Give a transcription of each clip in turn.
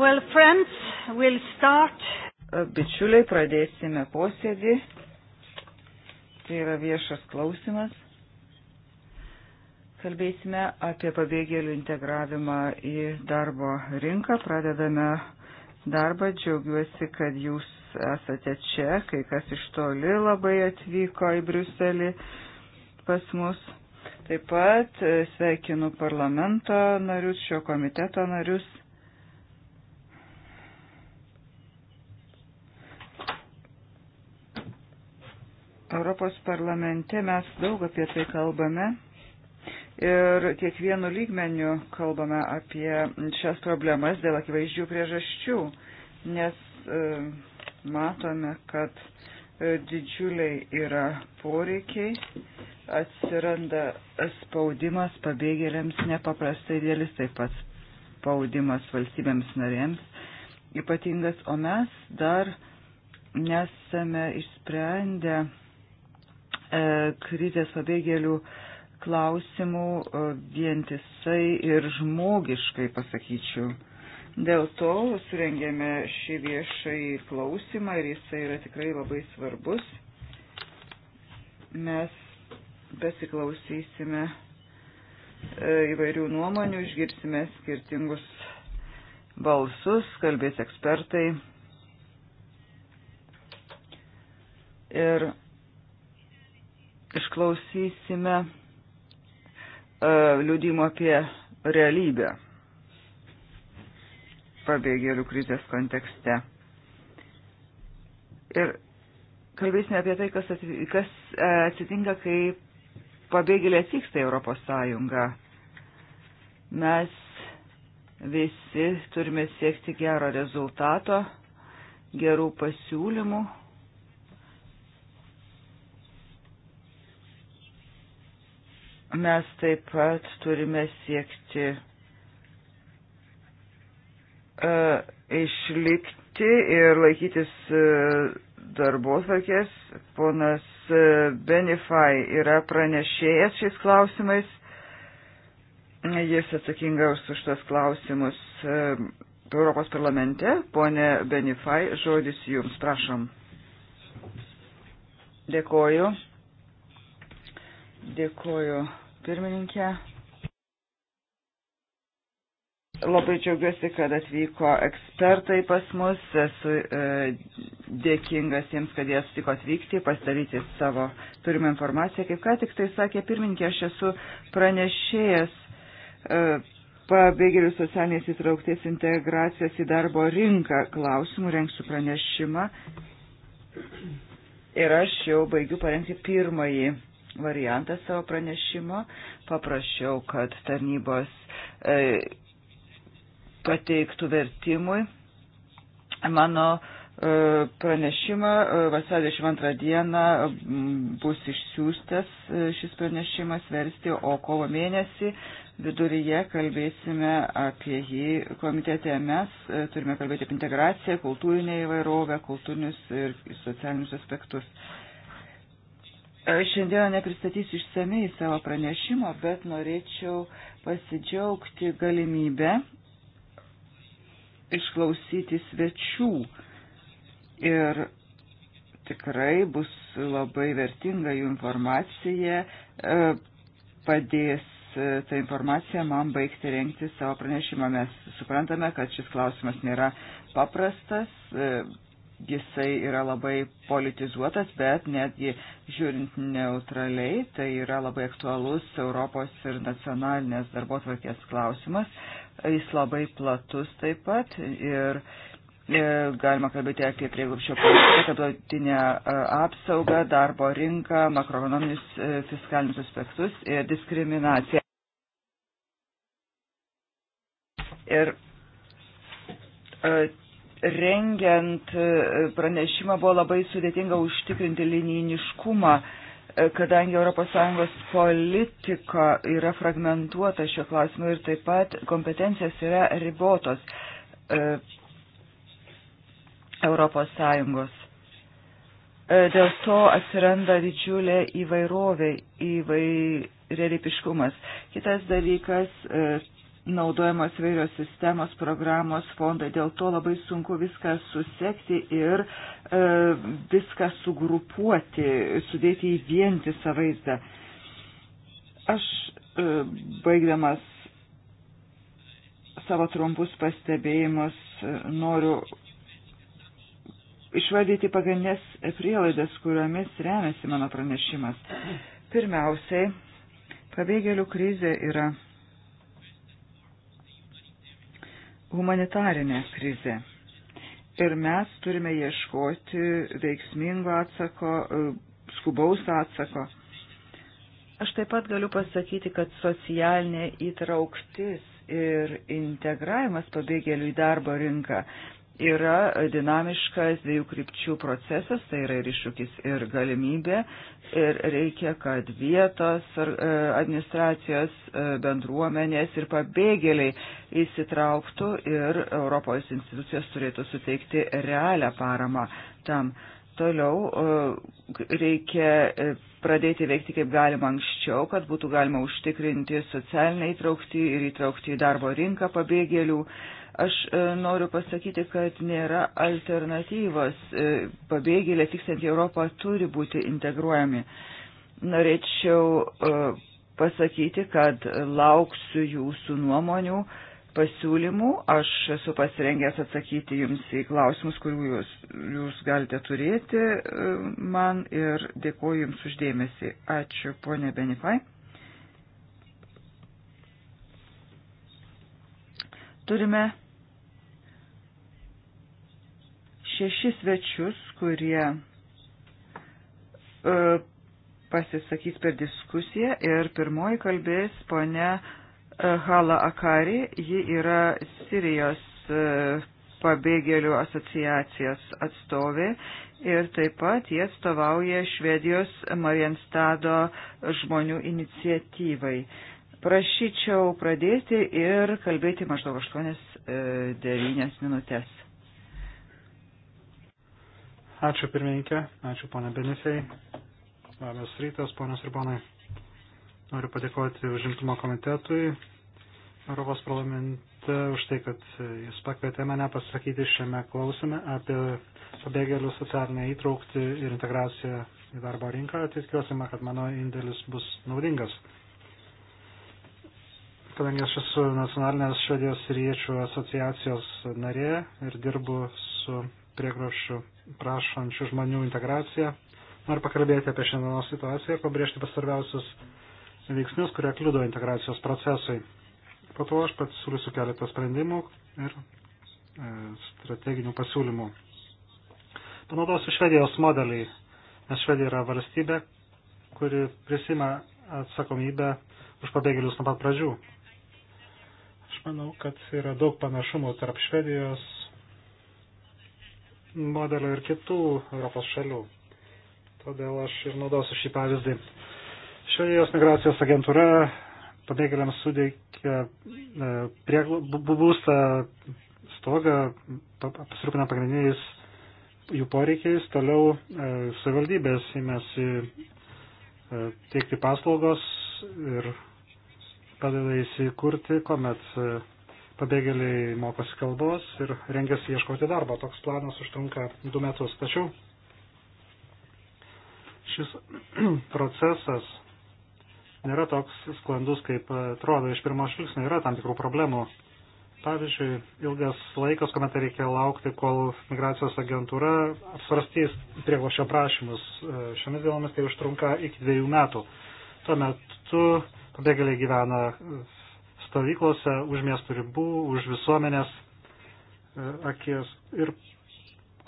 Well, friends, we'll start. Bičiuliai, pradėsime posėdį. Tai yra viešas klausimas. Kalbėsime apie pabėgėlių integravimą į darbo rinką. Pradedame darbą. Džiaugiuosi, kad jūs esate čia. Kai kas iš toli labai atvyko į Briuselį pas mus. Taip pat e, sveikinu parlamento narius, šio komiteto narius Europos parlamente mes daug apie tai kalbame ir kiekvienu lygmeniu kalbame apie šias problemas dėl akivaizdžių priežasčių, nes e, matome, kad e, didžiuliai yra poreikiai, atsiranda spaudimas pabėgėliams nepaprastai dėlis, taip pat spaudimas valstybėms narėms ypatingas, o mes dar nesame išsprendę E, krizės pabėgėlių klausimų e, vientisai ir žmogiškai, pasakyčiau. Dėl to surengėme šį viešai klausimą ir jisai yra tikrai labai svarbus. Mes pasiklausysime e, įvairių nuomonių, išgirsime skirtingus balsus, kalbės ekspertai. Ir išklausysime e, liūdimo apie realybę pabėgėlių krizės kontekste. Ir kalbėsime apie tai, kas, kas e, atsitinka, kai pabėgėliai atvyksta į Europos Sąjungą. Mes visi turime siekti gero rezultato, gerų pasiūlymų Mes taip pat turime siekti uh, išlikti ir laikytis uh, darbotvarkės. Ponas uh, e, Benifai yra pranešėjęs šiais klausimais. Jis atsakingas už tos klausimus. Uh, Europos parlamente. Pone Benifai, žodis jums, prašom. Dėkoju. Dėkuoju pirmininkė. Labai džiaugiuosi, kad atvyko ekspertai pas mus. Esu e, dėkingas jiems, kad jie sutiko atvykti, pasidaryti savo turimą informaciją. Kaip ką tik tai sakė pirmininkė, aš esu pranešėjęs e, pabėgėlių socialinės įtraukties integracijos į darbo rinką klausimų, rengsiu pranešimą. Ir aš jau baigiu parengti pirmąjį variantą savo pranešimo. Paprašiau, kad tarnybos e, pateiktų vertimui mano e, pranešimą. E, vasario 22 dieną bus išsiųstas e, šis pranešimas versti, o kovo mėnesį viduryje kalbėsime apie jį komitete. Mes e, turime kalbėti apie integraciją, kultūrinę įvairovę, kultūrinius ir socialinius aspektus. Šiandieną nepristatysiu išsamei savo pranešimo, bet norėčiau pasidžiaugti galimybę išklausyti svečių. Ir tikrai bus labai vertinga jų informacija, e, padės e, ta informacija man baigti renkti savo pranešimą. Mes suprantame, kad šis klausimas nėra paprastas, e, jisai yra labai politizuotas, bet netgi žiūrint neutraliai, tai yra labai aktualus Europos ir nacionalinės darbo tvarkės klausimas. Jis labai platus taip pat ir e, galima kalbėti apie prieglupščio politiką, tarptautinę e, apsaugą, darbo rinką, makroekonominius e, fiskalinius aspektus ir diskriminaciją. Ir rengiant e, pranešimą buvo labai sudėtinga užtikrinti linijiniškumą, e, kadangi ES politika yra fragmentuota šiuo klausimu ir taip pat kompetencijos yra ribotos e, ES. Dėl to atsiranda didžiulė įvairovė, įvairialypiškumas. Kitas dalykas naudojamos vairios sistemos, programos, fondai. Dėl to labai sunku viską susekti ir e, viską sugrupuoti, sudėti į vientisą vaizdą. Aš e, baigdamas savo trumpus pastebėjimus e, noriu išvardyti pagrindinės prielaidas, kuriomis remiasi mano pranešimas. Pirmiausiai, pabėgėlių krizė yra humanitarinę krizę. Ir mes turime ieškoti veiksmingo atsako, e, skubaus atsako. Aš taip pat galiu pasakyti, kad socialinė įtrauktis ir integravimas pabėgėlių į darbo rinką yra dinamiškas dviejų krypčių procesas, tai yra ir iššūkis, ir galimybė, ir reikia, kad vietos e, administracijos e, bendruomenės ir pabėgėliai įsitrauktų ir Europos institucijos turėtų suteikti realią paramą tam. Toliau e, reikia pradėti veikti kaip galima anksčiau, kad būtų galima užtikrinti socialinę įtraukti ir įtraukti į darbo rinką pabėgėlių. Aš e, noriu pasakyti, kad nėra alternatyvos. E, Pabėgėlė tiksint į Europą turi būti integruojami. Norėčiau e, pasakyti, kad lauksiu jūsų nuomonių, pasiūlymų. Aš esu pasirengęs atsakyti jums į klausimus, kurių jūs, jūs galite turėti man ir dėkuoju jums uždėmesi. Ačiū, ponė Benifai. turime šešis svečius, kurie uh, pasisakys per diskusiją ir pirmoji kalbės ponia e, Hala Akari, ji yra Sirijos uh, pabėgėlių asociacijos atstovė ir taip pat jie atstovauja Švedijos Marienstado žmonių iniciatyvai. Uh, Prašyčiau pradėti ir kalbėti maždaug 8-9 e, minutės. Ačiū pirmininkė, ačiū ponė Benisei. Labas rytas, ponios ir ponai. Noriu padėkoti užimtumo komitetui Europos parlamente už tai, kad jis pakvietė mane pasakyti šiame klausime apie pabėgėlių socialinę įtraukti ir integraciją į darbo rinką. Tikiuosi, kad mano indėlis bus naudingas kadangi aš esu nacionalinės švedijos riečių asociacijos narė ir dirbu su prieglaušių prašančių žmonių integracija, noriu pakalbėti apie šiandienos situaciją ir pabrėžti pasvarbiausius veiksnius, kurie kliudo integracijos procesui. Po to aš pats siūlysiu keletą sprendimų ir e, strateginių pasiūlymų. Panaudosiu Švedijos modelį, nes Švedija yra valstybė, kuri prisima atsakomybę už pabėgėlius nuo pat pradžių. Aš manau, kad yra daug panašumų tarp Švedijos modelio ir kitų Europos šalių. Todėl aš ir naudosiu šį pavyzdį. Švedijos migracijos agentūra pabėgėliams sudėkia e, prie, būstą stogą, pasirūpina pagrindiniais jų poreikiais, toliau e, savivaldybės įmėsi e, teikti paslaugos ir padeda įsikurti, kuomet e, pabėgėliai mokosi kalbos ir rengiasi ieškoti darbo. Toks planas užtrunka du metus. Tačiau šis procesas nėra toks sklandus, kaip atrodo iš pirmo žvilgsnio. Yra tam tikrų problemų. Pavyzdžiui, ilgas laikas, kuomet reikia laukti, kol migracijos agentūra apsvarstys prieglošio prašymus. E, šiomis dienomis tai užtrunka iki dviejų metų. Tuo metu pabėgėliai gyvena stovyklose, už miestų ribų, už visuomenės e, akies ir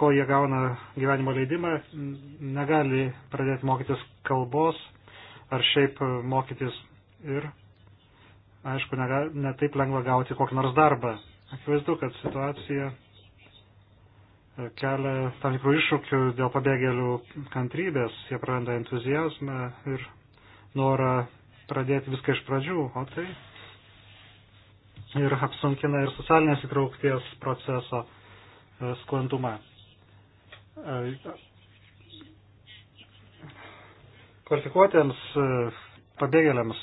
kol jie gauna gyvenimo leidimą, negali pradėti mokytis kalbos ar šiaip e, mokytis ir, aišku, netaip ne lengva gauti kokį nors darbą. Akivaizdu, kad situacija e, kelia tam tikrų iššūkių dėl pabėgėlių kantrybės, jie praranda entuzijazmą ir norą pradėti viską iš pradžių, o tai ir apsunkina ir socialinės įtraukties proceso e, sklandumą. E, kvalifikuotiems e, pabėgėliams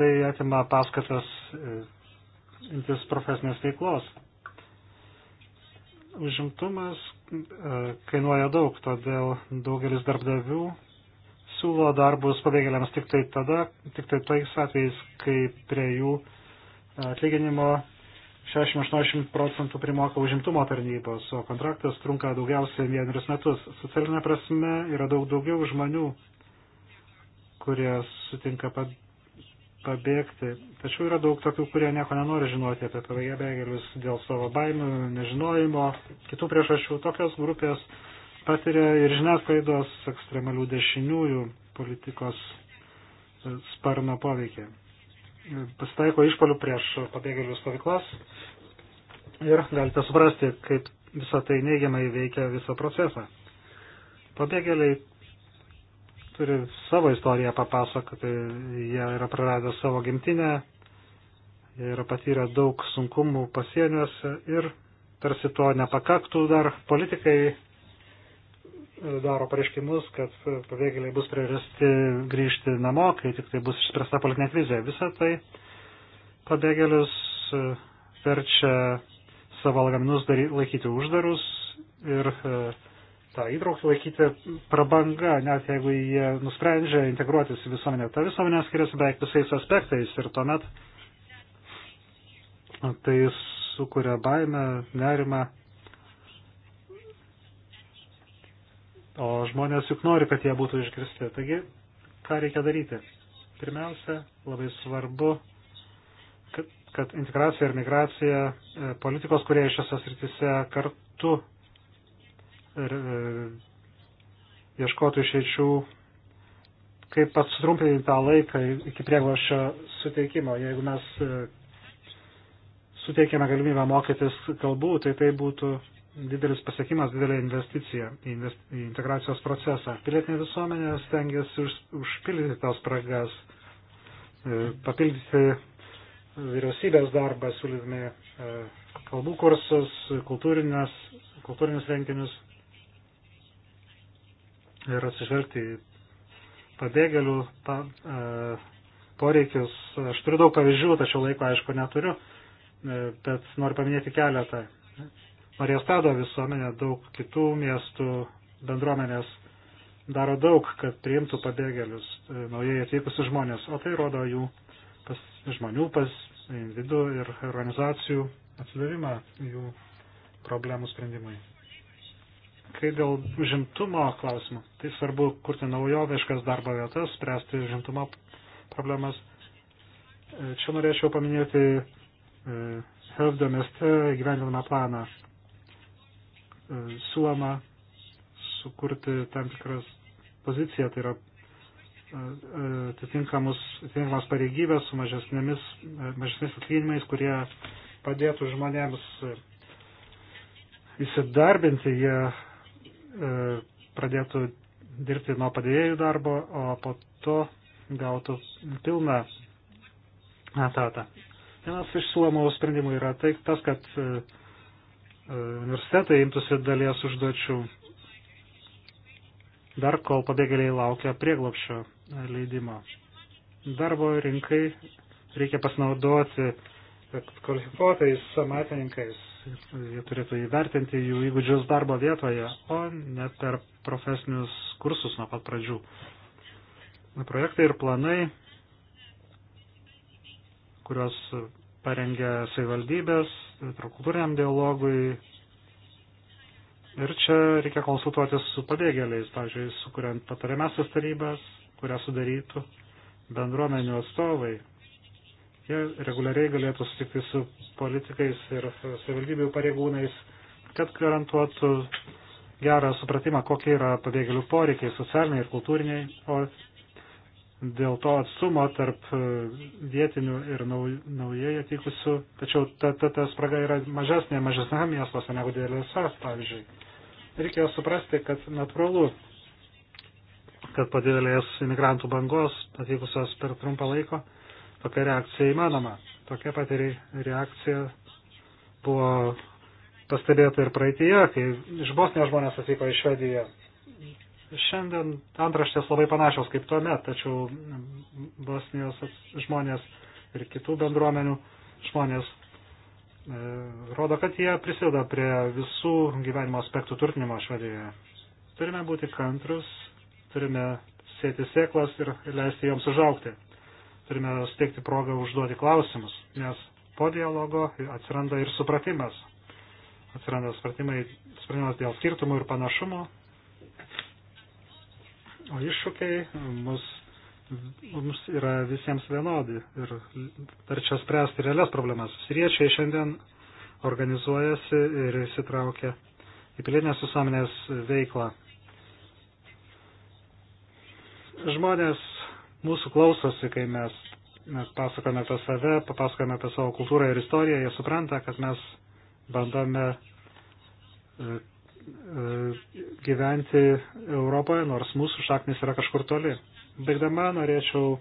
tai atima paskatas imtis profesinės veiklos. Užimtumas kainuoja daug, todėl daugelis darbdavių siūlo darbus pabėgėliams tik tai tada, tik tai tais atvejais, kai prie jų atlyginimo 60-80 procentų primoka užimtumo tarnybos, o kontraktas trunka daugiausiai vienerius metus. Socialinė prasme yra daug daugiau žmonių, kurie sutinka pabėgti. Tačiau yra daug tokių, kurie nieko nenori žinoti apie pabėgėlius dėl savo baimių, nežinojimo, kitų priešašių. Tokios grupės patiria ir žiniasklaidos ekstremalių dešiniųjų politikos e, sparno poveikį. Pasitaiko išpolių prieš pabėgėlių stovyklas ir galite suprasti, kaip visą tai neigiamai veikia visą procesą. Pabėgėliai turi savo istoriją papasakoti, jie yra praradę savo gimtinę, jie yra patyrę daug sunkumų pasieniuose ir tarsi to nepakaktų dar politikai daro pareiškimus, kad pabėgėliai bus priversti grįžti namo, kai tik tai bus išspręsta politinė krizė. Visą tai pabėgėlius e, verčia savo lagaminus laikyti uždarus ir e, tą įtraukti laikyti prabanga, net jeigu jie nusprendžia integruotis į visuomenę. Ta visuomenė skiriasi beveik visais aspektais ir tuomet tai sukuria baimę, nerimą O žmonės juk nori, kad jie būtų išgirsti. Taigi, ką reikia daryti? Pirmiausia, labai svarbu, kad, kad integracija ir migracija e, politikos, kurie iš šiose srityse kartu ir, e, ir e, ieškotų išeičių, kaip pats sutrumpinti tą laiką iki prieglošio suteikimo. Jeigu mes suteikėme galimybę mokytis kalbų, tai tai būtų didelis pasiekimas, didelė investicija į integracijos procesą. Pilietinė visuomenė stengiasi už, užpildyti tas spragas, e, papildyti vyriausybės darbą, siūlydami e, kalbų kursus, kultūrinius renginius ir atsižvelgti pabėgėlių pa, e, poreikius. Aš turiu daug pavyzdžių, tačiau laiko aišku neturiu, bet noriu paminėti keletą. Marijastado visuomenė, daug kitų miestų bendruomenės daro daug, kad priimtų pabėgėlius, e, naujai atvykusius žmonės, o tai rodo jų pas, žmonių, pas individų ir organizacijų atsidavimą jų problemų sprendimui. Kai dėl užimtumo klausimų, tai svarbu kurti naujoviškas darbo vietas, spręsti užimtumo problemas. E, čia norėčiau paminėti e, Helvdo mieste gyvendinamą planą. E, siūloma sukurti tam tikras poziciją, tai yra e, e, atitinkamus, atitinkamas pareigybės su mažesnėmis, mažesnės atlyginimais, kurie padėtų žmonėms įsidarbinti, jie pradėtų dirbti nuo padėjėjų darbo, o po to gautų pilną etatą. Vienas iš siūlomų sprendimų yra tai, tas, kad universitetai imtųsi dalies užduočių. Dar kol pabėgėliai laukia prieglopšio leidimo. Darbo rinkai reikia pasinaudoti kvalifikuotais amatininkais. Jie turėtų įvertinti jų įgūdžius darbo vietoje, o ne per profesinius kursus nuo pat pradžių. Projektai ir planai, kuriuos parengia savivaldybės, kultūriniam dialogui. Ir čia reikia konsultuotis su pabėgėliais, pavyzdžiui, sukuriant patariamasias tarybas, kurią sudarytų bendruomenių atstovai. Jie reguliariai galėtų sutikti su politikais ir savivaldybių pareigūnais, kad garantuotų gerą supratimą, kokie yra pabėgėlių poreikiai socialiniai ir kultūriniai, o dėl to atstumo tarp e, vietinių ir naujai atvykusių, tačiau ta, ta, ta spraga yra mažesnė mažesnė miestuose negu dėlėse, pavyzdžiui. Reikia suprasti, kad natūralu, kad po didelės imigrantų bangos atvykusios per trumpą laiko, tokia reakcija įmanoma. Tokia pati reakcija buvo pastebėta ir praeitie, kai iš Bosnijos žmonės atvyko į Švediją Šiandien antraštės labai panašios kaip tuomet, tačiau Bosnijos žmonės ir kitų bendruomenių žmonės e, rodo, kad jie prisideda prie visų gyvenimo aspektų turtinimo Švedijoje. Turime būti kantrus, turime sėti sėklas ir leisti joms užaukti. Turime steigti progą užduoti klausimus, nes po dialogo atsiranda ir supratimas. Atsiranda supratimas dėl skirtumų ir panašumų, O iššūkiai mus, mums yra visiems vienodi ir verčia spręsti realias problemas. Siriečiai šiandien organizuojasi ir įsitraukia į pilietinės visuomenės veiklą. Žmonės mūsų klausosi, kai mes, mes pasakojame apie save, papasakojame apie savo kultūrą ir istoriją, jie supranta, kad mes bandome e, E, gyventi Europoje, nors mūsų šaknis yra kažkur toli. Baigdama norėčiau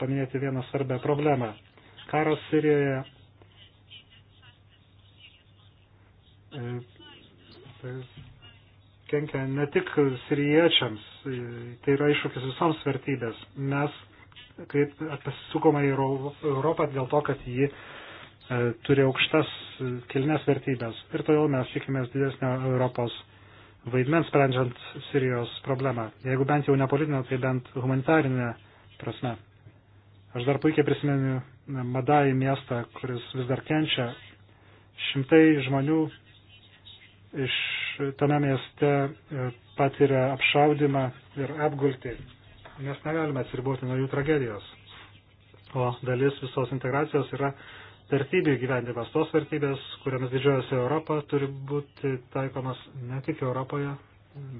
paminėti vieną svarbę problemą. Karas Sirijoje e, tai kenkia ne tik siriečiams, e, tai yra iššūkis visoms vertybės. Mes kaip pasisukome į Europą dėl to, kad ji E, turi aukštas e, kilnes vertybės. Ir todėl mes tikimės didesnio Europos vaidmens sprendžiant Sirijos problemą. Jeigu bent jau ne politinę, tai bent humanitarinę prasme. Aš dar puikiai prisimenu Madai miestą, kuris vis dar kenčia. Šimtai žmonių iš tame mieste e, patiria apšaudimą ir apgultį, nes negalime atsiriboti nuo jų tragedijos. O dalis visos integracijos yra vertybių gyvendimas. Tos vertybės, kuriamis didžiuojasi Europą, turi būti taikomas ne tik Europoje,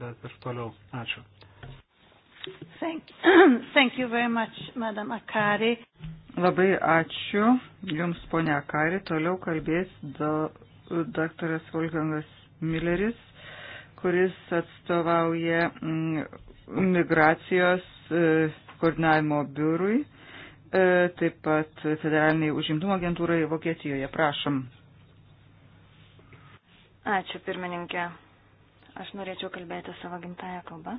bet ir toliau. Ačiū. Thank, thank you very much, Madam Akari. Labai ačiū Jums, ponia Akari. Toliau kalbės daktaras Volgangas Milleris, kuris atstovauja mm, migracijos e, koordinavimo biurui. E, taip pat federaliniai užimtumo agentūrai Vokietijoje. Prašom. Ačiū, pirmininkė. Aš norėčiau kalbėti savo gimtają kalbą.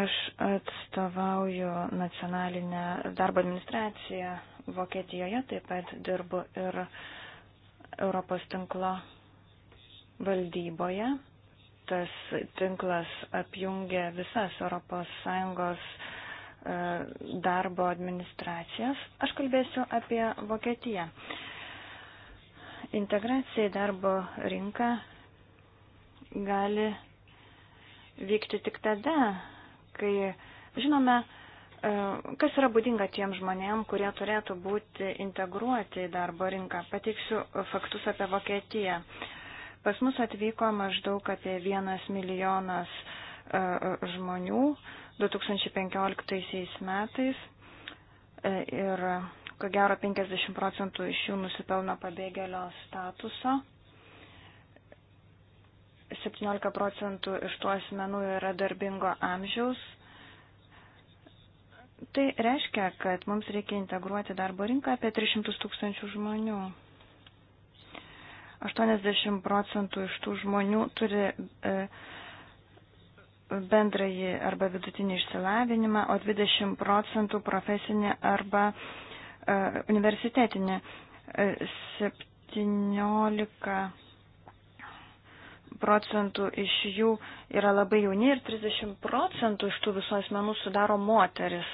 Aš atstovauju nacionalinę darbo administraciją Vokietijoje, taip pat dirbu ir Europos tinklo valdyboje tas tinklas apjungia visas ES e, darbo administracijas. Aš kalbėsiu apie Vokietiją. Integracija į darbo rinką gali vykti tik tada, kai žinome, e, Kas yra būdinga tiem žmonėm, kurie turėtų būti integruoti į darbo rinką? Pateiksiu faktus apie Vokietiją. Pas mus atvyko maždaug apie vienas milijonas e, žmonių 2015 metais e, ir ko gero 50 procentų iš jų nusipelno pabėgėlio statuso. 17 procentų iš tų asmenų yra darbingo amžiaus. Tai reiškia, kad mums reikia integruoti darbo rinką apie 300 tūkstančių žmonių. 80 procentų iš tų žmonių turi e, bendrąjį arba vidutinį išsilavinimą, o 20 procentų profesinį arba e, universitetinį. 17 e, procentų iš jų yra labai jauni ir 30 procentų iš tų visų asmenų sudaro moteris.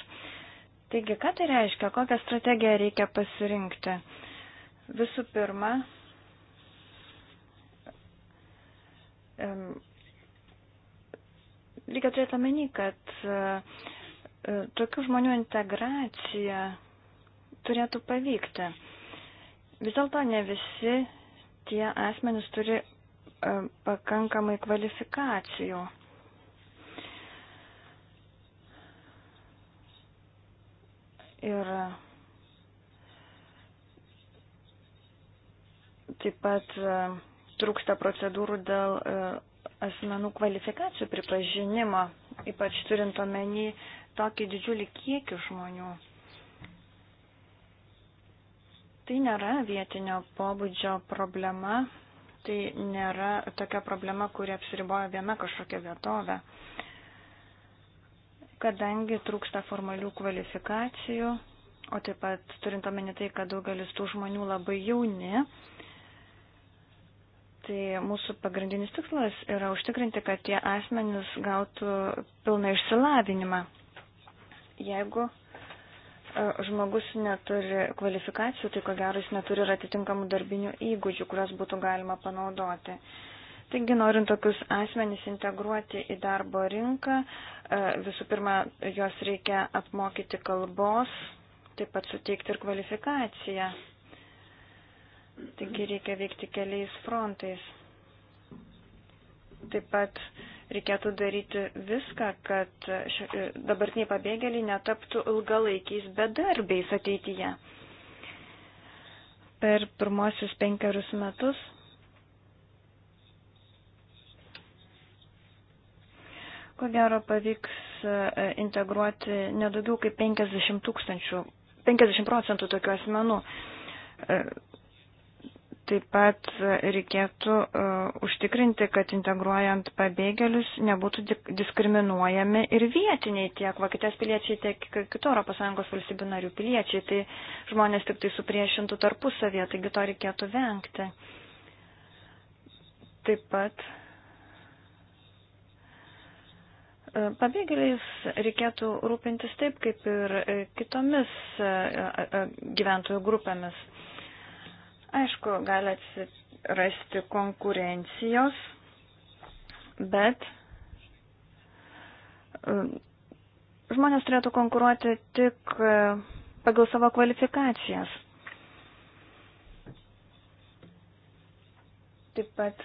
Taigi, ką tai reiškia, kokią strategiją reikia pasirinkti? Visų pirma, Reikia turėti omeny, kad e, tokių žmonių integracija turėtų pavykti. Vis dėlto ne visi tie asmenys turi e, pakankamai kvalifikacijų. Ir taip pat e, trūksta procedūrų dėl e, asmenų kvalifikacijų pripažinimo, ypač turint omeny tokį didžiulį kiekį žmonių. Tai nėra vietinio pobūdžio problema, tai nėra tokia problema, kuri apsiriboja viena kažkokia vietovė. Kadangi trūksta formalių kvalifikacijų, o taip pat turint omeny tai, kad daugelis tų žmonių labai jauni, Tai mūsų pagrindinis tikslas yra užtikrinti, kad tie asmenys gautų pilną išsilavinimą. Jeigu e, žmogus neturi kvalifikacijų, tai ko gero jis neturi ir atitinkamų darbinių įgūdžių, kurias būtų galima panaudoti. Taigi, norint tokius asmenys integruoti į darbo rinką, e, visų pirma, juos reikia apmokyti kalbos, taip pat suteikti ir kvalifikaciją. Taigi reikia veikti keliais frontais. Taip pat reikėtų daryti viską, kad e, dabartiniai pabėgėliai netaptų ilgalaikiais bedarbiais ateityje. Per pirmosius penkerius metus ko gero pavyks e, integruoti nedaugiau kaip 50 tūkstančių, 50 procentų tokių asmenų. E, Taip pat reikėtų uh, užtikrinti, kad integruojant pabėgėlius nebūtų diskriminuojami ir vietiniai tiek Vokietijos piliečiai, tiek kitų ES valstybių narių piliečiai. Tai žmonės tik tai supriešintų tarpusavėje, taigi to reikėtų vengti. Taip pat e, pabėgėliais reikėtų rūpintis taip, kaip ir e, kitomis gyventojų grupėmis. Aišku, gali atsirasti konkurencijos, bet um, žmonės turėtų konkuruoti tik um, pagal savo kvalifikacijas. Taip pat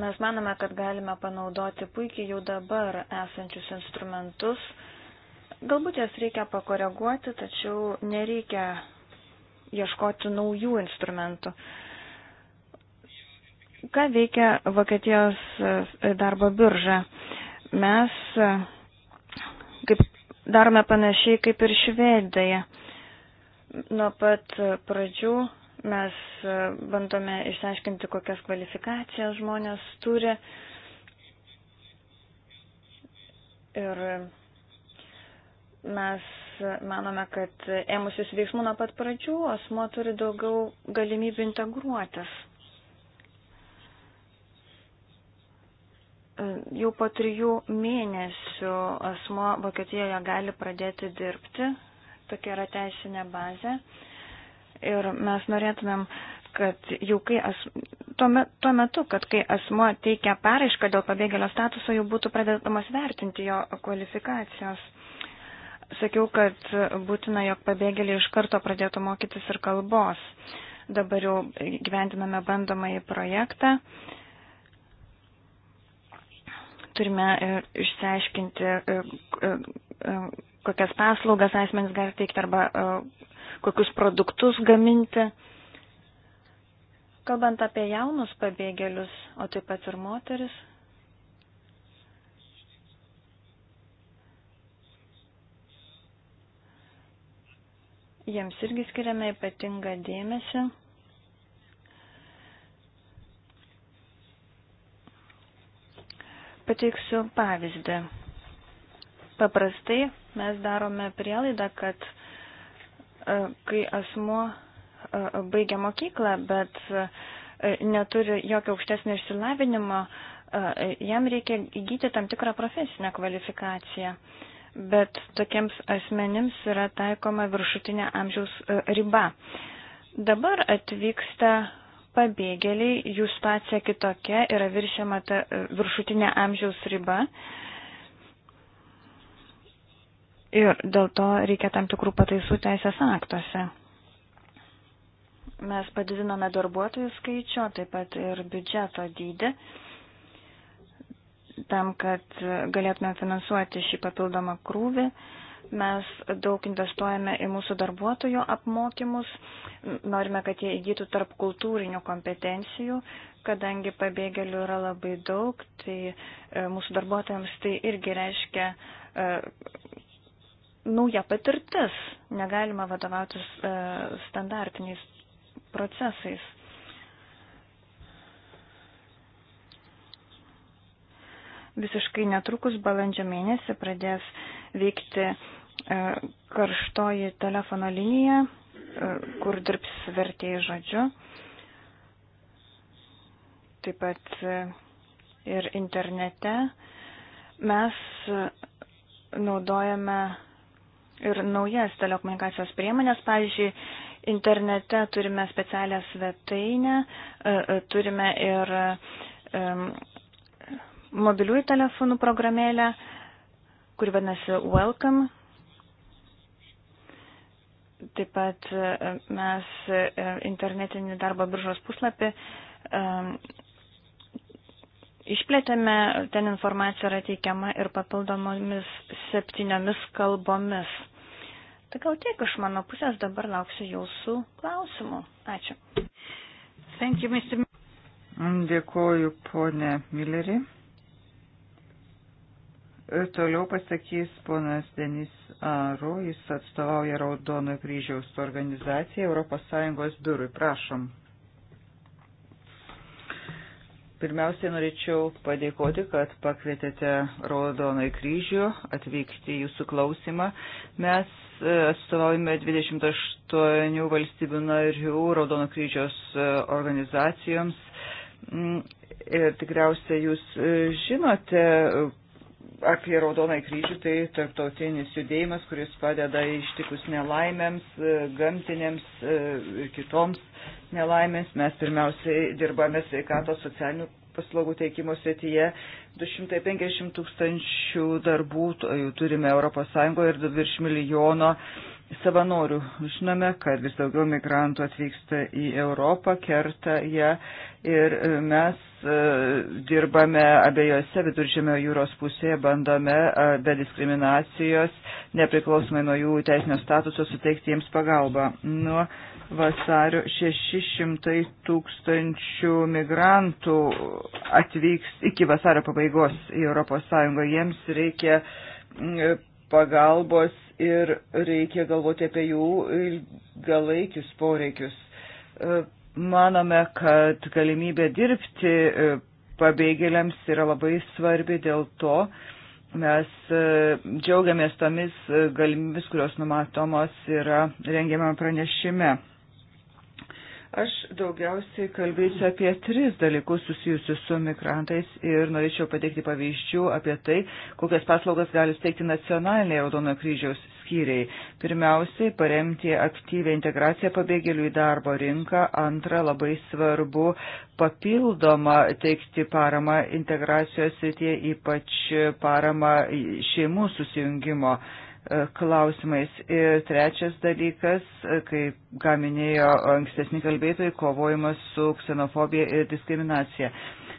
mes manome, kad galime panaudoti puikiai jau dabar esančius instrumentus, Galbūt jas reikia pakoreguoti, tačiau nereikia ieškoti naujų instrumentų. Ką veikia Vokietijos e, darbo birža? Mes e, kaip, darome panašiai kaip ir Švedijoje. Nuo pat pradžių mes e, bandome išsiaiškinti, kokias kvalifikacijas žmonės turi. Ir Mes manome, kad ėmusis veiksmų nuo pat pradžių asmo turi daugiau galimybių integruotis. Jau po trijų mėnesių asmo Vokietijoje gali pradėti dirbti. Tokia yra teisinė bazė. Ir mes norėtumėm, kad jau kai as, tuo metu, kad kai asmo teikia paraišką dėl pabėgėlio statuso, jau būtų pradedamas vertinti jo kvalifikacijos sakiau, kad būtina, jog pabėgėliai iš karto pradėtų mokytis ir kalbos. Dabar jau gyventiname bandomąjį projektą. Turime e, išsiaiškinti, e, e, kokias paslaugas asmenys gali teikti arba kokius produktus gaminti. Kalbant apie jaunus pabėgėlius, o taip pat ir moteris, Jiems irgi skiriame ypatingą dėmesį. Pateiksiu pavyzdį. Paprastai mes darome prielaidą, kad e, kai asmuo e, baigia mokyklą, bet e, neturi jokio aukštesnio išsilavinimo, jam reikia įgyti tam tikrą profesinę kvalifikaciją bet tokiems asmenims yra taikoma viršutinė amžiaus e, riba. Dabar atvyksta pabėgėliai, jų situacija kitokia, yra viršiama ta e, viršutinė amžiaus riba. Ir dėl to reikia tam tikrų pataisų teisės aktuose. Mes padidinome darbuotojų skaičių, taip pat ir biudžeto dydį tam, kad galėtume finansuoti šį papildomą krūvį. Mes daug investuojame į mūsų darbuotojų apmokymus, norime, kad jie įgytų tarp kultūrinių kompetencijų, kadangi pabėgėlių yra labai daug, tai e, mūsų darbuotojams tai irgi reiškia e, nauja patirtis, negalima vadovautis e, standartiniais procesais. Visiškai netrukus balandžio mėnesį pradės veikti e, karštoji telefono linija, e, kur dirbs vertėjai žodžiu. Taip pat e, ir internete mes naudojame ir naujas telekomunikacijos priemonės. Pavyzdžiui, internete turime specialią svetainę, turime ir mobiliųjų telefonų programėlę, kuri vadinasi Welcome. Taip pat e, mes e, internetinį darbo biržos puslapį e, išplėtėme, ten informacija yra teikiama ir papildomomis septyniomis kalbomis. Tai gal tiek iš mano pusės dabar lauksiu jūsų klausimų. Ačiū. Thank you, Mr. Dėkuoju, ponė Milleri. E, toliau pasakys ponas Denis Aro, jis atstovauja Raudono kryžiaus organizaciją ES biurui. Prašom. Pirmiausiai norėčiau padėkoti, kad pakvietėte Raudonai kryžių atvykti į jūsų klausimą. Mes e, atstovaujame 28 valstybių narių Raudono kryžiaus e, organizacijoms mm, ir tikriausiai jūs žinote, apie Raudonąjį kryžių, tai tarptautinis judėjimas, kuris padeda ištikus nelaimėms, e, gamtinėms e, ir kitoms nelaimėms. Mes pirmiausiai dirbame sveikatos socialinių paslaugų teikimo srityje. 250 tūkstančių darbų turime ES ir virš milijono savanorių. Žinome, kad vis daugiau migrantų atvyksta į Europą, kerta ją ir mes e, dirbame abiejose viduržėmio jūros pusėje, bandome e, be diskriminacijos, nepriklausomai nuo jų teisinio statuso, suteikti jiems pagalbą. Nuo vasario 600 tūkstančių migrantų atvyks iki vasario pabaigos į ES. Jiems reikia pagalbos ir reikia galvoti apie jų ilgalaikius poreikius. E, manome, kad galimybė dirbti e, pabėgėliams yra labai svarbi, dėl to mes e, džiaugiamės tomis galimybėmis, kurios numatomos yra rengiamame pranešime. Aš daugiausiai kalbėsiu apie tris dalykus susijusius su migrantais ir norėčiau pateikti pavyzdžių apie tai, kokias paslaugas gali steigti nacionaliniai Raudono kryžiaus skyriai. Pirmiausiai, paremti aktyvę integraciją pabėgėlių į darbo rinką. Antra, labai svarbu papildomą teikti paramą integracijos srityje, ypač paramą šeimų susijungimo E, klausimais. Ir trečias dalykas, e, kaip gaminėjo ankstesni kalbėtojai, kovojimas su ksenofobija ir diskriminacija.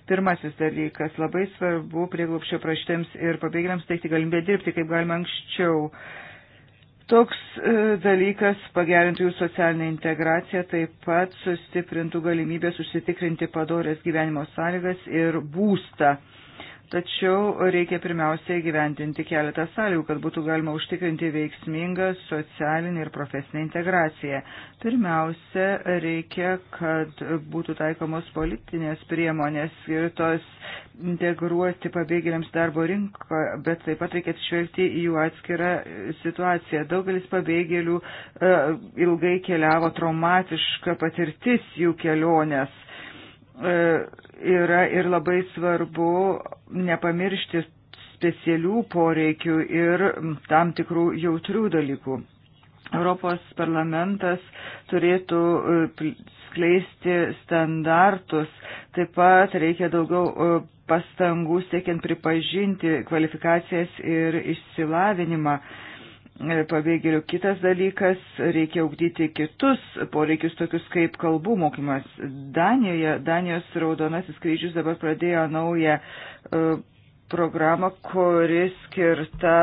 Pirmasis dalykas, labai svarbu prieglupščio prašytėms ir pabėgėliams teikti galimybę dirbti kaip galima anksčiau. Toks e, dalykas pagerintų jų socialinę integraciją, taip pat sustiprintų galimybę susitikrinti padorės gyvenimo sąlygas ir būstą. Tačiau reikia pirmiausiai gyventinti keletą sąlygų, kad būtų galima užtikrinti veiksmingą socialinį ir profesinę integraciją. Pirmiausia, reikia, kad būtų taikomos politinės priemonės skirtos integruoti pabėgėliams darbo rinką, bet taip pat reikia atšvelgti į jų atskirą situaciją. Daugelis pabėgėlių e, ilgai keliavo traumatiška patirtis jų kelionės E, yra ir labai svarbu nepamiršti specialių poreikių ir tam tikrų jautrių dalykų. Europos parlamentas turėtų e, skleisti standartus, taip pat reikia daugiau e, pastangų siekiant pripažinti kvalifikacijas ir išsilavinimą. E, pabėgėlių. Kitas dalykas, reikia augdyti kitus poreikius, tokius kaip kalbų mokymas. Danijoje, Danijos raudonasis kryžius dabar pradėjo naują uh, programą, kuri skirta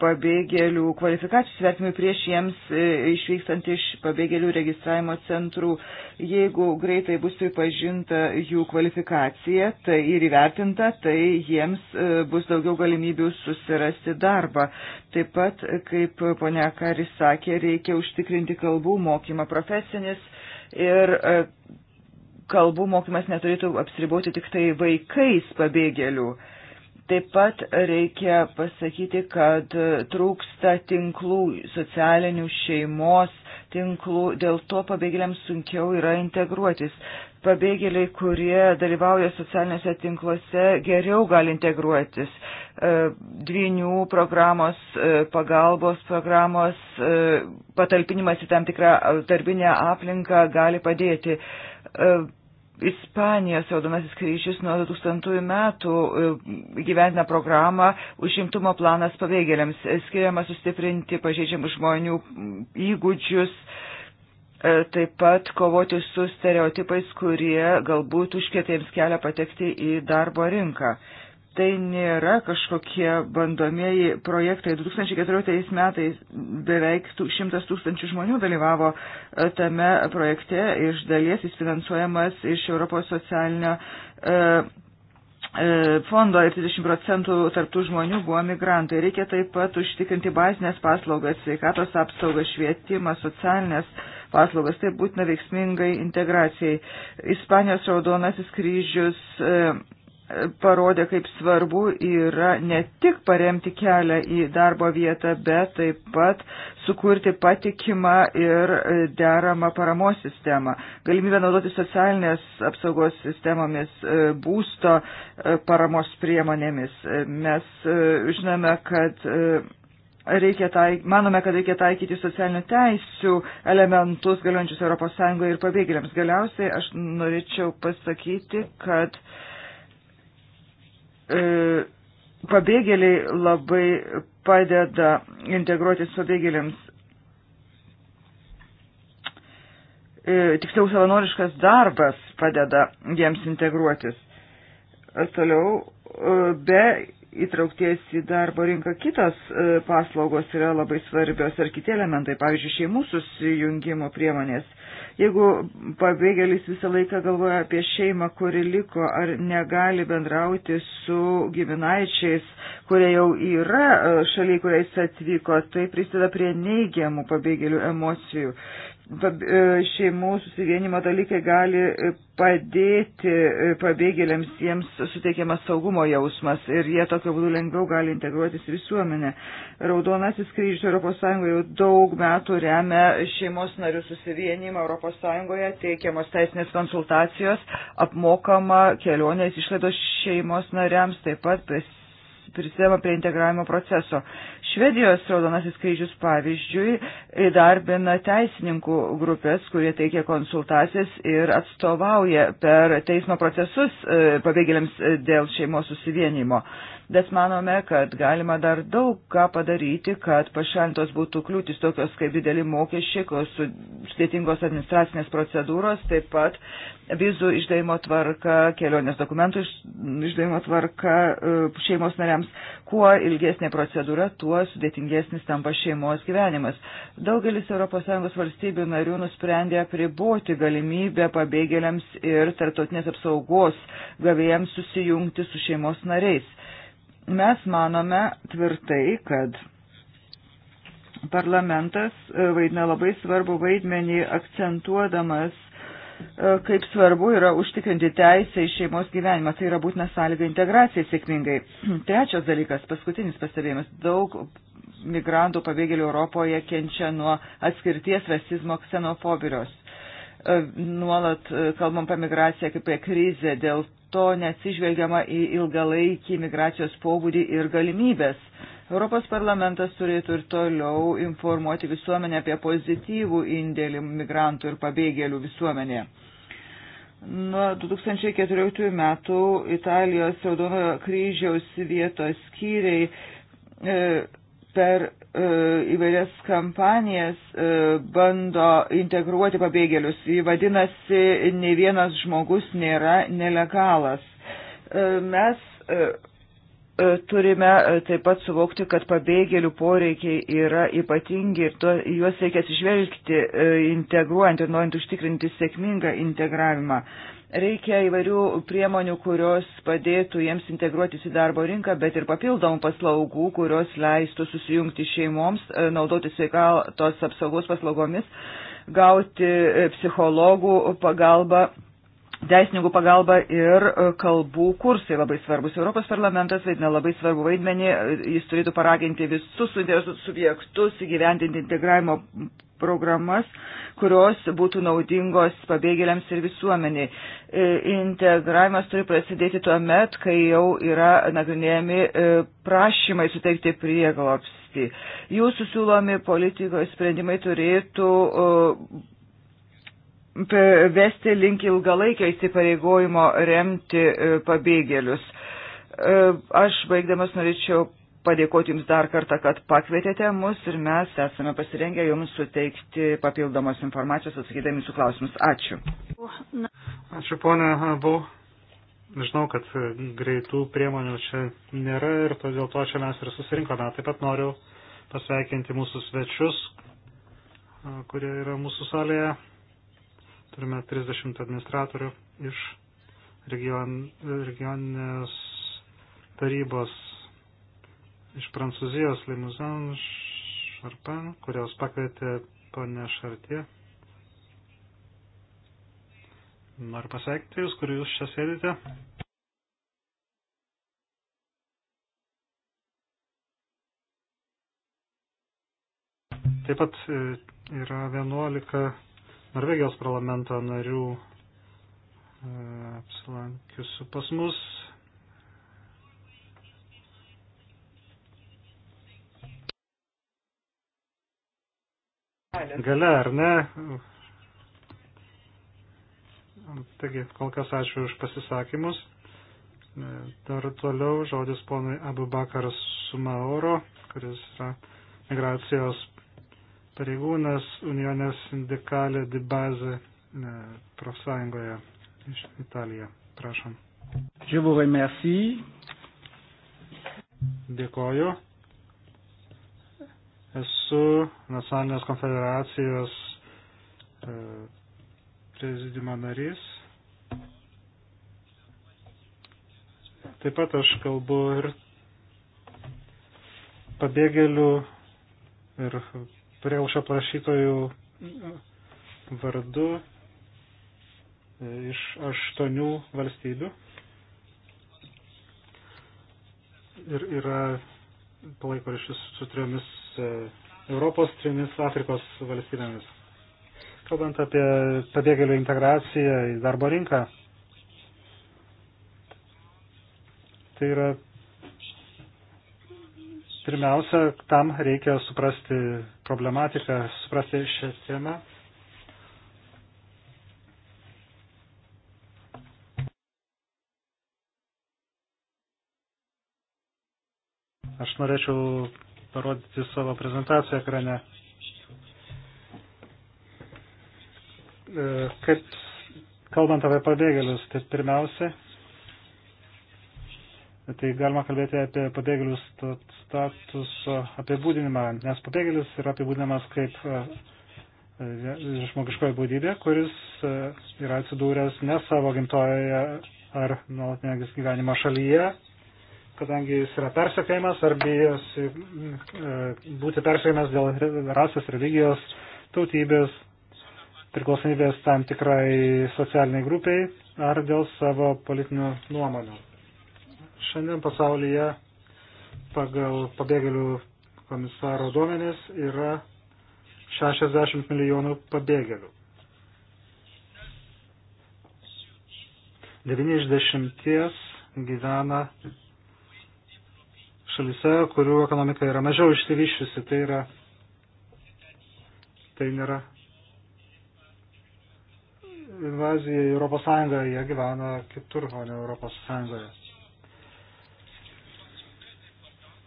pabėgėlių kvalifikacijų svertimui prieš jiems e, išvykstant iš pabėgėlių registravimo centrų. Jeigu greitai bus pripažinta jų kvalifikacija tai ir įvertinta, tai jiems e, bus daugiau galimybių susirasti darbą. Taip pat, kaip ponia Karis sakė, reikia užtikrinti kalbų mokymą profesinis ir e, kalbų mokymas neturėtų apsiriboti tik tai vaikais pabėgėlių. Taip pat reikia pasakyti, kad trūksta tinklų, socialinių šeimos tinklų, dėl to pabėgėliams sunkiau yra integruotis. Pabėgėliai, kurie dalyvauja socialiniuose tinkluose, geriau gali integruotis. E, Dvinių programos, e, pagalbos programos, e, patalpinimas į tam tikrą darbinę aplinką gali padėti Ispanijos Raudonasis kryžius nuo 2000 metų e, gyventina programą užimtumo planas pabėgėliams, e, skiriama sustiprinti pažeidžiamų žmonių įgūdžius, e, taip pat kovoti su stereotipais, kurie galbūt užkėtė jiems kelią patekti į darbo rinką tai nėra kažkokie bandomieji projektai. 2014 metais beveik 100 tūkstančių žmonių dalyvavo e, tame projekte. Iš dalies jis finansuojamas iš Europos socialinio e, e, fondo ir 30 procentų tarptų žmonių buvo migrantai. Reikia taip pat užtikrinti bazinės paslaugas, sveikatos apsaugą, švietimą, socialinės paslaugas, tai būtina veiksmingai integracijai. Ispanijos raudonasis kryžius parodė, kaip svarbu yra ne tik paremti kelią į darbo vietą, bet taip pat sukurti patikimą ir deramą paramos sistemą. Galimybę naudoti socialinės apsaugos sistemomis, e, būsto e, paramos priemonėmis. E, mes žinome, kad reikia taik, manome, kad reikia taikyti socialinių teisių elementus galiojančius ES ir pabėgėliams. Galiausiai aš norėčiau pasakyti, kad uh, E, pabėgėliai labai padeda integruotis pabėgėliams. E, tiksliau savanoriškas darbas padeda jiems integruotis. E, toliau be įtraukties į darbo rinką kitos e, paslaugos yra labai svarbios ar kiti elementai, pavyzdžiui, šeimų susijungimo priemonės. Jeigu pabėgėlis visą laiką galvoja apie šeimą, kuri liko ar negali bendrauti su giminaičiais, kurie jau yra e, šaliai, kuriais atvyko, tai prisideda prie neigiamų pabėgėlių emocijų. E, šeimų susivienimo dalykai gali e, padėti e, pabėgėliams, jiems suteikiamas saugumo jausmas ir jie tokiu būdu lengviau gali integruotis į visuomenę. Raudonasis kryžius ES jau daug metų remia šeimos narių susivienimą ES, teikiamos teisinės konsultacijos, apmokama kelionės išlaidos šeimos nariams, taip pat prisidama prie integravimo proceso. Švedijos Raudonasis kryžius pavyzdžiui įdarbina teisininkų grupės, kurie teikia konsultacijas ir atstovauja per teismo procesus e, pabėgėliams e, dėl šeimos susivienimo bet manome, kad galima dar daug ką padaryti, kad pašalintos būtų kliūtis tokios kaip dideli mokesčiai, sudėtingos administracinės procedūros, taip pat vizų išdavimo tvarka, kelionės dokumentų išdavimo tvarka e, šeimos nariams. Kuo ilgesnė procedūra, tuo sudėtingesnis tampa šeimos gyvenimas. Daugelis ES valstybių narių nusprendė apriboti galimybę pabėgėliams ir tarptautinės apsaugos gavėjams susijungti su šeimos nariais. Mes manome tvirtai, kad parlamentas e, vaidina labai svarbu vaidmenį akcentuodamas, e, kaip svarbu yra užtikrinti teisę į šeimos gyvenimą. Tai yra būtina sąlyga integracijai sėkmingai. Trečias dalykas, paskutinis pastebėjimas. Daug migrantų pabėgėlių Europoje kenčia nuo atskirties, rasizmo, ksenofobirijos. E, nuolat kalbam apie migraciją kaip apie krizę, dėl to neatsižvelgiama į ilgalaikį migracijos pobūdį ir galimybės. Europos parlamentas turėtų ir toliau informuoti visuomenę apie pozityvų indėlį migrantų ir pabėgėlių visuomenėje. Nuo 2014 metų Italijos Saudono kryžiaus vietos skyriai e, per E, įvairias kampanijas e, bando integruoti pabėgėlius. Jį vadinasi, ne vienas žmogus nėra nelegalas. E, mes turime taip pat suvokti, kad pabėgėlių poreikiai yra ypatingi ir to, juos reikia atsižvelgti integruojant ir norint užtikrinti sėkmingą integravimą. Reikia įvairių priemonių, kurios padėtų jiems integruotis į darbo rinką, bet ir papildomų paslaugų, kurios leistų susijungti šeimoms, e, naudoti sveikatos apsaugos paslaugomis, gauti e, psichologų pagalbą Teisininkų pagalba ir e, kalbų kursai labai svarbus. Europos parlamentas vaidina labai svarbu vaidmenį, jis turėtų paraginti visus suinteresuotus subjektus įgyvendinti integravimo programas, kurios būtų naudingos pabėgėliams ir visuomeniai. E, integravimas turi prasidėti tuo met, kai jau yra nagrinėjami e, prašymai suteikti prieglopstį. Jūsų siūlomi politikos sprendimai turėtų e, vesti link ilgalaikio įsipareigojimo remti pabėgėlius. Aš baigdamas norėčiau padėkoti Jums dar kartą, kad pakvietėte mus ir mes esame pasirengę Jums suteikti papildomos informacijos atsakydami su klausimus. Ačiū. Ačiū, ponė Abu. Žinau, kad greitų priemonių čia nėra ir todėl to čia mes ir susirinkome. Taip pat noriu pasveikinti mūsų svečius, kurie yra mūsų salėje. Turime 30 administratorių iš region, regioninės tarybos iš Prancūzijos Limuzan Šarpan, kurios pakvietė ponė Šartie. Noriu pasveikti Jūs, kur Jūs čia sėdite. Taip pat e, yra 11 Norvegijos parlamento narių e, apsilankiusių pas mus gale, ar ne? Taigi, kol kas ačiū už pasisakymus. E, dar toliau žodis ponui Abu Bakaras Sumauro, kuris yra migracijos pareigūnas Unionės sindikalė Dibazė e, profsąjungoje iš Italiją. Prašom. Je vous remercie. Dėkoju. Esu Nacionalinės konfederacijos e, prezidiumo narys. Taip pat aš kalbu ir pabėgėlių ir prieušio prašytojų vardu e, iš aštuonių valstybių. Ir yra palaiko ryšius su triomis E, Europos trimis Afrikos valstybėmis. Kalbant apie pabėgėlių integraciją į darbo rinką, tai yra pirmiausia, tam reikia suprasti problematiką, suprasti šią temą. Aš norėčiau parodyti savo prezentaciją ekrane. E, kaip kalbant apie pabėgėlius, tai pirmiausia, tai galima kalbėti apie pabėgėlius statuso apibūdinimą, nes pabėgėlis yra apibūdinamas kaip e, e, žmogiškoji būdybė, kuris yra atsidūręs ne savo gimtojoje ar nuolatinės gyvenimo šalyje, kadangi jis yra persekėjimas ar bijosi e, būti persekėjimas dėl rasės, religijos, tautybės, priklausomybės tam tikrai socialiniai grupiai ar dėl savo politinių nuomonių. Šiandien pasaulyje pagal pabėgėlių komisaro duomenis yra 60 milijonų pabėgėlių. 9 iš 10 gyvena šalise, kurių ekonomika yra mažiau išsivyščiusi. Tai, yra, tai nėra invazija į Europos Sąjungą, jie gyvena kitur, o ne Europos Sąjungoje.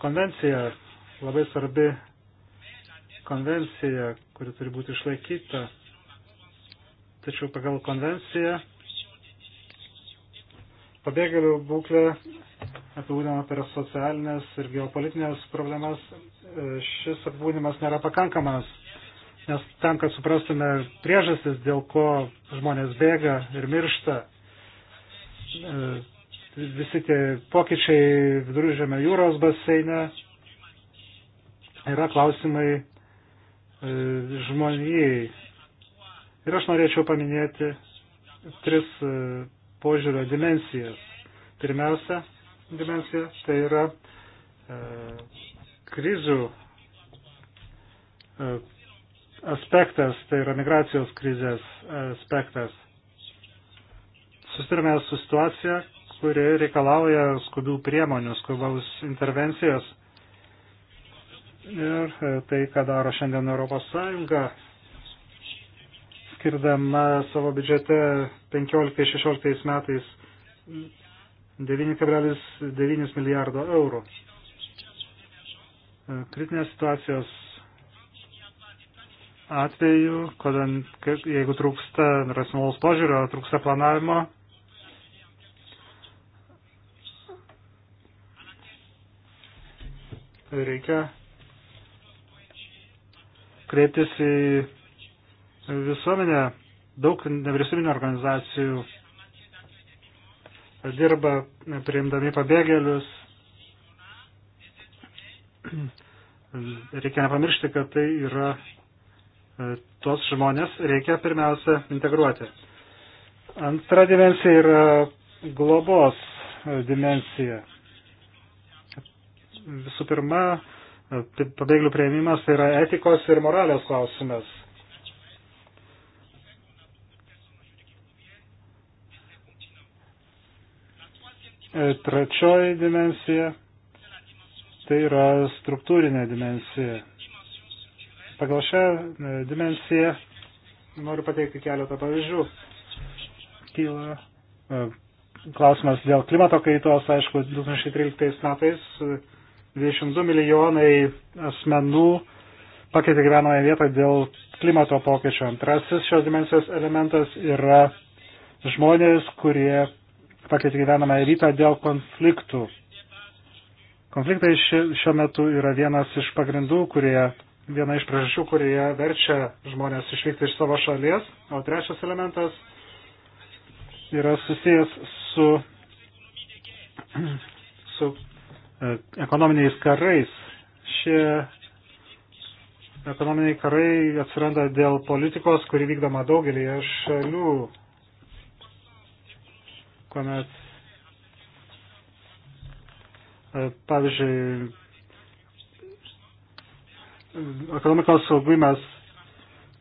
Konvencija, labai svarbi konvencija, kuri turi būti išlaikyta. Tačiau pagal konvenciją pabėgėlių būklė apibūdinama per socialinės ir geopolitinės problemas, e, šis apibūdinimas nėra pakankamas, nes tam, kad suprastume priežastis, dėl ko žmonės bėga ir miršta, e, visi tie pokyčiai viduržėme jūros baseine yra klausimai e, žmonijai. Ir aš norėčiau paminėti tris požiūrio dimensijas. Pirmiausia, dimensija, tai yra e, krizių e, aspektas, tai yra migracijos krizės aspektas. Susitarėme su situacija, kuri reikalauja skubių priemonių, skubaus intervencijos. Ir e, tai, ką daro šiandien Europos Sąjunga, skirdama savo biudžete 15-16 metais 9,9 milijardo eurų. E, kritinės situacijos atveju, kodant, jeigu trūksta racionalaus požiūrio, trūksta planavimo, reikia kreiptis į visuomenę, daug nevyriausybinio organizacijų dirba priimdami pabėgėlius. Reikia nepamiršti, kad tai yra e, tuos žmonės reikia pirmiausia integruoti. Antra dimensija yra globos e, dimensija. Visų pirma, e, tai pabėgėlių prieimimas tai yra etikos ir moralės klausimas. E, trečioji dimensija tai yra struktūrinė dimensija. Pagal šią e, dimensiją noriu pateikti keletą pavyzdžių. Kyla e, klausimas dėl klimato kaitos, aišku, 2013 metais 22 milijonai asmenų pakeitė gyvenamąją vietą dėl klimato pokyčio. Antrasis šios dimensijos elementas yra žmonės, kurie pakeitė gyvenamą rytą dėl konfliktų. Konfliktai šiuo metu yra vienas iš pagrindų, kurie, viena iš priežasčių, kurie verčia žmonės išvykti iš savo šalies. O trečias elementas yra susijęs su, su e, ekonominiais karais. Šie ekonominiai karai atsiranda dėl politikos, kuri vykdoma daugelį šalių kuomet, e, pavyzdžiui, ekonomikos saugumas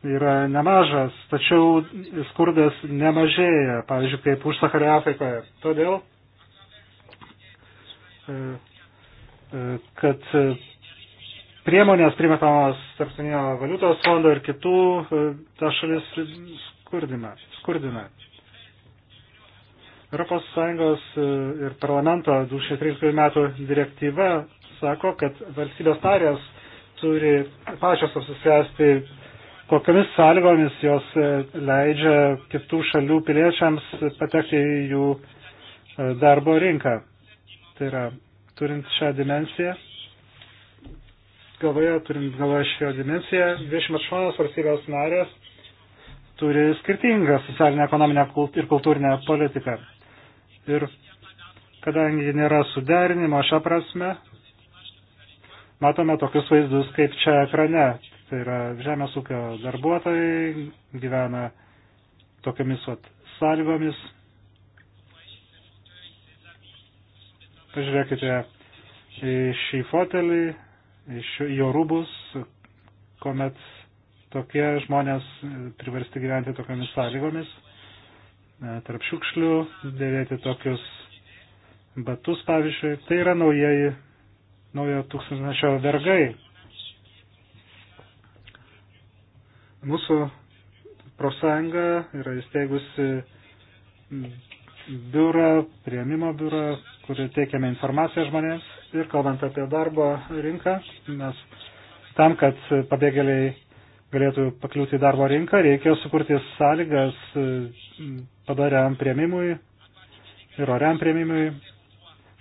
yra nemažas, tačiau skurdas nemažėja, pavyzdžiui, kaip užsakarė Afrikoje. Todėl, e, e, kad priemonės primetamos tarptautinio valiutos fondo ir kitų tą šalis skurdina. skurdina. ES e, ir parlamento 2013 metų direktyva sako, kad valstybės narės turi pačios apsispręsti, kokiamis sąlygomis jos e, leidžia kitų šalių piliečiams patekti į jų e, darbo rinką. Tai yra, turint šią dimensiją, galvoje, turint galvoje šią dimensiją, 28 valstybės narės turi skirtingą socialinę, ekonominę ir kultūrinę politiką. Ir kadangi nėra suderinimo šią prasme, matome tokius vaizdus kaip čia ekrane. Tai yra žemės ūkio darbuotojai gyvena tokiamis vat, sąlygomis. Pažiūrėkite į šį fotelį, į jo rūbus, kuomet tokie žmonės priversti gyventi tokiamis sąlygomis. E, tarp šiukšlių, dėvėti tokius batus, pavyzdžiui. Tai yra naujieji, naujo tūkstantmečio vergai. Mūsų profsąjunga yra įsteigusi biurą, prieimimo biurą, kur teikiame informaciją žmonėms. Ir kalbant apie darbo rinką, mes tam, kad pabėgėliai galėtų pakliūti į darbo rinką, reikia sukurti sąlygas e, padariam prieimimui ir oriam prieimimui,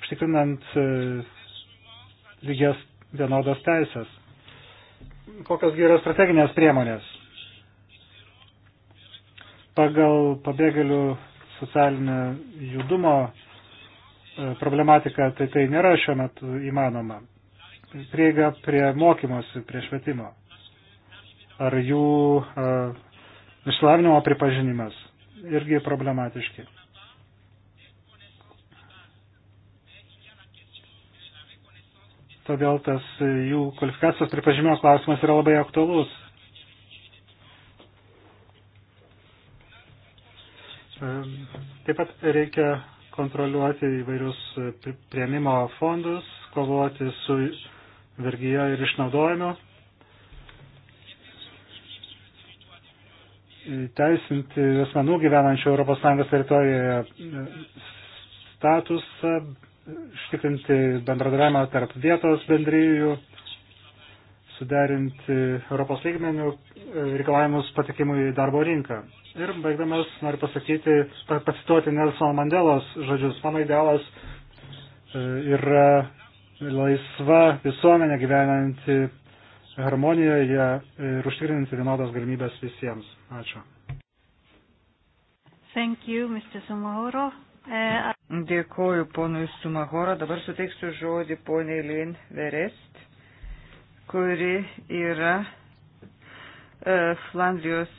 užtikrinant e, lygias vienodas teisės. Kokios yra strateginės priemonės? Pagal pabėgėlių socialinio judumo e, problematika, tai tai nėra šiuo metu įmanoma. Prieiga prie mokymosi, prie švietimo ar jų e, išsilavinimo pripažinimas irgi problematiški. Todėl tas jų kvalifikacijos pripažinimo klausimas yra labai aktualus. E, taip pat reikia kontroliuoti įvairius prieimimo fondus, kovoti su vergyje ir išnaudojimu. įteisinti asmenų gyvenančių ES teritorijoje statusą, ištikrinti bendradarbiavimą tarp vietos bendryjų, suderinti Europos lygmenių e, reikalavimus patekimui į darbo rinką. Ir baigdamas noriu pasakyti, pacituoti Nelsono Mandelos žodžius. Mano idealas e, yra laisva visuomenė gyvenanti harmonijoje ir užtikrinti vienodas galimybės visiems. Ačiū. Thank you, Mr. Sumahoro. Uh, Dėkoju ponui Sumahoro. Dabar suteiksiu žodį poniai Lin Verest, kuri yra uh, Flandrijos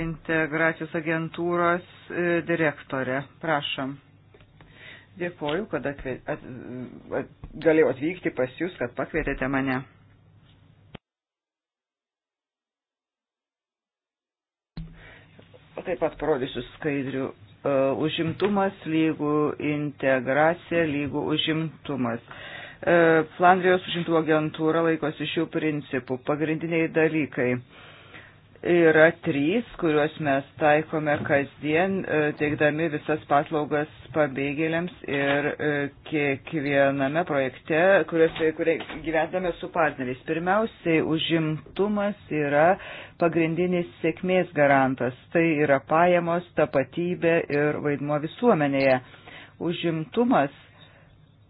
integracijos agentūros uh, direktorė. Prašom. Dėkoju, kad atve, at, at, galėjau atvykti pas Jūs, kad pakvietėte mane. Taip pat parodysiu skaidrių. E, užimtumas lygų integracija lygų užimtumas. E, Flandrijos užimtumo agentūra laikosi šių principų. Pagrindiniai dalykai yra trys, kuriuos mes taikome kasdien, e, teikdami visas paslaugas pabėgėliams ir e, kiekviename projekte, kuriuose kurie gyvendame su partneriais. Pirmiausiai, užimtumas yra pagrindinis sėkmės garantas. Tai yra pajamos, tapatybė ir vaidmuo visuomenėje. Užimtumas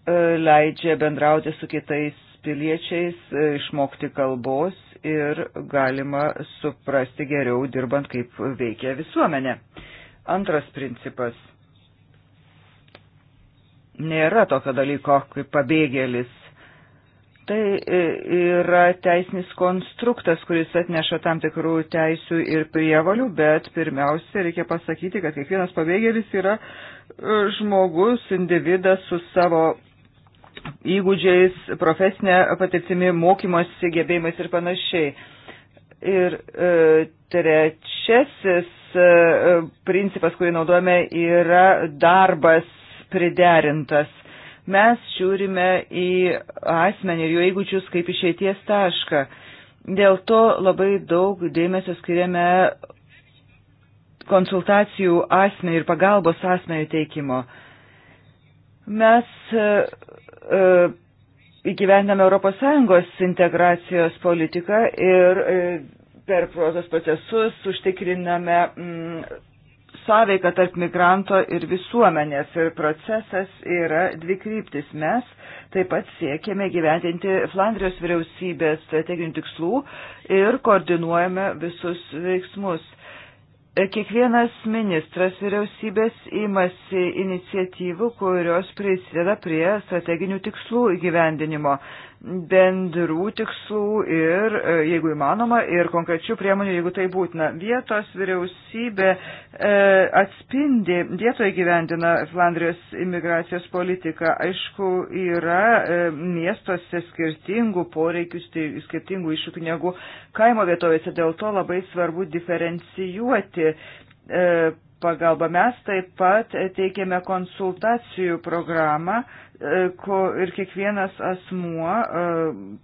e, leidžia bendrauti su kitais piliečiais, išmokti kalbos ir galima suprasti geriau dirbant, kaip veikia visuomenė. Antras principas. Nėra tokio dalyko kaip pabėgėlis. Tai e, yra teisnis konstruktas, kuris atneša tam tikrų teisių ir prievalių, bet pirmiausia, reikia pasakyti, kad kiekvienas pabėgėlis yra e, žmogus, individas su savo įgūdžiais, profesinė patirtimi, mokymosi gebėjimais ir panašiai. Ir e, trečiasis e, principas, kurį naudojame, yra darbas priderintas. Mes žiūrime į asmenį ir jo įgūdžius kaip išeities tašką. Dėl to labai daug dėmesio skiriame konsultacijų asmenį ir pagalbos asmenį teikimo. Mes e, E, įgyvendame ES integracijos politiką ir e, per tuos procesus užtikriname mm, sąveiką tarp migranto ir visuomenės. Ir procesas yra dvi kryptis. Mes taip pat siekėme gyventinti Flandrijos vyriausybės strateginių tikslų ir koordinuojame visus veiksmus. E, kiekvienas ministras vyriausybės imasi iniciatyvų, kurios prisideda prie strateginių tikslų įgyvendinimo bendrų tikslų ir, e, jeigu įmanoma, ir konkrečių priemonių, jeigu tai būtina. Vietos vyriausybė e, atspindi, vietoje gyvendina Flandrijos imigracijos politiką. Aišku, yra e, miestuose skirtingų poreikių, skirtingų iššūkių negu kaimo vietovėse. Dėl to labai svarbu diferencijuoti e, pagalba. Mes taip pat teikėme konsultacijų programą e, ir kiekvienas asmuo e,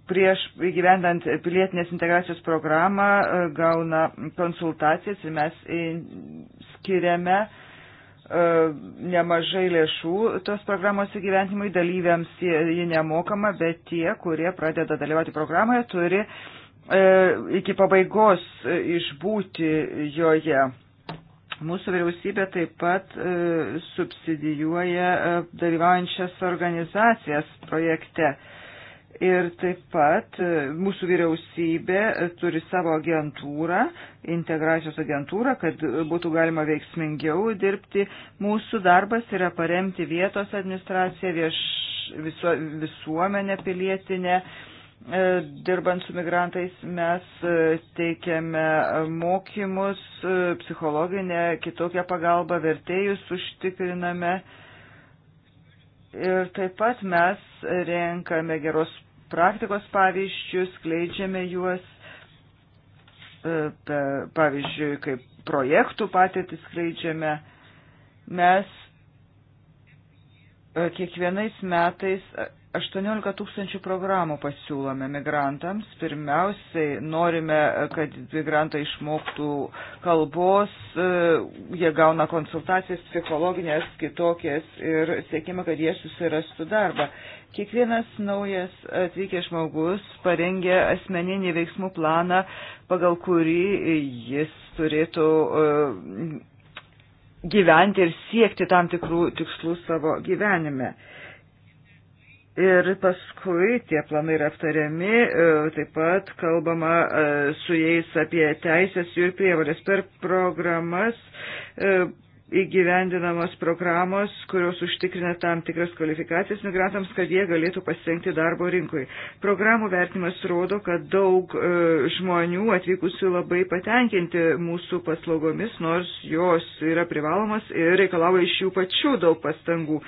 prieš įgyvendant pilietinės integracijos programą e, gauna konsultacijas ir mes skiriame nemažai lėšų tos programos įgyventimui dalyviams ji nemokama, bet tie, kurie pradeda dalyvauti programoje, turi iki pabaigos išbūti joje Mūsų vyriausybė taip pat e, subsidijuoja e, dalyvaujančias organizacijas projekte. Ir taip pat e, mūsų vyriausybė turi savo agentūrą, integracijos agentūrą, kad būtų galima veiksmingiau dirbti. Mūsų darbas yra paremti vietos administraciją, vieš, visu, visuomenę pilietinę. Uh, E, dirbant su migrantais mes e, teikiame mokymus, e, psichologinę, kitokią pagalbą, vertėjus užtikriname. Ir taip pat mes renkame geros praktikos pavyzdžius, kleidžiame juos, pavyzdžiui, kaip projektų patirtis kleidžiame. Mes kiekvienais metais 18 tūkstančių programų pasiūlome migrantams. Pirmiausiai norime, kad migrantai išmoktų kalbos, e, jie gauna konsultacijas psichologinės, kitokias ir siekime, kad jie susirastų darbą. Kiekvienas naujas atvykęs žmogus parengė asmeninį veiksmų planą, pagal kurį jis turėtų e, gyventi ir siekti tam tikrų tikslų savo gyvenime. Ir paskui tie planai yra aptariami, e, taip pat kalbama e, su jais apie teisės jų ir prievalės per programas e, įgyvendinamos programos, kurios užtikrina tam tikras kvalifikacijas migrantams, kad jie galėtų pasirinkti darbo rinkui. Programų vertimas rodo, kad daug e, žmonių atvykusių labai patenkinti mūsų paslaugomis, nors jos yra privalomas ir reikalauja iš jų pačių daug pastangų.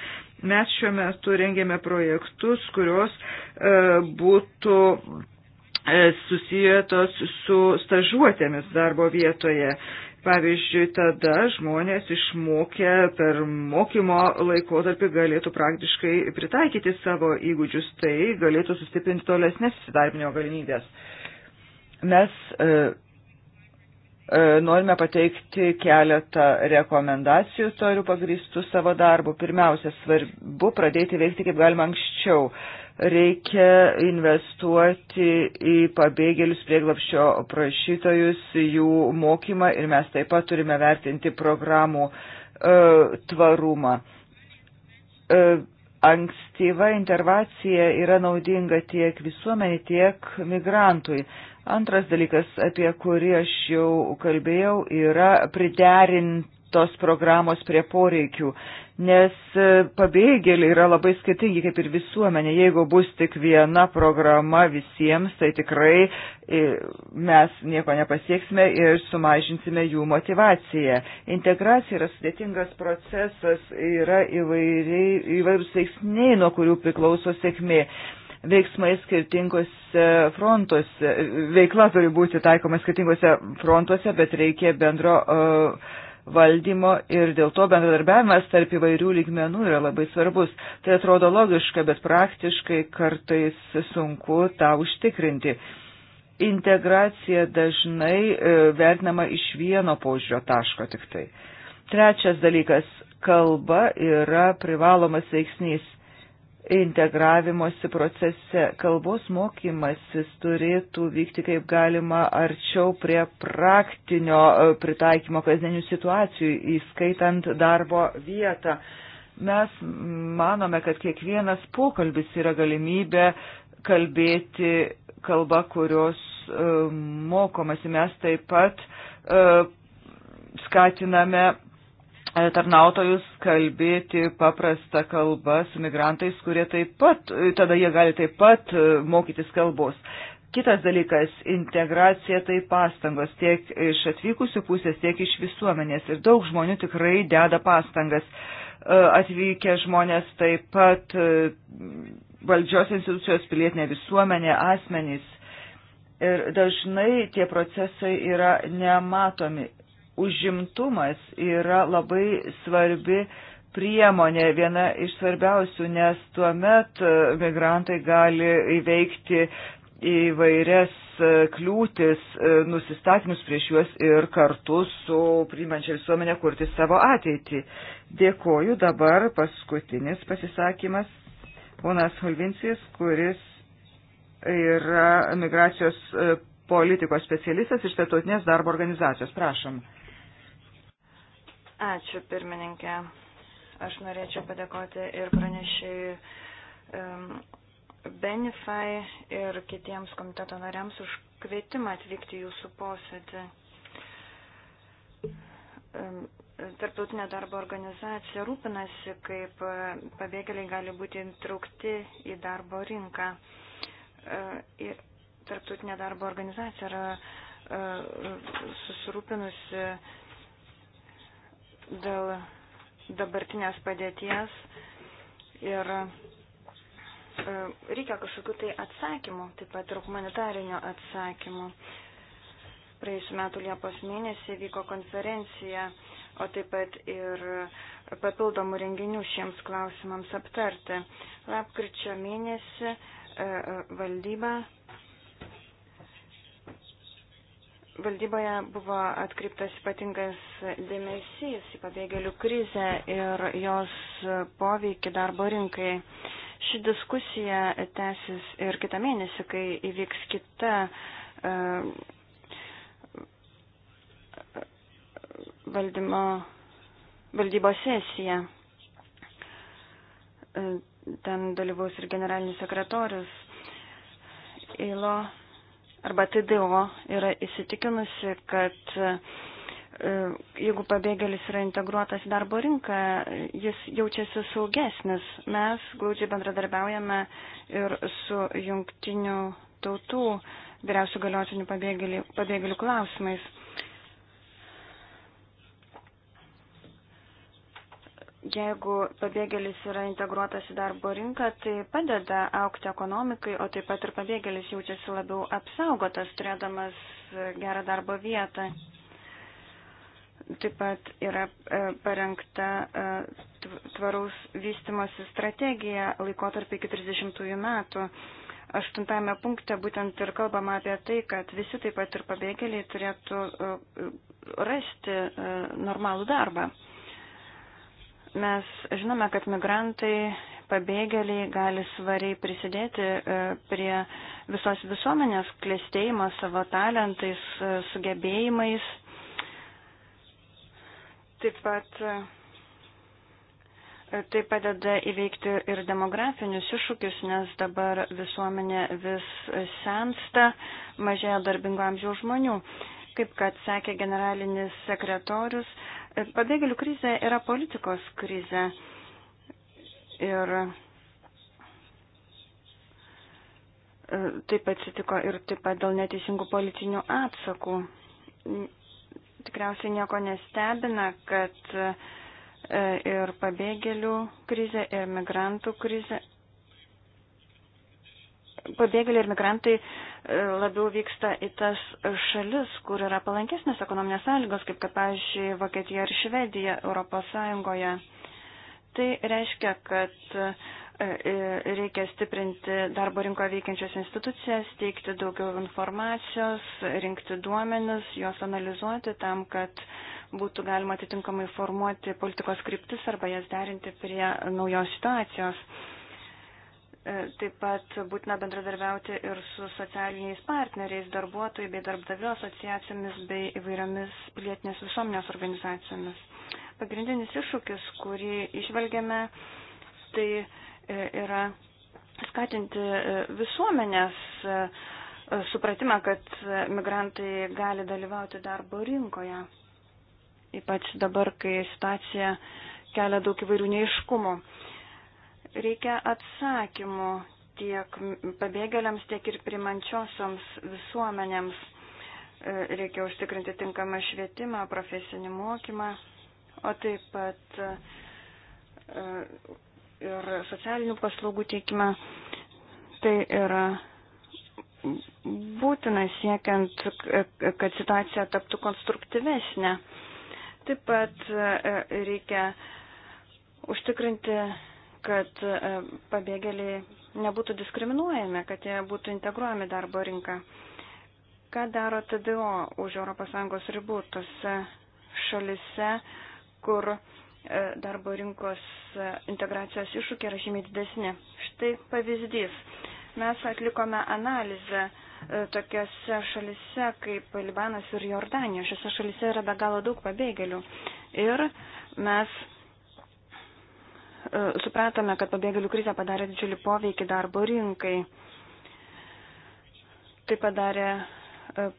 Mes šiuo metu rengėme projektus, kurios e, būtų e, susijėtos su stažuotėmis darbo vietoje. E, Pavyzdžiui, tada žmonės išmokę per mokymo laikotarpį galėtų praktiškai pritaikyti savo įgūdžius, tai galėtų sustiprinti tolesnės įsidarbinio galimybės. Mes e, e, norime pateikti keletą rekomendacijų, torių pagristų savo darbu. Pirmiausia, svarbu pradėti veikti kaip galima anksčiau. Reikia investuoti į pabėgėlius prieglapščio prašytojus, jų mokymą ir mes taip pat turime vertinti programų e, tvarumą. E, ankstyva intervencija yra naudinga tiek visuomenį, tiek migrantui. Antras dalykas, apie kurį aš jau kalbėjau, yra priderinti tos programos prie poreikių nes e, pabėgėliai yra labai skirtingi kaip ir visuomenė. Jeigu bus tik viena programa visiems, tai tikrai e, mes nieko nepasieksime ir sumažinsime jų motivaciją. Integracija yra sudėtingas procesas, yra įvairūs veiksniai, nuo kurių priklauso sėkmė. Veiksmai skirtingose frontuose, veikla turi būti taikoma skirtingose frontuose, bet reikia bendro uh, valdymo ir dėl to bendradarbiavimas tarp įvairių lygmenų yra labai svarbus. Tai atrodo logiška, bet praktiškai kartais sunku tą užtikrinti. Integracija dažnai e, vertinama iš vieno požiūrio taško tik tai. Trečias dalykas - kalba yra privalomas veiksnys integravimosi procese. Kalbos mokymasis turėtų vykti kaip galima arčiau prie praktinio e, pritaikymo kasdienių situacijų, įskaitant darbo vietą. Mes manome, kad kiekvienas pokalbis yra galimybė kalbėti kalba, kurios e, mokomasi. Mes taip pat e, skatiname tarnautojus kalbėti paprastą kalbą su migrantais, kurie taip pat, tada jie gali taip pat e, mokytis kalbos. Kitas dalykas - integracija tai pasangos tiek iš atvykusių pusės, tiek iš visuomenės. Ir daug žmonių tikrai deda pastangas. E, atvykę žmonės taip pat e, valdžios institucijos pilietinė visuomenė, asmenys. Ir dažnai tie procesai yra nematomi užimtumas yra labai svarbi priemonė, viena iš svarbiausių, nes tuo met migrantai gali įveikti įvairias kliūtis, nusistatymus prieš juos ir kartu su priimančia visuomenė kurti savo ateitį. Dėkoju dabar paskutinis pasisakymas, ponas Holvincis, kuris yra migracijos politikos specialistas iš Tautinės darbo organizacijos. Prašom. Ačiū, pirmininkė. Aš norėčiau padėkoti ir pranešėjai um, Benifai ir kitiems komiteto nariams už kvietimą atvykti jūsų posėdį. Um, Tarptautinė darbo organizacija rūpinasi, kaip e, pabėgėliai gali būti intraukti į darbo rinką. E, tarptautinė darbo organizacija yra e, susirūpinusi dėl dabartinės padėties ir e, reikia kažkokių tai atsakymų, taip pat ir humanitarinio atsakymų. Praėjusiu metu Liepos mėnesį vyko konferencija, o taip pat ir papildomų renginių šiems klausimams aptarti. Lapkričio mėnesį e, e, valdyba Valdyboje buvo atkreiptas ypatingas dėmesys į pabėgėlių krizę ir jos poveikį darbo rinkai. Ši diskusija tęsis ir kitą mėnesį, kai įvyks kita e, valdymo, valdybos sesija. E, ten dalyvaus ir generalinis sekretorius. Eilo arba TDO yra įsitikinusi, kad e, jeigu pabėgėlis yra integruotas į darbo rinką, jis jaučiasi saugesnis. Mes glaudžiai bendradarbiaujame ir su jungtinių tautų vyriausių galiotinių pabėgėlių klausimais. Jeigu pabėgėlis yra integruotas į darbo rinką, tai padeda aukti ekonomikai, o taip pat ir pabėgėlis jaučiasi labiau apsaugotas, turėdamas gerą darbo vietą. Taip pat yra e, parengta e, tvaraus vystimosi strategija laikotarpį iki 30 metų. Aštuntame punkte būtent ir kalbama apie tai, kad visi taip pat ir pabėgėliai turėtų e, rasti normalų darbą. Mes žinome, kad migrantai, pabėgėliai gali svariai prisidėti e, prie visos visuomenės klėstėjimo savo talentais, e, sugebėjimais. Taip pat e, tai padeda įveikti ir demografinius iššūkius, nes dabar visuomenė vis sensta, mažėja darbingo amžiaus žmonių kaip kad sakė generalinis sekretorius, Pabėgėlių krizė yra politikos krizė. Ir e, taip atsitiko ir taip pat dėl neteisingų politinių atsakų. Tikriausiai nieko nestebina, kad e, ir pabėgėlių krizė, ir migrantų krizė. Pabėgėliai ir migrantai uh, labiau vyksta į tas šalis, kur yra palankesnės ekonominės sąlygos, kaip kad, pavyzdžiui, Vokietija ir Švedija Europos Sąjungoje. Tai reiškia, kad e, e, reikia stiprinti darbo rinko veikiančias institucijas, teikti daugiau informacijos, rinkti duomenis, juos analizuoti tam, kad būtų galima atitinkamai formuoti politikos kryptis arba jas derinti prie naujos situacijos. E, taip pat būtina bendradarbiauti ir su socialiniais partneriais, darbuotojų bei darbdavių asociacijomis bei įvairiomis pilietinės visuomenės organizacijomis. Pagrindinis iššūkis, kurį išvelgiame, tai e, yra skatinti e, visuomenės supratimą, kad migrantai gali dalyvauti darbo rinkoje. Ypač dabar, kai situacija kelia daug įvairių neiškumų. Reikia atsakymų tiek pabėgėliams, tiek ir primančiosioms visuomenėms. E, reikia užtikrinti tinkamą švietimą, profesinį mokymą, o taip pat e, ir socialinių paslaugų teikimą. Tai yra būtina siekiant, e, kad situacija taptų konstruktyvesnė. Taip pat reikia užtikrinti kad e, pabėgėliai nebūtų diskriminuojami, kad jie būtų integruojami darbo rinką. Ką daro TDO už ES ribų tose šalise, kur e, darbo rinkos e, integracijos iššūkiai yra žymiai didesni? Štai pavyzdys. Mes atlikome analizę tokiose šalise kaip Libanas ir Jordanija. Šiose šalise yra be galo daug pabėgėlių. Ir mes E, supratome, kad pabėgėlių krizė padarė didžiulį poveikį darbo rinkai. Tai padarė e,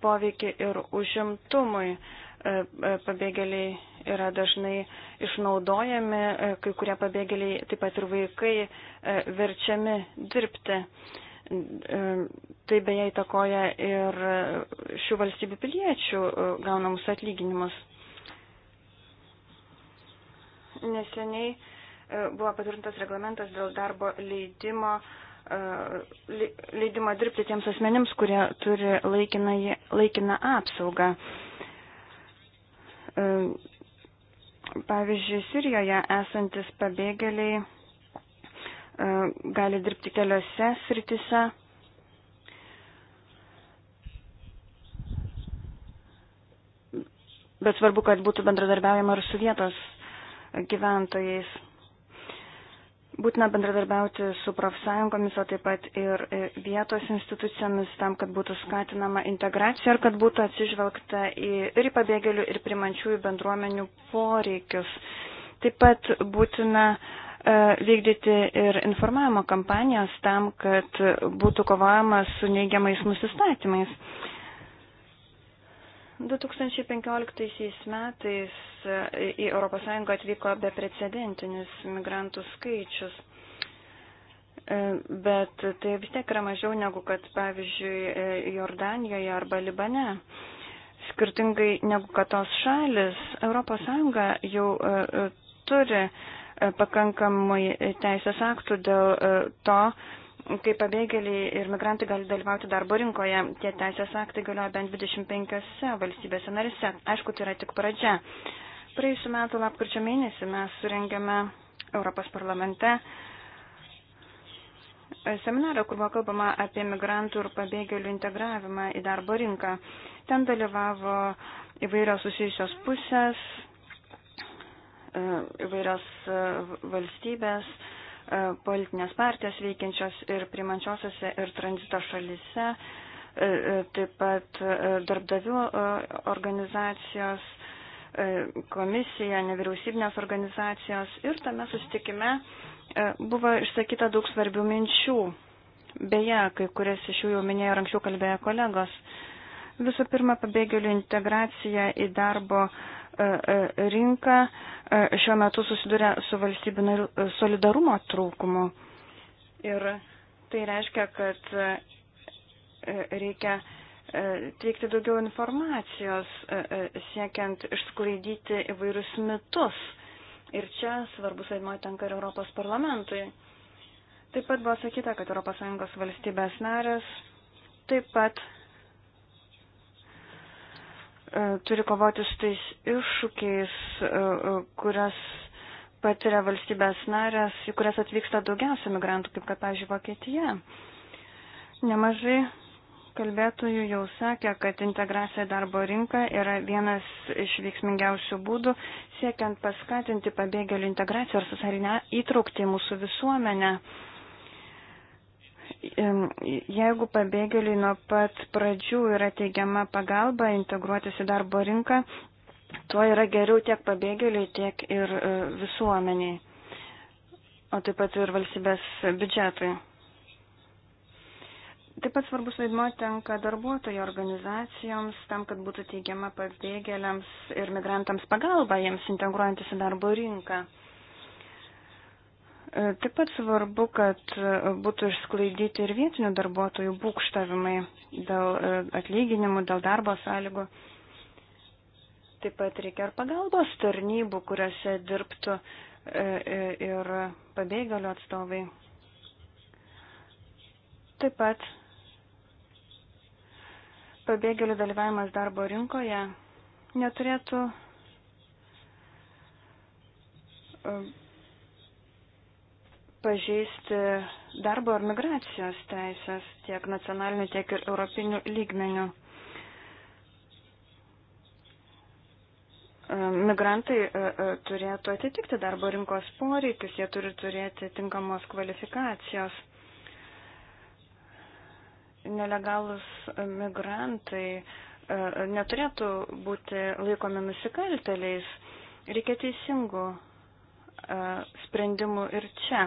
poveikį ir užimtumui. E, pabėgėliai yra dažnai išnaudojami, kai kurie pabėgėliai, taip pat ir vaikai, verčiami dirbti. Tai beje įtakoja ir šių valstybių piliečių gaunamus atlyginimus. Neseniai uh, buvo patvirtintas reglamentas dėl darbo leidimo, e, leidimo dirbti tiems asmenims, kurie turi laikiną, laikiną apsaugą. E, pavyzdžiui, Sirijoje esantis pabėgėliai e, gali dirbti keliose sritise. Bet svarbu, kad būtų bendradarbiaujama ir su vietos gyventojais. Būtina bendradarbiauti su profsąjungomis, o taip pat ir e, vietos institucijomis tam, kad būtų skatinama integracija ir kad būtų atsižvelgta į, ir į pabėgėlių, ir primančiųjų bendruomenių poreikius. Taip pat būtina e, vykdyti ir informavimo kampanijas tam, kad būtų kovojama su neigiamais nusistatymais. 2015 metais į ES atvyko beprecedentinis migrantų skaičius, bet tai vis tiek yra mažiau negu kad, pavyzdžiui, Jordanijoje arba Libane. Skirtingai negu kad tos šalis, ES jau e, turi e, pakankamai teisės aktų dėl e, to, kaip pabėgėliai ir migrantai gali dalyvauti darbo rinkoje. Tie teisės aktai galioja bent 25 valstybėse narise. Aišku, tai yra tik pradžia. Praėjusiu metu lapkričio mėnesį mes surengėme Europos parlamente seminarą, kur buvo kalbama apie migrantų ir pabėgėlių integravimą į darbo rinką. Ten dalyvavo įvairios susijusios pusės, e, įvairios e, valstybės, E, politinės partijos veikiančios ir primančiosiose ir tranzito šalise, e, e, taip pat darbdavių organizacijos, komisija, nevyriausybinės organizacijos ir tame sustikime buvo išsakyta daug svarbių minčių. Beje, kai kurias iš jų jau minėjo ir anksčiau kalbėjo kolegos. Visų pirma, pabėgėlių integracija į darbo rinką E, šiuo metu susiduria su valstybių narių e, solidarumo trūkumu. Ir tai reiškia, kad e, reikia teikti daugiau informacijos, siekiant išsklaidyti įvairius mitus. Ir čia svarbus vaidmuo tenka ir Europos parlamentui. Taip pat buvo sakyta, kad ES valstybės narės taip pat E, turi kovoti su tais iššūkiais, e, e, kurias patiria valstybės narės, į kurias atvyksta daugiausia migrantų, kaip kad, pavyzdžiui, Vokietija. Nemažai kalbėtojų jau sakė, kad integracija darbo rinka yra vienas iš veiksmingiausių būdų siekiant paskatinti pabėgėlių integraciją ir socialinę įtraukti į mūsų visuomenę. Jeigu pabėgėliai nuo pat pradžių yra teigiama pagalba integruotis į darbo rinką, tuo yra geriau tiek pabėgėliai, tiek ir e, visuomeniai, o taip pat ir valstybės biudžetui. Taip pat svarbus vaidmo tenka darbuotojų organizacijoms, tam, kad būtų teigiama pabėgėliams ir migrantams pagalba jiems integruojantis į darbo rinką. E, taip pat svarbu, kad e, būtų išsklaidyti ir vietinių darbuotojų būkštavimai dėl e, atlyginimų, dėl darbo sąlygų. Taip pat reikia ir pagalbos tarnybų, kuriuose dirbtų ir pabėgalių atstovai. Taip pat pabėgėlių dalyvavimas darbo rinkoje neturėtų pažeisti darbo ir migracijos teisės tiek nacionalinių, tiek ir europinių lygmenių. E, migrantai e, e, turėtų atitikti darbo rinkos poreikius, jie turi turėti tinkamos kvalifikacijos. Nelegalus migrantai neturėtų būti laikomi nusikalteliais, reikia teisingų sprendimų ir čia.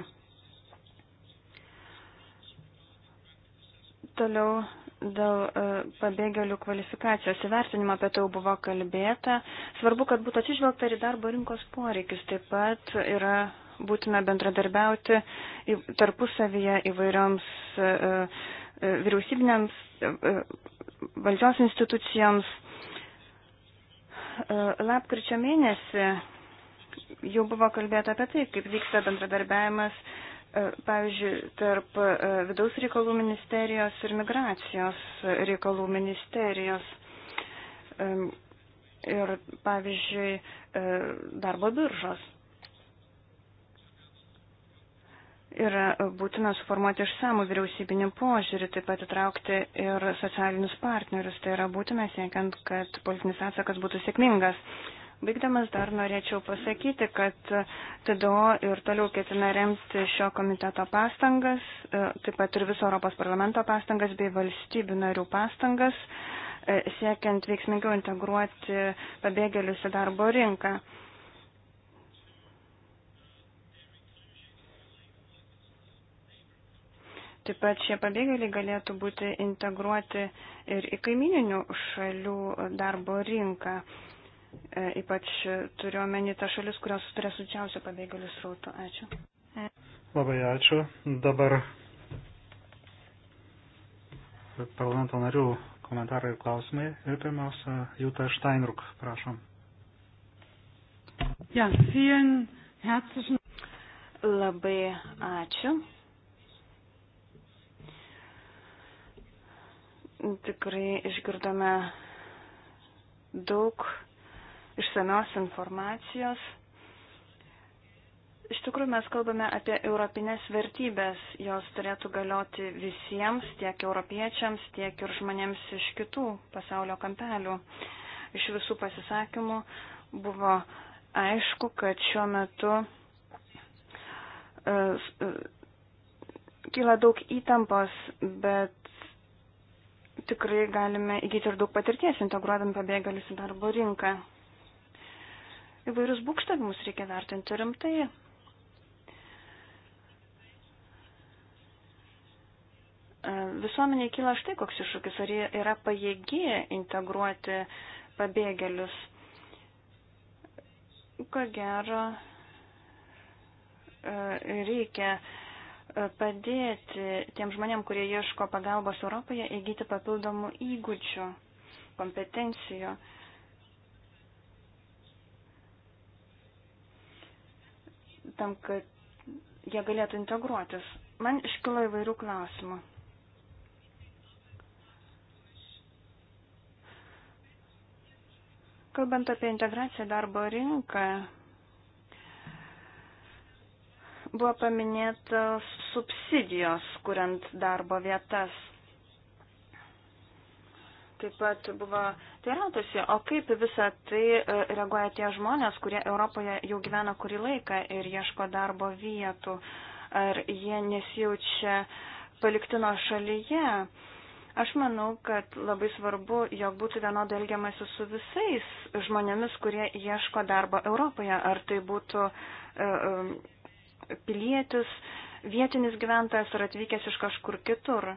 Toliau dėl e, pabėgėlių kvalifikacijos įvertinimo apie tai jau buvo kalbėta. Svarbu, kad būtų atsižvelgta ir darbo rinkos poreikis. Taip pat yra būtina bendradarbiauti tarpusavyje įvairioms e, e, vyriausybinėms valdžios institucijoms. Lapkričio mėnesį jau buvo kalbėta apie tai, kaip vyksta bendradarbiavimas E, pavyzdžiui, tarp e, vidaus reikalų ministerijos ir migracijos reikalų ministerijos. E, ir, pavyzdžiui, darbo biržos. Yra būtina suformuoti išsamų vyriausybinį požiūrį, taip pat įtraukti ir socialinius partnerius. Tai yra būtina siekiant, kad politinis atsakas būtų sėkmingas. Baigdamas dar norėčiau pasakyti, kad TDO ir toliau ketina remti šio komiteto pastangas, e, taip pat ir viso Europos parlamento pastangas bei valstybių narių pastangas, e, siekiant veiksmingiau integruoti pabėgėlius į darbo rinką. Taip pat šie pabėgėliai galėtų būti integruoti ir į kaimininių šalių darbo rinką. E, ypač turiuomenį tą šalis, kurios susiduria su didžiausiu pabėgėlių srautu. Ačiū. Labai ačiū. Dabar parlamento narių komentarai ir klausimai. Ir pirmiausia, Jūta Steinruk, prašom. Ja, vielen herzlichen. Labai ačiū. Tikrai išgirdome daug išsamios informacijos. Iš tikrųjų, mes kalbame apie europinės vertybės. Jos turėtų galioti visiems, tiek europiečiams, tiek ir žmonėms iš kitų pasaulio kampelių. Iš visų pasisakymų buvo aišku, kad šiuo metu e, e, kyla daug įtampos, bet tikrai galime įgyti ir daug patirties integruodami pabėgėlius į darbo rinką įvairius būkštavimus reikia vertinti rimtai. E, visuomeniai kyla štai koks iššūkis, ar jie yra pajėgi integruoti pabėgėlius. Ko gero, e, reikia e, padėti tiem žmonėm, kurie ieško pagalbos Europoje, įgyti papildomų įgūdžių, kompetencijų. tam, kad jie galėtų integruotis. Man iškilo įvairių klausimų. Kalbant apie integraciją darbo rinką, buvo paminėtos subsidijos, kuriant darbo vietas taip pat buvo teirautusi, o kaip visą tai e, reaguoja tie žmonės, kurie Europoje jau gyvena kurį laiką ir ieško darbo vietų, ar jie nesijaučia palikti nuo šalyje. Aš manau, kad labai svarbu, jog būtų vienodai elgiamasi su visais žmonėmis, kurie ieško darbo Europoje, ar tai būtų e, e, pilietis, vietinis gyventojas ar atvykęs iš kažkur kitur.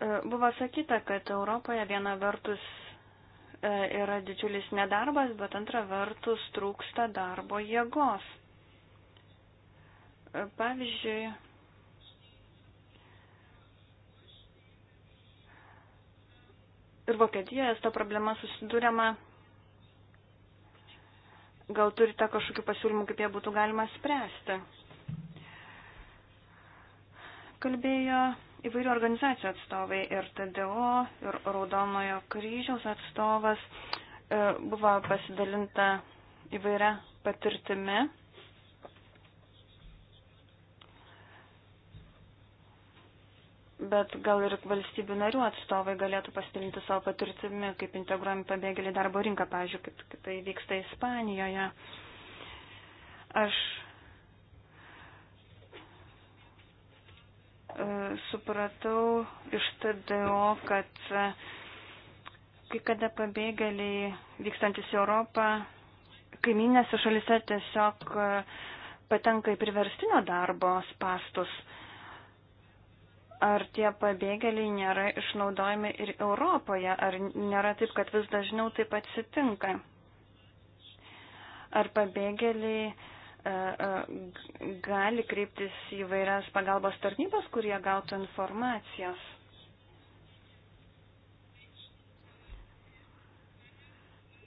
E, buvo sakyta, kad Europoje viena vertus e, yra didžiulis nedarbas, bet antra vertus trūksta darbo jėgos. E, pavyzdžiui, ir Vokietijoje su ta problema susidūrėma. Gal turite kažkokių pasiūlymų, kaip jie būtų galima spręsti? Kalbėjo įvairių organizacijų atstovai ir TDO, ir Raudonojo kryžiaus atstovas. E, buvo pasidalinta įvairia patirtimi. Bet gal ir valstybių narių atstovai galėtų pasidalinti savo patirtimi, kaip integruojami pabėgėliai darbo rinką, pavyzdžiui, kaip, kaip tai vyksta Ispanijoje. Aš E, supratau iš TDO, kad e, kai kada pabėgėliai vykstantis į Europą, kaiminėse šalise tiesiog e, patenka į priverstinio darbo spastus. Ar tie pabėgėliai nėra išnaudojami ir Europoje, ar nėra taip, kad vis dažniau taip atsitinka? Ar pabėgėliai uh, E, e, gali kreiptis į vairias pagalbos tarnybas, kurie gautų informacijos.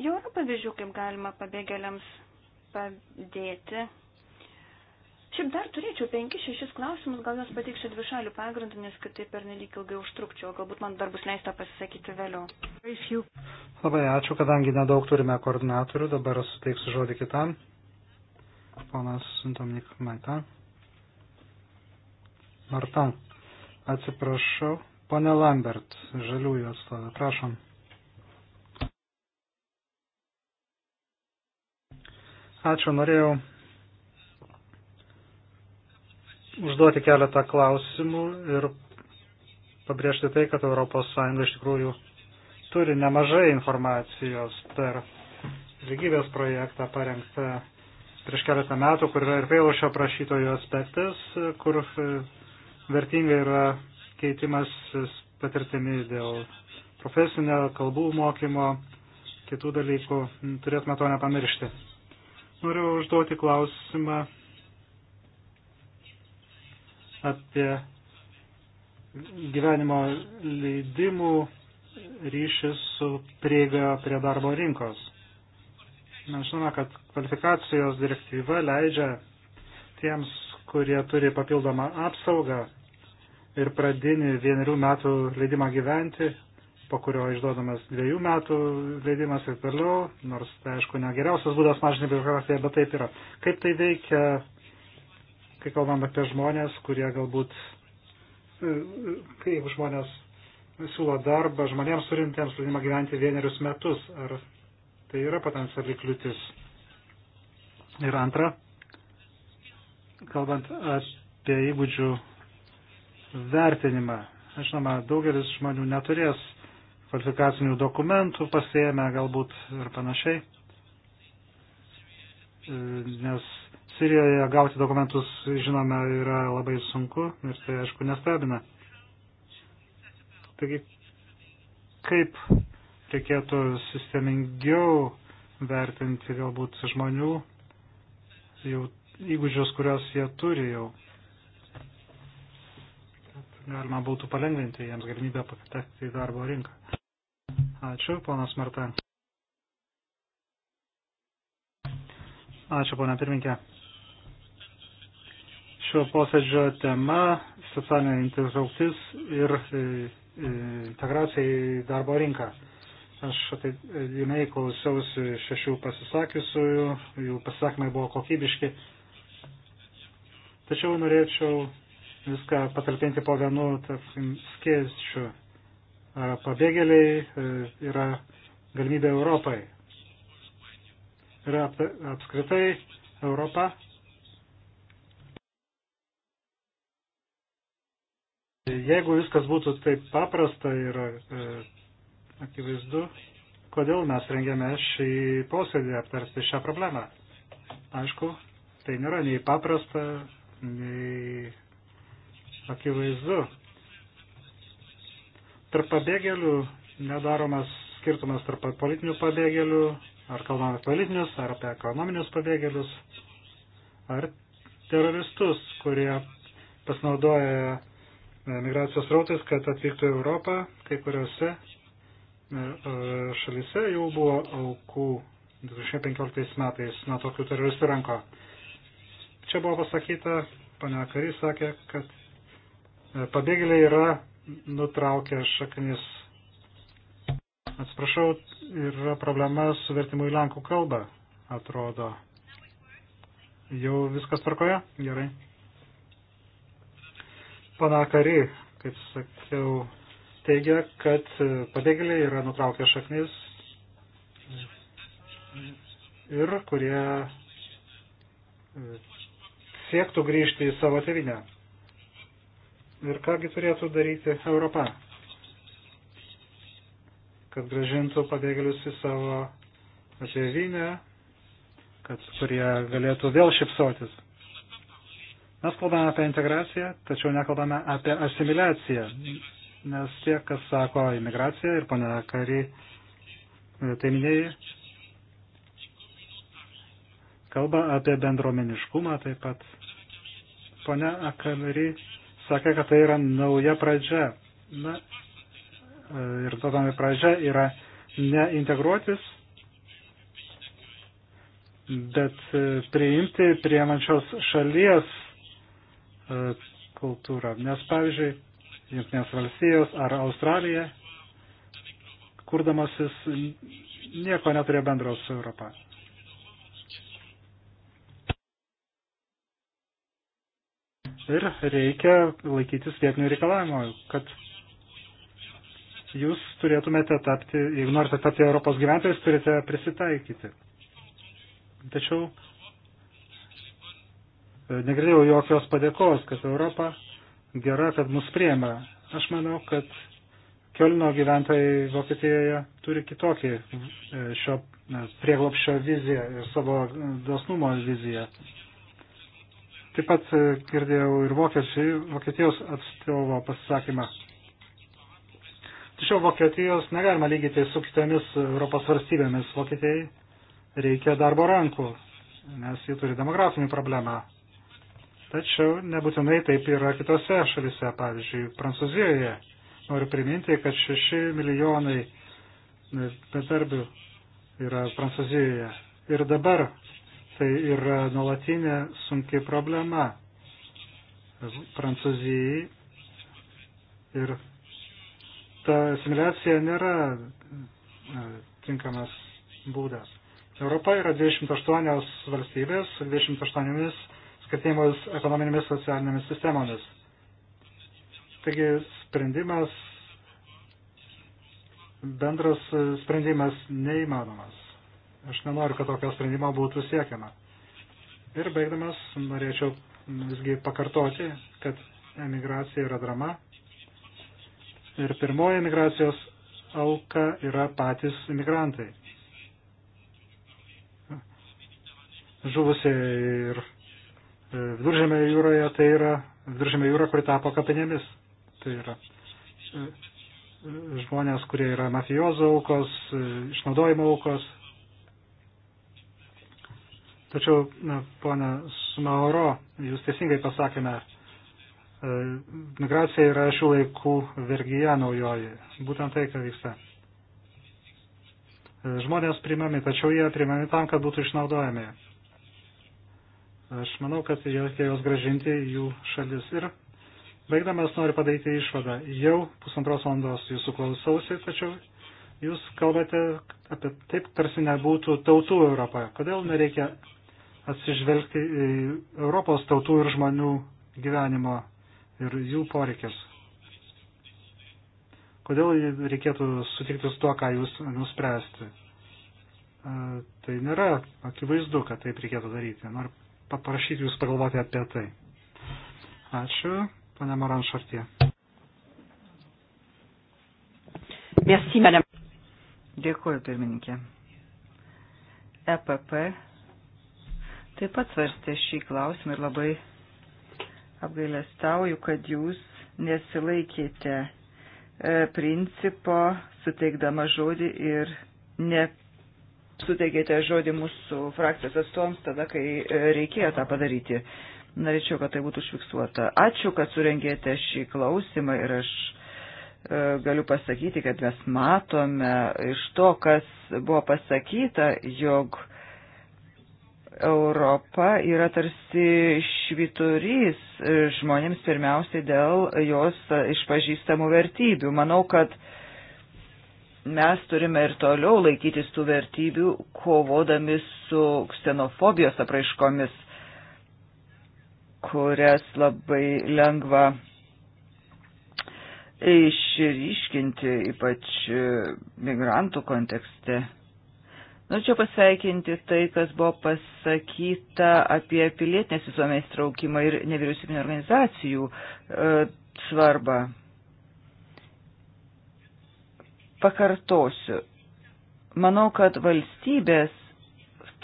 Jau yra pavyzdžių, kaip galima pabėgėliams padėti. Šiaip dar turėčiau 5-6 klausimus, gal jos pateiksiu dvi šalių pagrindų, nes kitaip per nelik ilgai užtrukčiau, galbūt man dar bus leista pasisakyti vėliau. Labai ačiū, kadangi nedaug turime koordinatorių, dabar suteiksiu žodį kitam ponas Dominik Maitan. Martan, atsiprašau. Pane Lambert, žaliųjų atstovė, prašom. Ačiū, norėjau užduoti keletą klausimų ir pabrėžti tai, kad ES iš tikrųjų turi nemažai informacijos per lygybės projektą parengtą prieš keletą metų, kur yra ir vėl šio prašytojo aspektas, kur e, vertinga yra keitimas patirtimi dėl profesinio, kalbų mokymo, kitų dalykų. Mm, turėtume to nepamiršti. Noriu užduoti klausimą apie gyvenimo leidimų ryšį su prieiga prie darbo rinkos. Mes žinome, kad kvalifikacijos direktyva leidžia tiems, kurie turi papildomą apsaugą ir pradinį vienerių metų leidimą gyventi, po kurio išduodamas dviejų metų leidimas ir toliau, nors tai aišku ne geriausias būdas mažinti biurokratiją, bet taip yra. Kaip tai veikia, kai kalbam apie žmonės, kurie galbūt, e, e, kaip žmonės siūlo darbą žmonėms turintiems leidimą gyventi vienerius metus, ar tai yra potenciali kliūtis? Ir antra, kalbant apie įgūdžių vertinimą. Žinoma, daugelis žmonių neturės kvalifikacinių dokumentų pasėmę galbūt ir panašiai, nes Sirijoje gauti dokumentus, žinome, yra labai sunku ir tai aišku nestebina. Taigi, kaip reikėtų sistemingiau vertinti galbūt žmonių jau įgūdžius, kuriuos jie turi jau. Tad galima būtų palengvinti jiems galimybę patekti į darbo rinką. Ačiū, ponas Marta. Ačiū, ponia pirminkė. Šio posėdžio tema - socialinė intrauktis ir e, e, integracija į darbo rinką. Aš atidėmiai klausiausi šešių pasisakiusiųjų, jų pasisakymai buvo kokybiški. Tačiau norėčiau viską patalpinti po vienu skėsčiu. Pabėgėliai e, yra galimybė Europai. Yra apskritai Europa. Jeigu viskas būtų taip paprasta ir e, akivaizdu, kodėl mes rengiame šį posėdį aptarsti šią problemą. Aišku, tai nėra nei paprasta, nei akivaizdu. Tarp pabėgėlių nedaromas skirtumas tarp politinių pabėgėlių, ar kalbame apie politinius, ar apie ekonominius pabėgėlius, ar teroristus, kurie pasinaudoja e, migracijos rautais, kad atvyktų į Europą, kai kuriuose E, šalise jau buvo aukų 2015 metais nuo tokių teroristų ranko. Čia buvo pasakyta, pana Karys sakė, kad e, pabėgėliai yra nutraukę šaknis. Atsiprašau, yra problema su vertimu į lenkų kalbą, atrodo. Jau viskas tvarkoje? Gerai. Pana Kari, kaip sakiau, teigia, kad pabėgėliai yra nutraukę šaknis ir kurie e, siektų grįžti į savo tevinę. Ir kągi turėtų daryti Europa, kad gražintų pabėgėlius į savo tevinę, kad kurie galėtų vėl šipsotis. Mes kalbame apie integraciją, tačiau nekalbame apie asimiliaciją nes tie, kas sako imigracija ir pana Kari, e, tai minėjai, kalba apie bendromeniškumą taip pat. Pone Akari sakė, kad tai yra nauja pradžia. Na, e, ir to tam pradžia yra ne integruotis, bet e, priimti priemančios šalies kultūrą. Nes, pavyzdžiui, Junktinės valstijos ar Australija, kurdamasis nieko neturėjo bendro su Europą. Ir reikia laikytis vietinių reikalavimų, kad jūs turėtumėte tapti, jeigu norite tapti Europos gyventojais, turite prisitaikyti. Tačiau e, negirdėjau jokios padėkos, kad Europa gera, kad mus prieima. Aš manau, kad Kielino gyventojai Vokietijoje turi kitokį e, šio prieglopščio viziją ir savo dosnumo viziją. Taip pat e, girdėjau ir vokiečių, Vokietijos atstovo pasisakymą. Tačiau Vokietijos negalima lyginti su kitomis Europos valstybėmis. Vokietijai reikia darbo rankų, nes jie turi demografinį problemą. Tačiau nebūtinai taip yra kitose šalise, pavyzdžiui, Prancūzijoje. Noriu priminti, kad 6 milijonai bedarbių yra Prancūzijoje. Ir dabar tai yra nuolatinė sunki problema Prancūzijai. Ir ta asimiliacija nėra e, tinkamas būdas. Europa yra 28 valstybės, 28 skirtingomis ekonominėmis socialinėmis sistemomis. Taigi sprendimas, bendras sprendimas neįmanomas. Aš nenoriu, kad tokio sprendimo būtų siekiama. Ir baigdamas, norėčiau visgi pakartoti, kad emigracija yra drama. Ir pirmoji emigracijos auka yra patys imigrantai. Žuvusiai ir Viduržėme jūroje tai yra Viduržėme jūra, kuri tapo kapinėmis. Tai yra e, žmonės, kurie yra mafijozo aukos, e, išnaudojimo aukos. Tačiau, na, ponia Sumauro, jūs teisingai pasakėme, e, migracija yra šių laikų vergyje naujoji. Būtent tai, ką vyksta. Žmonės primami, tačiau jie primami tam, kad būtų išnaudojami. Aš manau, kad reikia jos gražinti jų šalis. Ir baigdamas noriu padaryti išvadą. Jau pusantros valandos jūsų klausausi, tačiau jūs kalbate apie taip, tarsi nebūtų tautų Europoje. Kodėl nereikia atsižvelgti į Europos tautų ir žmonių gyvenimo ir jų poreikius. Kodėl reikėtų sutikti su tuo, ką jūs nuspręsti? Tai nėra akivaizdu, kad taip reikėtų daryti. Noriu paprašyti jūs pagalvoti apie tai. Ačiū, pane Moran Šartie. Merci, madame. Dėkuoju, pirmininkė. EPP taip pat svarstė šį klausimą ir labai apgailestauju, kad jūs nesilaikėte e, principo suteikdama žodį ir ne suteikėte žodį mūsų frakcijos atstovams tada, kai e, reikėjo tą padaryti. Norėčiau, kad tai būtų užfiksuota. Ačiū, kad surengėte šį klausimą ir aš e, galiu pasakyti, kad mes matome iš to, kas buvo pasakyta, jog Europa yra tarsi šviturys žmonėms pirmiausiai dėl jos išpažįstamų vertybių. Manau, kad uh, mes turime ir toliau laikytis tų vertybių, kovodami su ksenofobijos apraiškomis, kurias labai lengva išryškinti, ypač migrantų kontekste. Norėčiau nu, pasveikinti tai, kas buvo pasakyta apie pilietinės visuomenės traukimą ir nevyriausybinio organizacijų e, svarbą. Pakartosiu, manau, kad valstybės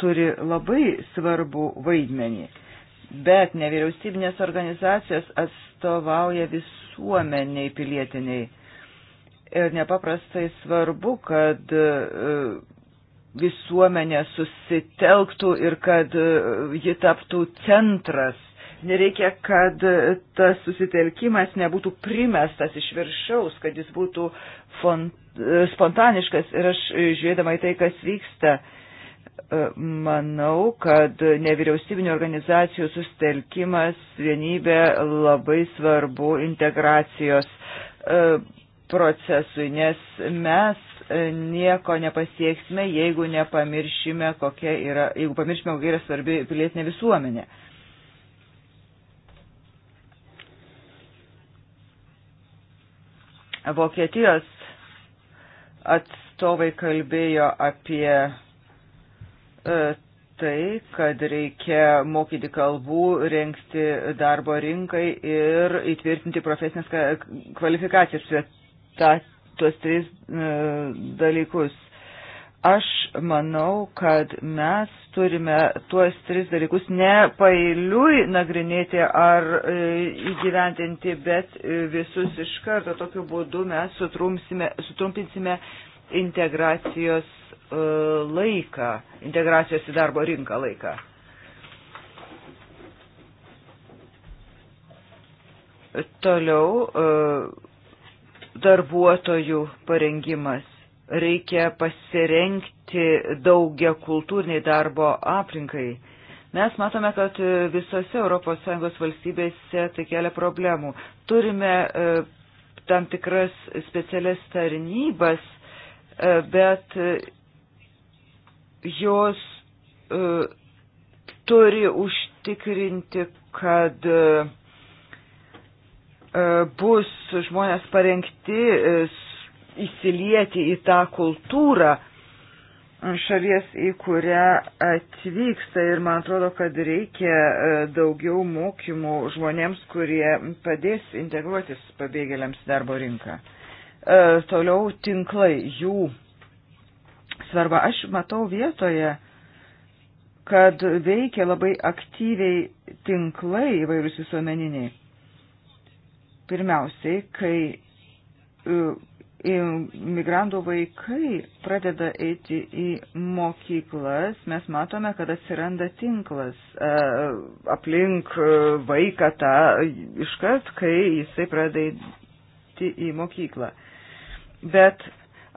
turi labai svarbų vaidmenį, bet nevyriausybinės organizacijos atstovauja visuomeniai pilietiniai. Ir nepaprastai svarbu, kad e, visuomenė susitelktų ir kad e, ji taptų centras Nereikia, kad tas susitelkimas nebūtų primestas iš viršaus, kad jis būtų font, spontaniškas. Ir aš žiūrėdama į tai, kas vyksta, e, manau, kad nevyriausybinio organizacijų sustelkimas, vienybė labai svarbu integracijos e, procesui, nes mes e, nieko nepasieksime, jeigu nepamiršime, kokia yra, jeigu pamiršime, kokia yra svarbi pilietinė visuomenė. Vokietijos atstovai kalbėjo apie e, tai, kad reikia mokyti kalbų, renkti darbo rinkai ir įtvirtinti profesinės kvalifikacijas. Tuos tris e, dalykus Aš manau, kad mes turime tuos tris dalykus ne pailiui nagrinėti ar e, įgyventinti, bet e, visus iš karto. Tokiu būdu mes sutrumpinsime integracijos e, laiką, integracijos į darbo rinką laiką. Toliau darbuotojų parengimas reikia pasirenkti daugia kultūriniai darbo aplinkai. Mes matome, kad visose ES valstybėse tai kelia problemų. Turime e, tam tikras specialias tarnybas, e, bet e, jos turi užtikrinti, kad bus žmonės parengti įsilieti į tą kultūrą šalies, į kurią atvyksta ir man atrodo, kad reikia e, daugiau mokymų žmonėms, kurie padės integruotis pabėgėliams darbo rinką. E, toliau tinklai, jų svarba. Aš matau vietoje, kad veikia labai aktyviai tinklai įvairūs visuomeniniai. Pirmiausiai, kai e, migrantų vaikai pradeda eiti į mokyklas, mes matome, kad atsiranda tinklas e, aplink e, vaiką tą iškart, kai jisai pradeda eiti į mokyklą. Bet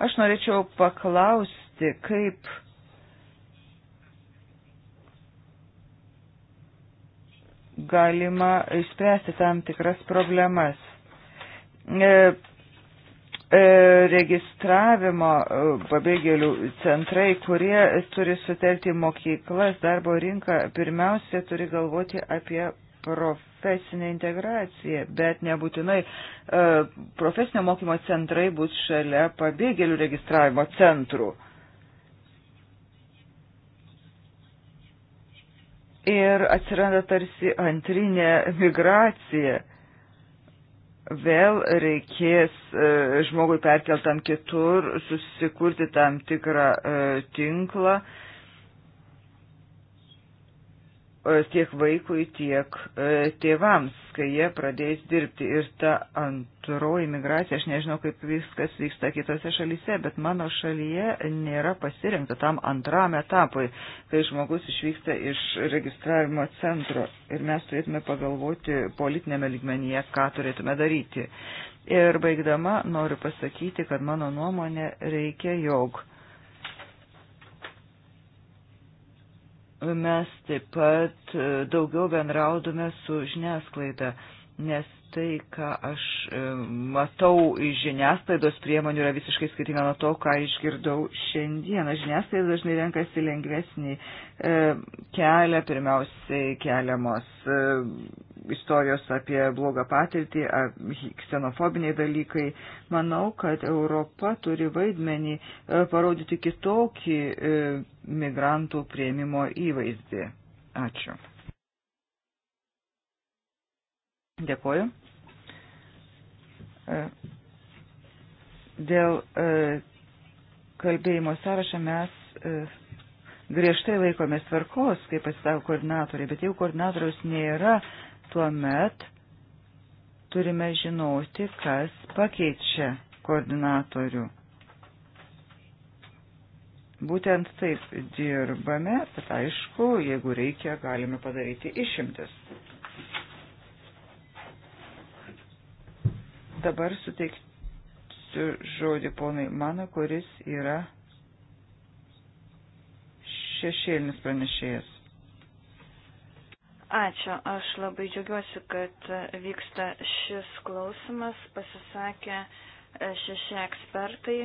aš norėčiau paklausti, kaip galima išspręsti tam tikras problemas e, E, registravimo e, pabėgėlių centrai, kurie turi sutelti mokyklas, darbo rinką, pirmiausia turi galvoti apie profesinę integraciją, bet nebūtinai e, profesinio mokymo centrai bus šalia pabėgėlių registravimo centrų. Ir atsiranda tarsi antrinė migracija vėl reikės e, žmogui perkeltam kitur susikurti tam tikrą e, tinklą E, tiek vaikui, tiek e, tėvams, kai jie pradės dirbti. Ir ta antroji migracija, aš nežinau, kaip viskas vyksta kitose šalyse, bet mano šalyje nėra pasirinkta tam antram etapui, kai žmogus išvyksta iš registravimo centro. Ir mes turėtume pagalvoti politinėme ligmenyje, ką turėtume daryti. Ir baigdama noriu pasakyti, kad mano nuomonė reikia jog mes taip pat e, daugiau bendraudome su žiniasklaida, nes tai, ką aš e, matau iš žiniasklaidos priemonių, yra visiškai skirtinga nuo to, ką išgirdau šiandieną. Žiniasklaida dažnai renkasi lengvesnį e, kelią, pirmiausiai keliamos e, istorijos apie blogą patirtį, ksenofobiniai dalykai. Manau, kad Europa turi vaidmenį parodyti kitokį migrantų prieimimo įvaizdį. Ačiū. Dėkuoju. E, dėl e, kalbėjimo sąrašą mes e, griežtai laikomės tvarkos, kaip pasitavo koordinatoriai, bet jeigu koordinatoriaus nėra, tuomet turime žinoti, kas pakeičia koordinatorių. Būtent taip dirbame, bet aišku, jeigu reikia, galime padaryti išimtis. Dabar suteiksiu žodį ponui mano, kuris yra šešėlinis pranešėjas. Ačiū. Aš labai džiaugiuosi, kad vyksta šis klausimas. Pasisakė šeši ekspertai.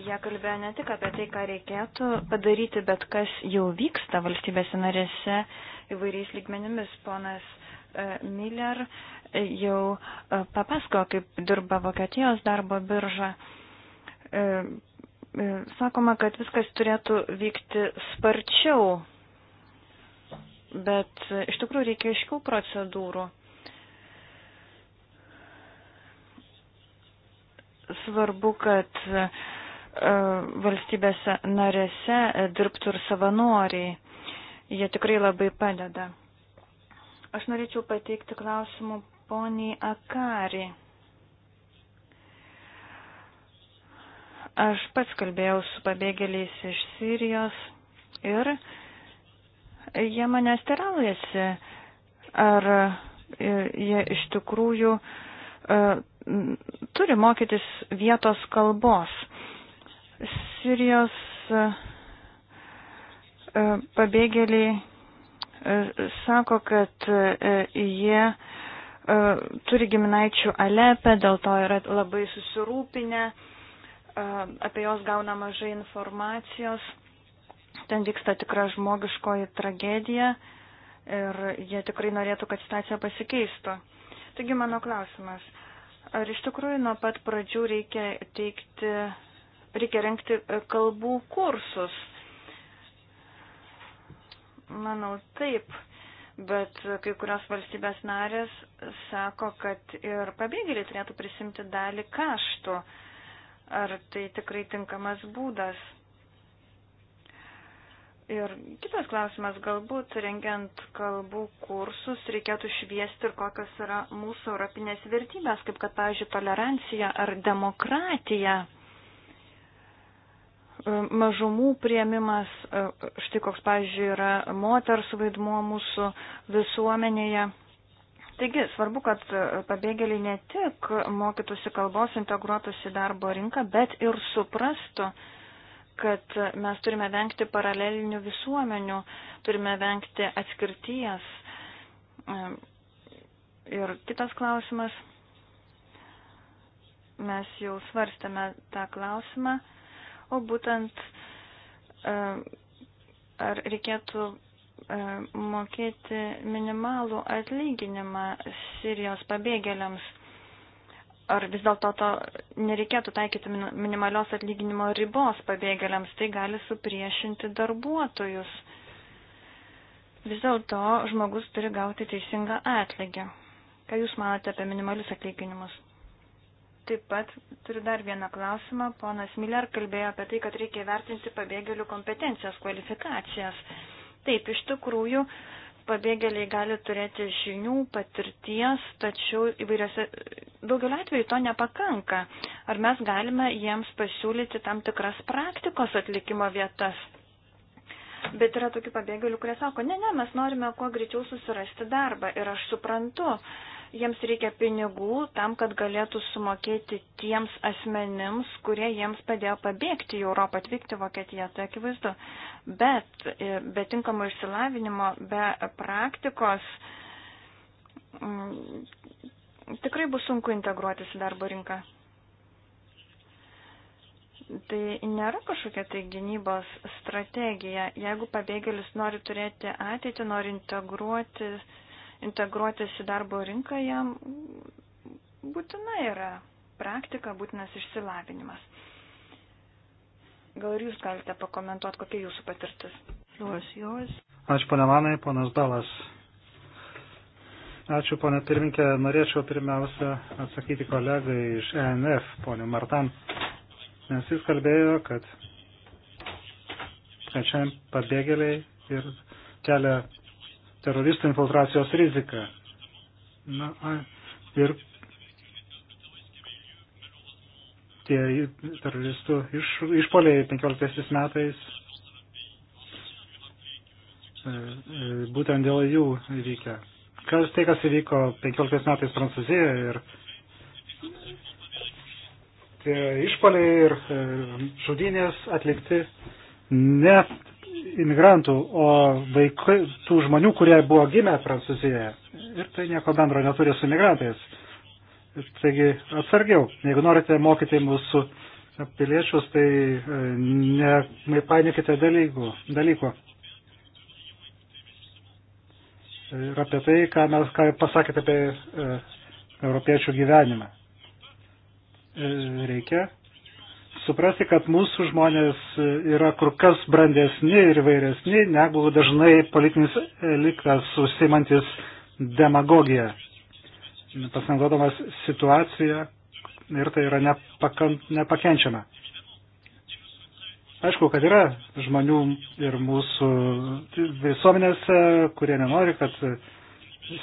Jie kalbėjo ne tik apie tai, ką reikėtų padaryti, bet kas jau vyksta valstybėse narėse įvairiais lygmenimis. Ponas Miller jau e, papasako, kaip dirba Vokietijos darbo birža. E, e, sakoma, kad viskas turėtų vykti sparčiau, bet iš tikrųjų reikia iškių procedūrų. Svarbu, kad valstybėse narėse dirbtų ir savanoriai. Jie tikrai labai padeda. Aš norėčiau pateikti klausimų poniai Akari. Aš pats kalbėjau su pabėgėliais iš Sirijos ir jie manęs teraujasi, ar jie iš tikrųjų e, turi mokytis vietos kalbos. Sirijos e, pabėgėliai sako, kad e, jie e, turi giminaičių Alepe, dėl to yra labai susirūpinę, e, apie jos gauna mažai informacijos, ten vyksta tikra žmogiškoji tragedija ir jie tikrai norėtų, kad situacija pasikeistų. Taigi mano klausimas, ar iš tikrųjų nuo pat pradžių reikia teikti, reikia renkti kalbų kursus? Manau, taip. Bet kai kurios valstybės narės sako, kad ir pabėgėliai turėtų prisimti dalį kaštų. Ar tai tikrai tinkamas būdas? Ir kitas klausimas, galbūt rengiant kalbų kursus reikėtų šviesti ir kokios yra mūsų europinės vertybės, kaip kad, pavyzdžiui, tolerancija ar demokratija. E, mažumų prieimimas, e, štai koks, pavyzdžiui, yra moters vaidmuo mūsų visuomenėje. Taigi, svarbu, kad e, pabėgėliai ne tik mokytųsi kalbos, integruotųsi į darbo rinką, bet ir suprastų, kad mes turime vengti paralelinių visuomenių, turime vengti atskirties. Ir kitas klausimas. Mes jau svarstėme tą klausimą o būtent e, ar reikėtų e, mokėti minimalų atlyginimą Sirijos pabėgėliams. Ar vis dėlto to nereikėtų taikyti minimalios atlyginimo ribos pabėgėliams, tai gali supriešinti darbuotojus. Vis dėlto žmogus turi gauti teisingą atlygį. Ką Jūs manote apie minimalius atlyginimus? Taip pat turiu dar vieną klausimą. Ponas Miller kalbėjo apie tai, kad reikia vertinti pabėgėlių kompetencijas, kvalifikacijas. Taip, iš tikrųjų, pabėgėliai gali turėti žinių, patirties, tačiau įvairiose, daugeliu atveju to nepakanka. Ar mes galime jiems pasiūlyti tam tikras praktikos atlikimo vietas? Bet yra tokių pabėgėlių, kurie sako, ne, ne, mes norime kuo greičiau susirasti darbą ir aš suprantu, uh, Jiems reikia pinigų tam, kad galėtų sumokėti tiems asmenims, kurie jiems padėjo pabėgti į Europą, atvykti Vokietiją, tai akivaizdu. Bet e, be tinkamo išsilavinimo, be praktikos m, mm, tikrai bus sunku integruotis į darbo rinką tai nėra kažkokia tai gynybos strategija. Jeigu pabėgėlis nori turėti ateitį, nori integruotis integruotis į darbo rinką, jam būtina yra praktika, būtinas išsilavinimas. Gal ir jūs galite pakomentuoti, kokia jūsų patirtis? Fliuos jos. Ačiū, ponia Manai, ponas Dalas. Ačiū, ponia pirminkė. Norėčiau pirmiausia atsakyti kolegai iš ENF, poniu Martan, nes jis kalbėjo, kad kad šiandien pabėgėliai ir kelia teroristų infiltracijos riziką. Na, ir tie teroristų iš, išpoliai 15 metais e, e, būtent dėl jų įvykę. Kas tai, kas įvyko 15 metais Prancūzijoje ir tie išpoliai ir e, žudynės atlikti ne imigrantų, o vaikai, tų žmonių, kurie buvo gimę Prancūzijoje. Ir tai nieko bendro neturi su imigrantais. Taigi atsargiau, jeigu norite mokyti mūsų piliečius, tai e, nepainiokite dalykų. dalykų. Ir apie tai, ką mes ką pasakėte apie e, europiečių gyvenimą. E, reikia suprasti, kad mūsų žmonės yra kur kas brandesni ir vairesni, negu dažnai politinis elitas užsimantis demagogiją, pasinaudodamas situaciją ir tai yra nepakant, nepakenčiama. Aišku, kad yra žmonių ir mūsų visuomenėse, kurie nenori, kad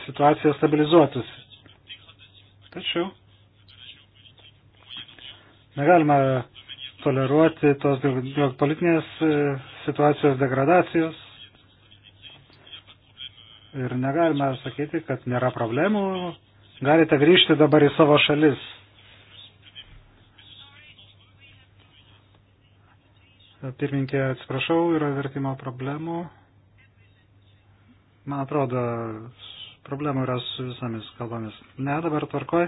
situacija stabilizuotųsi. Tačiau negalima toleruoti tos politinės e, situacijos degradacijos. Ir negalime sakyti, kad nėra problemų, galite grįžti dabar į savo šalis. Pirminkė, atsiprašau, yra vertimo problemų. Man atrodo, problemų yra su visomis kalbomis. Ne, dabar tvarkoj.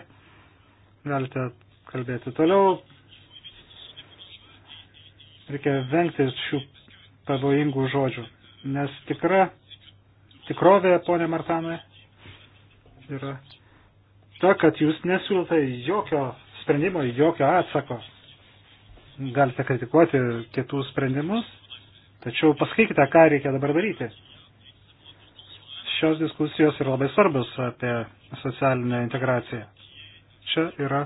Galite kalbėti toliau reikia vengti šių pavojingų žodžių, nes tikra, tikrovė, ponė Martanai, yra ta, kad jūs nesiūlote jokio sprendimo, jokio atsako. Galite kritikuoti kitų sprendimus, tačiau pasakykite, ką reikia dabar daryti. Šios diskusijos yra labai svarbios apie socialinę integraciją. Čia yra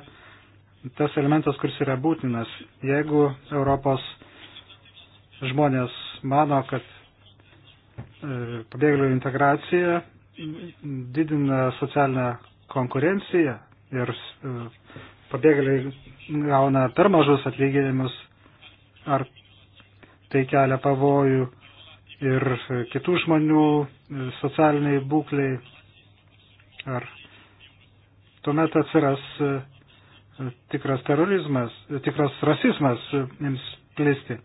tas elementas, kuris yra būtinas. Jeigu Europos žmonės mano, kad e, pabėgėlių integracija didina socialinę konkurenciją ir e, pabėgėliai gauna per mažus atlyginimus ar tai kelia pavojų ir kitų žmonių e, socialiniai būkliai. Ar tuomet atsiras tikras terorizmas, tikras rasizmas jiems plisti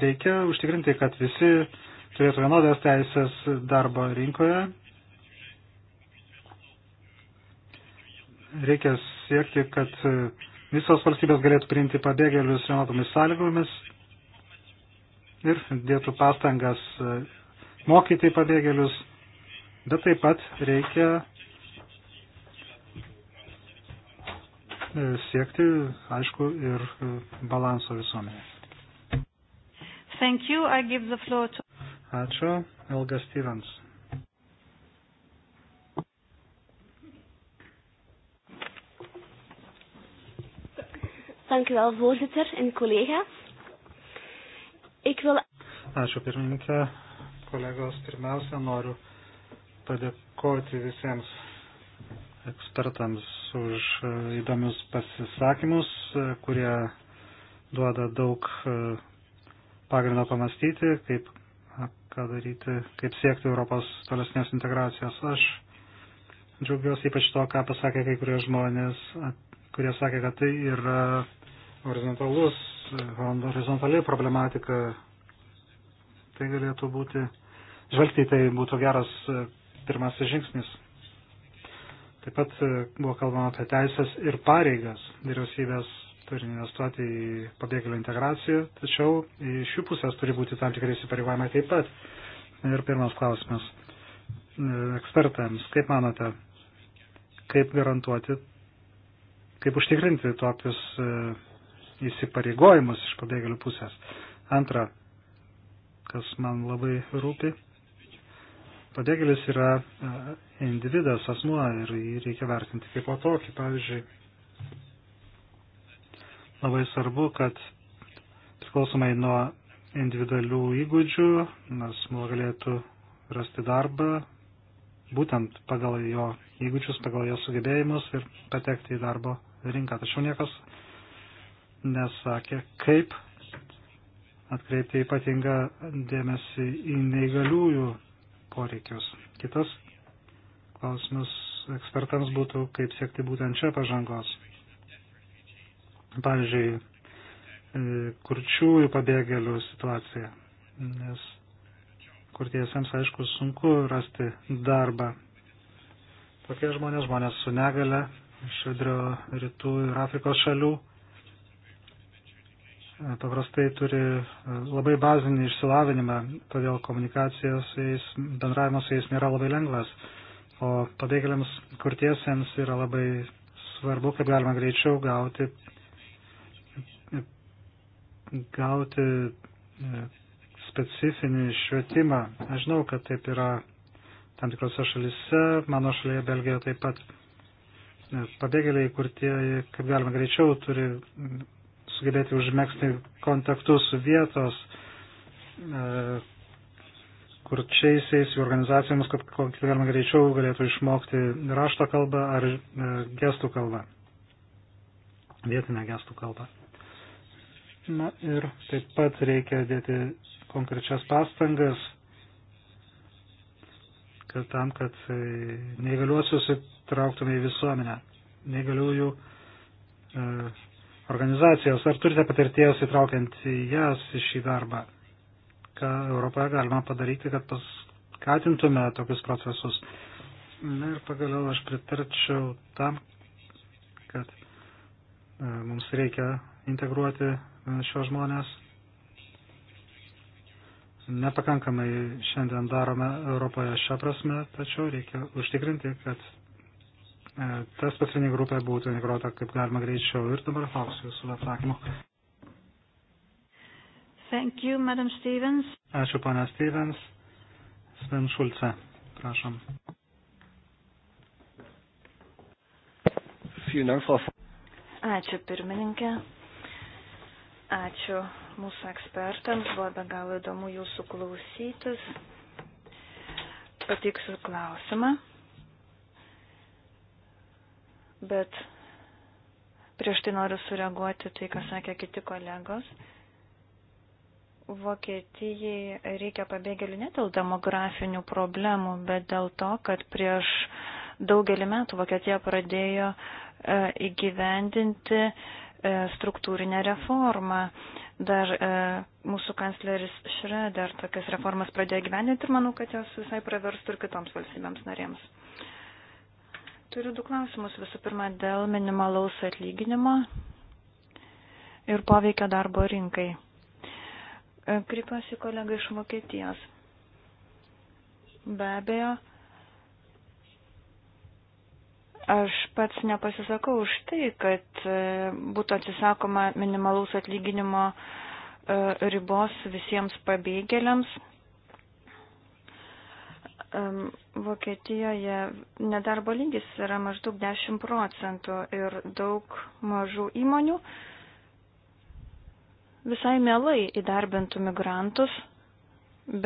reikia užtikrinti, kad visi turėtų vienodas teisės darbo rinkoje. Reikia siekti, kad visos valstybės galėtų priimti pabėgėlius vienodomis sąlygomis ir dėtų pastangas mokyti pabėgėlius, bet taip pat reikia siekti, aišku, ir balanso visuomenėje. Thank you. I give the floor to. Ačiū. Elga Stevens. Dank u wel, voorzitter en collega's. Ik wil... Ačiū pirmininkė, kolegos. Pirmiausia, noriu padėkoti visiems ekspertams už įdomius pasisakymus, kurie duoda daug pagrindo pamastyti, kaip ką daryti, kaip siekti Europos tolesnės integracijos. Aš džiaugiuosi ypač to, ką pasakė kai kurie žmonės, kurie sakė, kad tai yra horizontalus, horizontali problematika. Tai galėtų būti, žvelgti tai būtų geras pirmasis žingsnis. Taip pat buvo kalbama apie teisės ir pareigas. Vyriausybės turime investuoti į pabėgėlių integraciją, tačiau iš jų pusės turi būti tam tikrai įsipareigojimai taip pat. Ir pirmas klausimas e, ekspertams, kaip manote, kaip garantuoti, kaip užtikrinti tokius e, įsipareigojimus iš pabėgėlių pusės. Antra, kas man labai rūpi, pabėgėlis yra e, individas, asmuo ir jį reikia vertinti kaip o tokį. Pavyzdžiui, Labai svarbu, kad priklausomai nuo individualių įgūdžių asmuo galėtų rasti darbą būtent pagal jo įgūdžius, pagal jo sugebėjimus ir patekti į darbo rinką. Tačiau niekas nesakė, kaip atkreipti ypatingą dėmesį į neįgaliųjų poreikius. Kitas klausimas ekspertams būtų, kaip siekti būtent čia pažangos pavyzdžiui, e, kurčiųjų pabėgėlių situacija, nes kurtiesiems, aišku, sunku rasti darbą. Tokie žmonės, žmonės su negale iš vidurio rytų ir Afrikos šalių, e, paprastai turi e, labai bazinį išsilavinimą, todėl komunikacijos su jais, bendravimas su jais nėra labai lengvas, o pabėgėliams kurtiesiems yra labai svarbu, kaip galima greičiau gauti gauti e, specifinį švietimą. Aš žinau, kad taip yra tam tikrose šalise, mano šalyje Belgijoje taip pat e, pabėgėliai, kur tie, kaip galima greičiau, turi sugebėti užmėgsti kontaktus su vietos e, kurčiaisiais jų organizacijomis, kad kaip galima greičiau galėtų išmokti rašto kalbą ar gestų kalbą, vietinę gestų kalbą. Na ir taip pat reikia dėti konkrečias pastangas kad tam, kad tai neįgaliuosius įtrauktume į visuomenę. Neįgaliųjų e, organizacijos. Ar turite patirties įtraukiant jas į šį darbą? Ką Europoje galima padaryti, kad paskatintume tokius procesus? Na ir pagaliau aš pritarčiau tam, kad e, mums reikia integruoti šios žmonės. Nepakankamai šiandien darome Europoje šią prasme, tačiau reikia užtikrinti, kad e, ta specifinė grupė būtų integruota kaip galima greičiau. Ir dabar lauksiu jūsų atsakymų. Thank you, Madam Stevens. Ačiū, pana Stevens. Sven Šulce, prašom. Ačiū, pirmininkė. Ačiū mūsų ekspertams, buvo be galo įdomu jūsų klausytis. Patiksiu klausimą. Bet prieš tai noriu sureaguoti tai, ką sakė kiti kolegos. Vokietijai reikia pabėgėlių ne dėl demografinių problemų, bet dėl to, kad prieš daugelį metų Vokietija pradėjo e, įgyvendinti uh, E, struktūrinę reformą. Dar e, mūsų kancleris Šreder tokias reformas pradėjo gyveninti ir manau, kad jos visai praverstų ir kitoms valstybėms narėms. Turiu du klausimus. Visų pirma, dėl minimalaus atlyginimo ir poveikio darbo rinkai. E, kreipiuosi kolega iš Vokietijos. Be abejo, Aš pats nepasisakau už tai, kad e, būtų atsisakoma minimalaus atlyginimo e, ribos visiems pabėgėliams. Vokietijoje nedarbo lygis yra maždaug 10 procentų ir daug mažų įmonių visai mielai įdarbintų migrantus,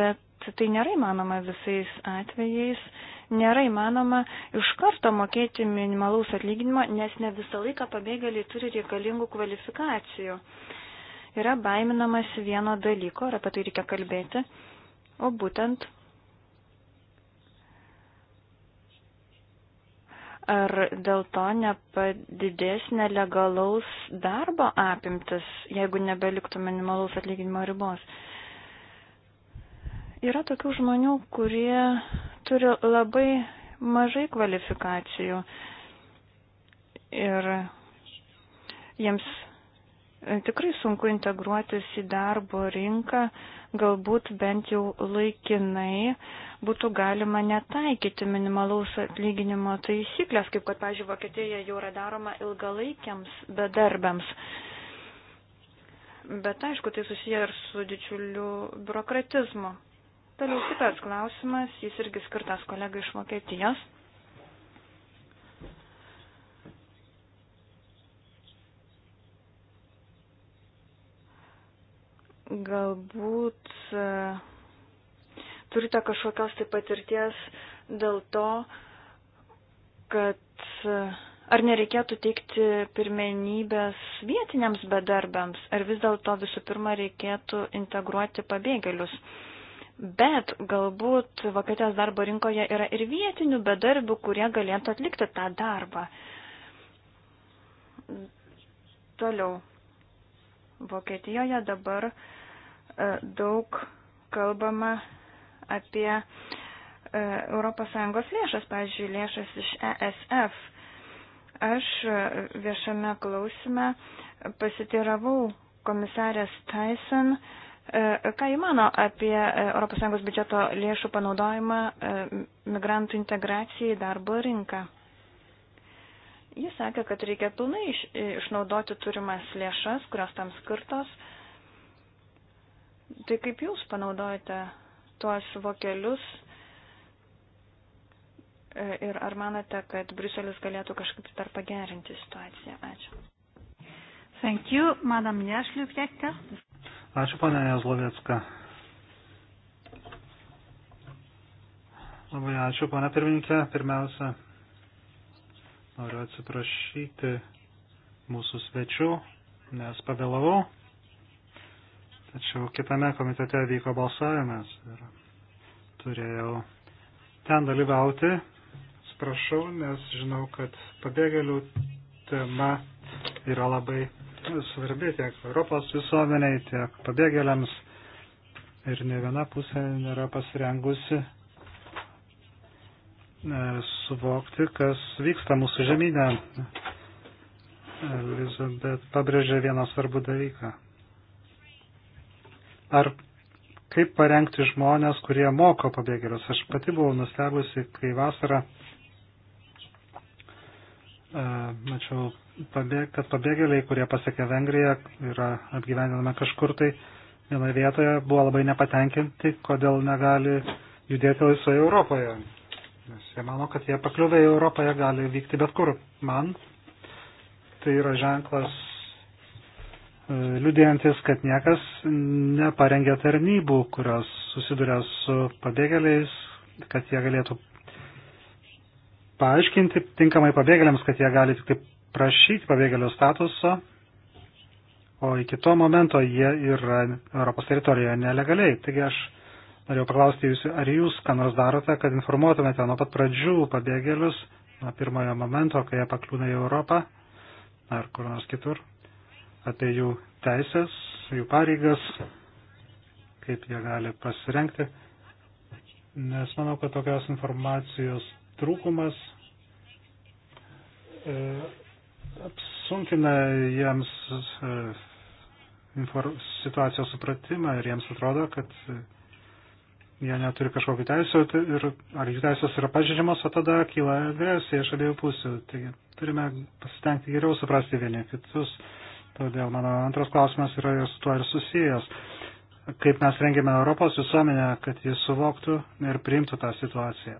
bet tai nėra įmanoma visais atvejais. Nėra įmanoma iš karto mokėti minimalaus atlyginimo, nes ne visą laiką pabėgėliai turi reikalingų kvalifikacijų. Yra baiminamas vieno dalyko, ir apie tai reikia kalbėti, o būtent ar dėl to nepadidės nelegalaus darbo apimtis, jeigu nebeliktų minimalaus atlyginimo ribos. Yra tokių žmonių, kurie turi labai mažai kvalifikacijų ir jiems e, tikrai sunku integruotis į darbo rinką, galbūt bent jau laikinai būtų galima netaikyti minimalaus atlyginimo taisyklės, kaip kad, pažiūrėjau, Vokietijoje jau yra daroma ilgalaikiams bedarbiams. Bet aišku, tai susiję ir su didžiuliu biurokratizmu. Toliau kitas klausimas, jis irgi skirtas kolegai iš Vokietijos. Galbūt e, turite kažkokios tai patirties dėl to, kad e, ar nereikėtų teikti pirmenybės vietiniams bedarbėms, ar vis dėlto visų pirma reikėtų integruoti pabėgėlius. Bet galbūt Vokietijos darbo rinkoje yra ir vietinių bedarbių, kurie galėtų atlikti tą darbą. Toliau. Vokietijoje dabar e, daug kalbama apie ES lėšas, pavyzdžiui, lėšas iš ESF. Aš e, viešame klausime pasitiravau komisarės Tyson, E, ką jį mano apie ES biudžeto lėšų panaudojimą e, migrantų integracijai į darbo rinką? Jis sakė, kad reikia pilnai iš, e, išnaudoti turimas lėšas, kurios tam skirtos. Tai kaip jūs panaudojate tuos vokelius ir ar manote, kad Briuselis galėtų kažkaip dar pagerinti situaciją? Ačiū. Thank you, Madam Jašliukėte. Ačiū, ponė Jazlovėcka. Labai ačiū, ponė pirmininkė. Pirmiausia, noriu atsiprašyti mūsų svečių, nes pavėlavau. Tačiau kitame komitete vyko balsavimas ir turėjau ten dalyvauti. Atsiprašau, nes žinau, kad pabėgėlių tema yra labai svarbi tiek Europos visuomeniai, tiek pabėgėliams. Ir ne viena pusė nėra pasirengusi e, suvokti, kas vyksta mūsų žemynė. Elizabet pabrėžė vieną svarbų dalyką. Ar kaip parengti žmonės, kurie moko pabėgėlius? Aš pati buvau nustebusi, kai vasarą e, mačiau kad pabėgėliai, kurie pasiekė Vengriją, yra apgyvendinami kažkur tai vienoje vietoje, buvo labai nepatenkinti, kodėl negali judėti laisvoje Europoje. Nes jie mano, kad jie pakliuvę į Europą, jie gali vykti bet kur. Man tai yra ženklas e, liūdėjantis, kad niekas neparengia tarnybų, kurios susiduria su pabėgėliais, kad jie galėtų paaiškinti tinkamai pabėgėliams, kad jie gali tik taip prašyti pabėgėlio statuso, o iki to momento jie yra Europos teritorijoje nelegaliai. Taigi aš norėjau paklausti jūs, ar jūs ką nors darote, kad informuotumėte nuo pat pradžių pabėgėlius, nuo pirmojo momento, kai jie pakliūna į Europą ar kur nors kitur, apie jų teisės, jų pareigas, kaip jie gali pasirenkti. Nes manau, kad tokios informacijos trūkumas e, apsunkina jiems e, situacijos supratimą ir jiems atrodo, kad jie neturi kažkokių teisų ir ar jų teisės yra pažeidžiamos, o tada kyla agresija iš abiejų pusių. Taigi turime pasistengti geriau suprasti vieni kitus. Todėl mano antras klausimas yra ir su tuo ir susijęs. Kaip mes rengiame Europos visuomenę, kad jis suvoktų ir priimtų tą situaciją.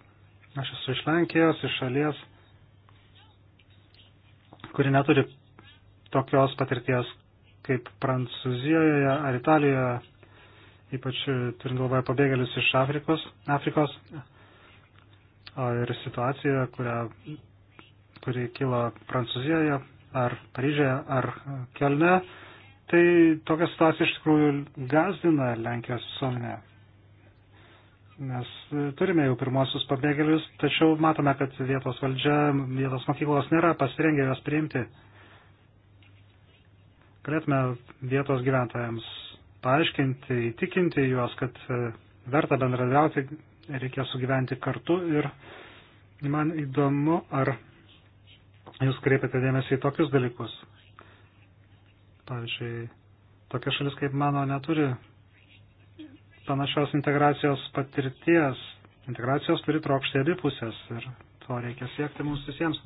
Aš esu iš Lenkijos, iš šalies, kuri neturi tokios patirties kaip Prancūzijoje ar Italijoje, ypač turint galvoje pabėgėlius iš Afrikos, Afrikos ir situaciją, kurią, kuri kilo Prancūzijoje ar Paryžėje ar Kelne, tai tokia situacija iš tikrųjų gazdina Lenkijos visuomenę. Mes e, turime jau pirmosius pabėgėlius, tačiau matome, kad vietos valdžia, vietos mokyklos nėra pasirengę juos priimti. Galėtume vietos gyventojams paaiškinti, įtikinti juos, kad e, verta bendradarbiauti, reikia sugyventi kartu ir man įdomu, ar jūs kreipiate dėmesį į tokius dalykus. Pavyzdžiui, tokia šalis kaip mano neturi panašios integracijos patirties. Integracijos turi trokšti abi pusės ir to reikia siekti mums visiems.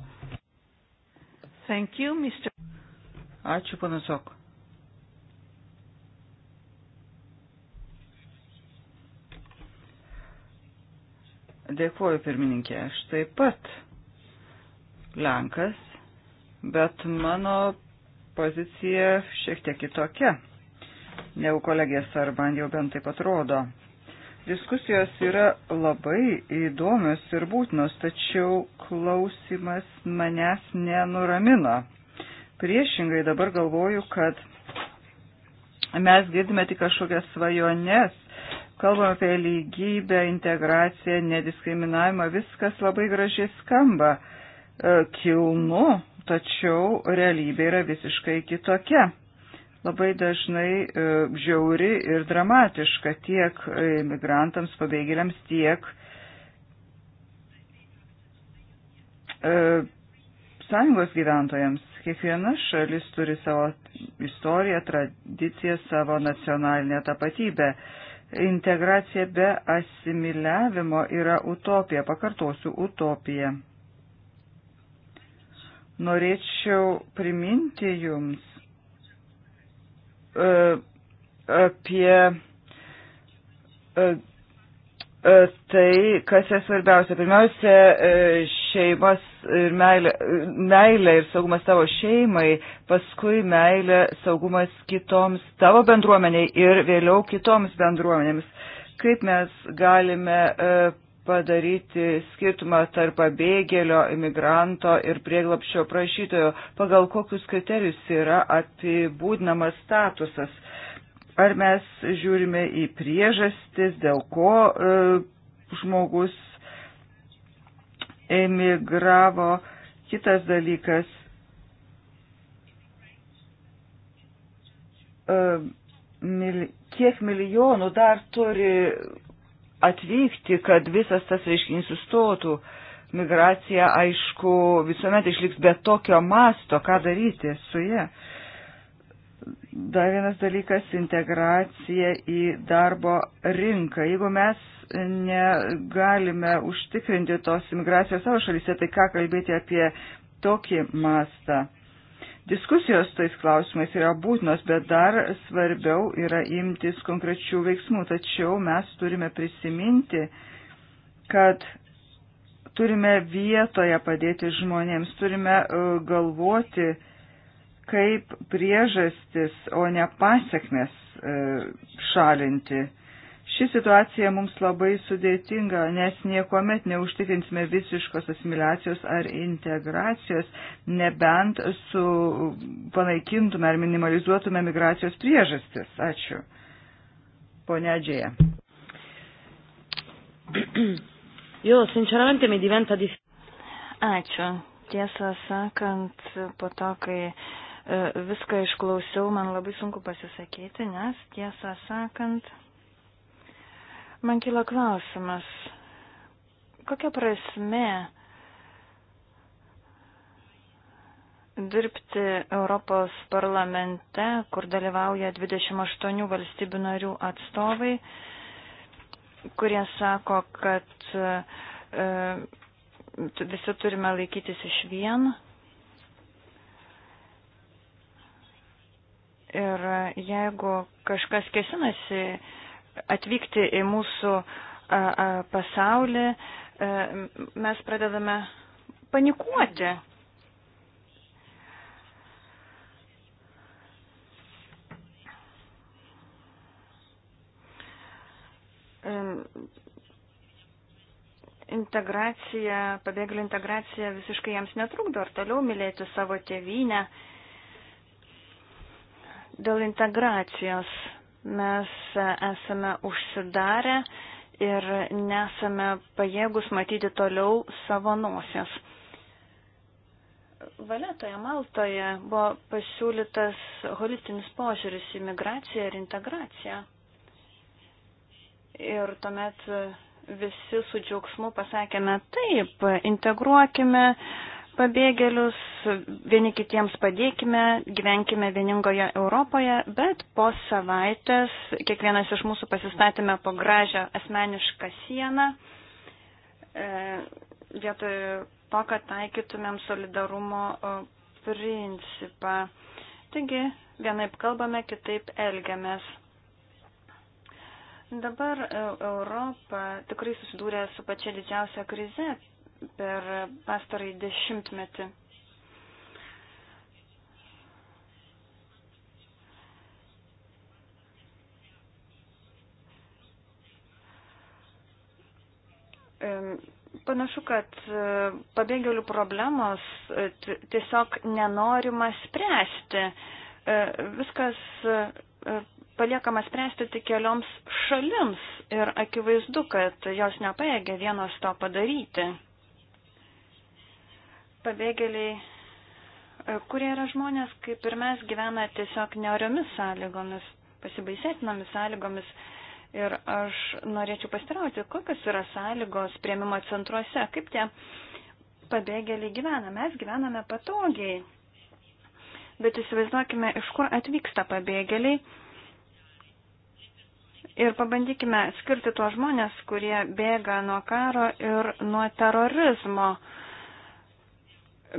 Thank you, Mr. Ačiū, panas Ok. Dėkuoju, pirmininkė. Aš taip pat Lenkas, bet mano pozicija šiek tiek kitokia negu kolegės, ar man jau bent taip atrodo. Diskusijos yra labai įdomios ir būtinos, tačiau klausimas manęs nenuramino. Priešingai dabar galvoju, kad mes girdime tik kažkokias svajones, kalbame apie lygybę, integraciją, nediskriminavimą, viskas labai gražiai skamba, e, kilnu, tačiau realybė yra visiškai kitokia labai dažnai e, žiauri ir dramatiška tiek e, imigrantams, pabėgėliams, tiek e, sąjungos gyventojams. Kiekviena šalis turi savo istoriją, tradiciją, savo nacionalinę tapatybę. Integracija be asimiliavimo yra utopija, pakartosiu, utopija. Norėčiau priminti jums, E, apie e, e, tai, kas yra svarbiausia. Pirmiausia, šeimas ir meilė, meilė ir saugumas tavo šeimai, paskui meilė, saugumas kitoms tavo bendruomeniai ir vėliau kitoms bendruomenėms. Kaip mes galime padaryti skirtumą tarp pabėgėlio, imigranto ir prieglapščio prašytojo, pagal kokius kriterijus yra apibūdinamas statusas. Ar mes žiūrime į priežastis, dėl ko e, žmogus emigravo. Kitas dalykas. E, mil, kiek milijonų dar turi atvykti, kad visas tas reiškinys sustotų. Migracija, aišku, visuomet išliks be tokio masto, ką daryti su jie. Dar vienas dalykas - integracija į darbo rinką. Jeigu mes negalime užtikrinti tos imigracijos savo šalyse, tai ką kalbėti apie tokį mastą? Diskusijos tais klausimais yra būtinos, bet dar svarbiau yra imtis konkrečių veiksmų. Tačiau mes turime prisiminti, kad turime vietoje padėti žmonėms, turime e, galvoti kaip priežastis, o ne pasiekmes e, šalinti Ši situacija mums labai sudėtinga, nes niekuomet neužtikrinsime visiškos asimiliacijos ar integracijos, nebent su panaikintume ar minimalizuotume migracijos priežastis. Ačiū. Pone Adžėja. Jo, sinceramente, mi diventa di... Ačiū. Tiesą sakant, po to, kai e, viską išklausiau, man labai sunku pasisakyti, nes tiesą sakant, Man kila klausimas, kokia prasme dirbti Europos parlamente, kur dalyvauja 28 valstybių narių atstovai, kurie sako, kad e, visi turime laikytis iš vien. Ir jeigu kažkas kesinasi atvykti į mūsų pasaulį, mes pradedame panikuoti. Integracija, pabėgėlių integracija visiškai jiems netrukdo ar toliau mylėti savo tėvynę dėl integracijos Mes esame užsidarę ir nesame pajėgus matyti toliau savo nosies. Valetoje, Maltoje buvo pasiūlytas holistinis požiūris į migraciją ir integraciją. Ir tuomet visi su džiaugsmu pasakėme taip, integruokime uh, pabėgėlius, vieni kitiems padėkime, gyvenkime vieningoje Europoje, bet po savaitės kiekvienas iš mūsų pasistatėme po gražią asmenišką sieną, e, vietoj to, kad taikytumėm solidarumo e, principą. Taigi, vienaip kalbame, kitaip elgiamės. Dabar e, Europa tikrai susidūrė su pačia didžiausia krize per pastarąjį dešimtmetį. Panašu, kad e, pabėgėlių problemos e, tiesiog nenorima spręsti. E, viskas paliekama spręsti tik kelioms šalims ir akivaizdu, kad jos nepaėgė vienos to padaryti pabėgėliai, e, kurie yra žmonės, kaip ir mes, gyvena tiesiog neoriomis sąlygomis, pasibaisėtinomis sąlygomis. Ir aš norėčiau pastarauti, kokios yra sąlygos prieimimo centruose, kaip tie pabėgėliai gyvena. Mes gyvename patogiai. Bet įsivaizduokime, iš kur atvyksta pabėgėliai. Ir pabandykime skirti tuos žmonės, kurie bėga nuo karo ir nuo terorizmo. Uh,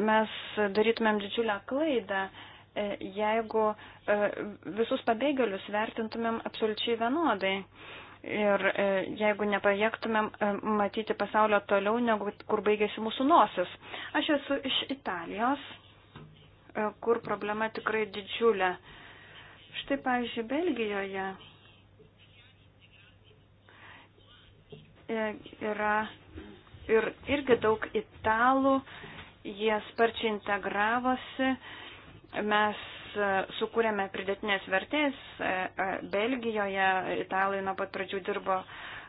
mes darytumėm didžiulę klaidą, e, jeigu e, visus pabėgėlius vertintumėm absoliučiai vienodai. Ir e, jeigu nepajėgtumėm matyti pasaulio toliau, negu kur baigėsi mūsų nosis. Aš esu iš Italijos, kur problema tikrai didžiulė. Štai, pavyzdžiui, Belgijoje yra ir, irgi daug italų, jie sparčiai integravosi, mes e, sukūrėme pridėtinės vertės, e, e, Belgijoje italai nuo pat pradžių dirbo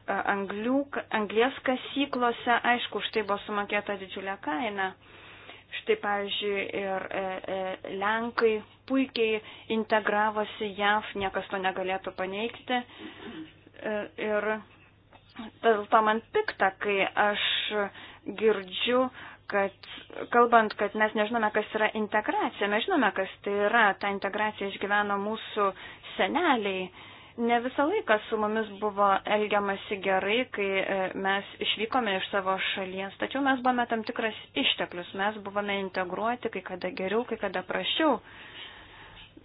anglių, anglės kasyklose, aišku, už tai buvo sumokėta didžiulė kaina. Štai, pavyzdžiui, ir e, e, Lenkai puikiai integravosi JAV, niekas to negalėtų paneigti. E, ir dėl to man pikta, kai aš girdžiu kad, kalbant, kad mes nežinome, kas yra integracija, mes žinome, kas tai yra, ta integracija išgyveno mūsų seneliai. Ne visą laiką su mumis buvo elgiamasi gerai, kai e, mes išvykome iš savo šalies, tačiau mes buvome tam tikras išteklius, mes buvome integruoti, kai kada geriau, kai kada prašiau.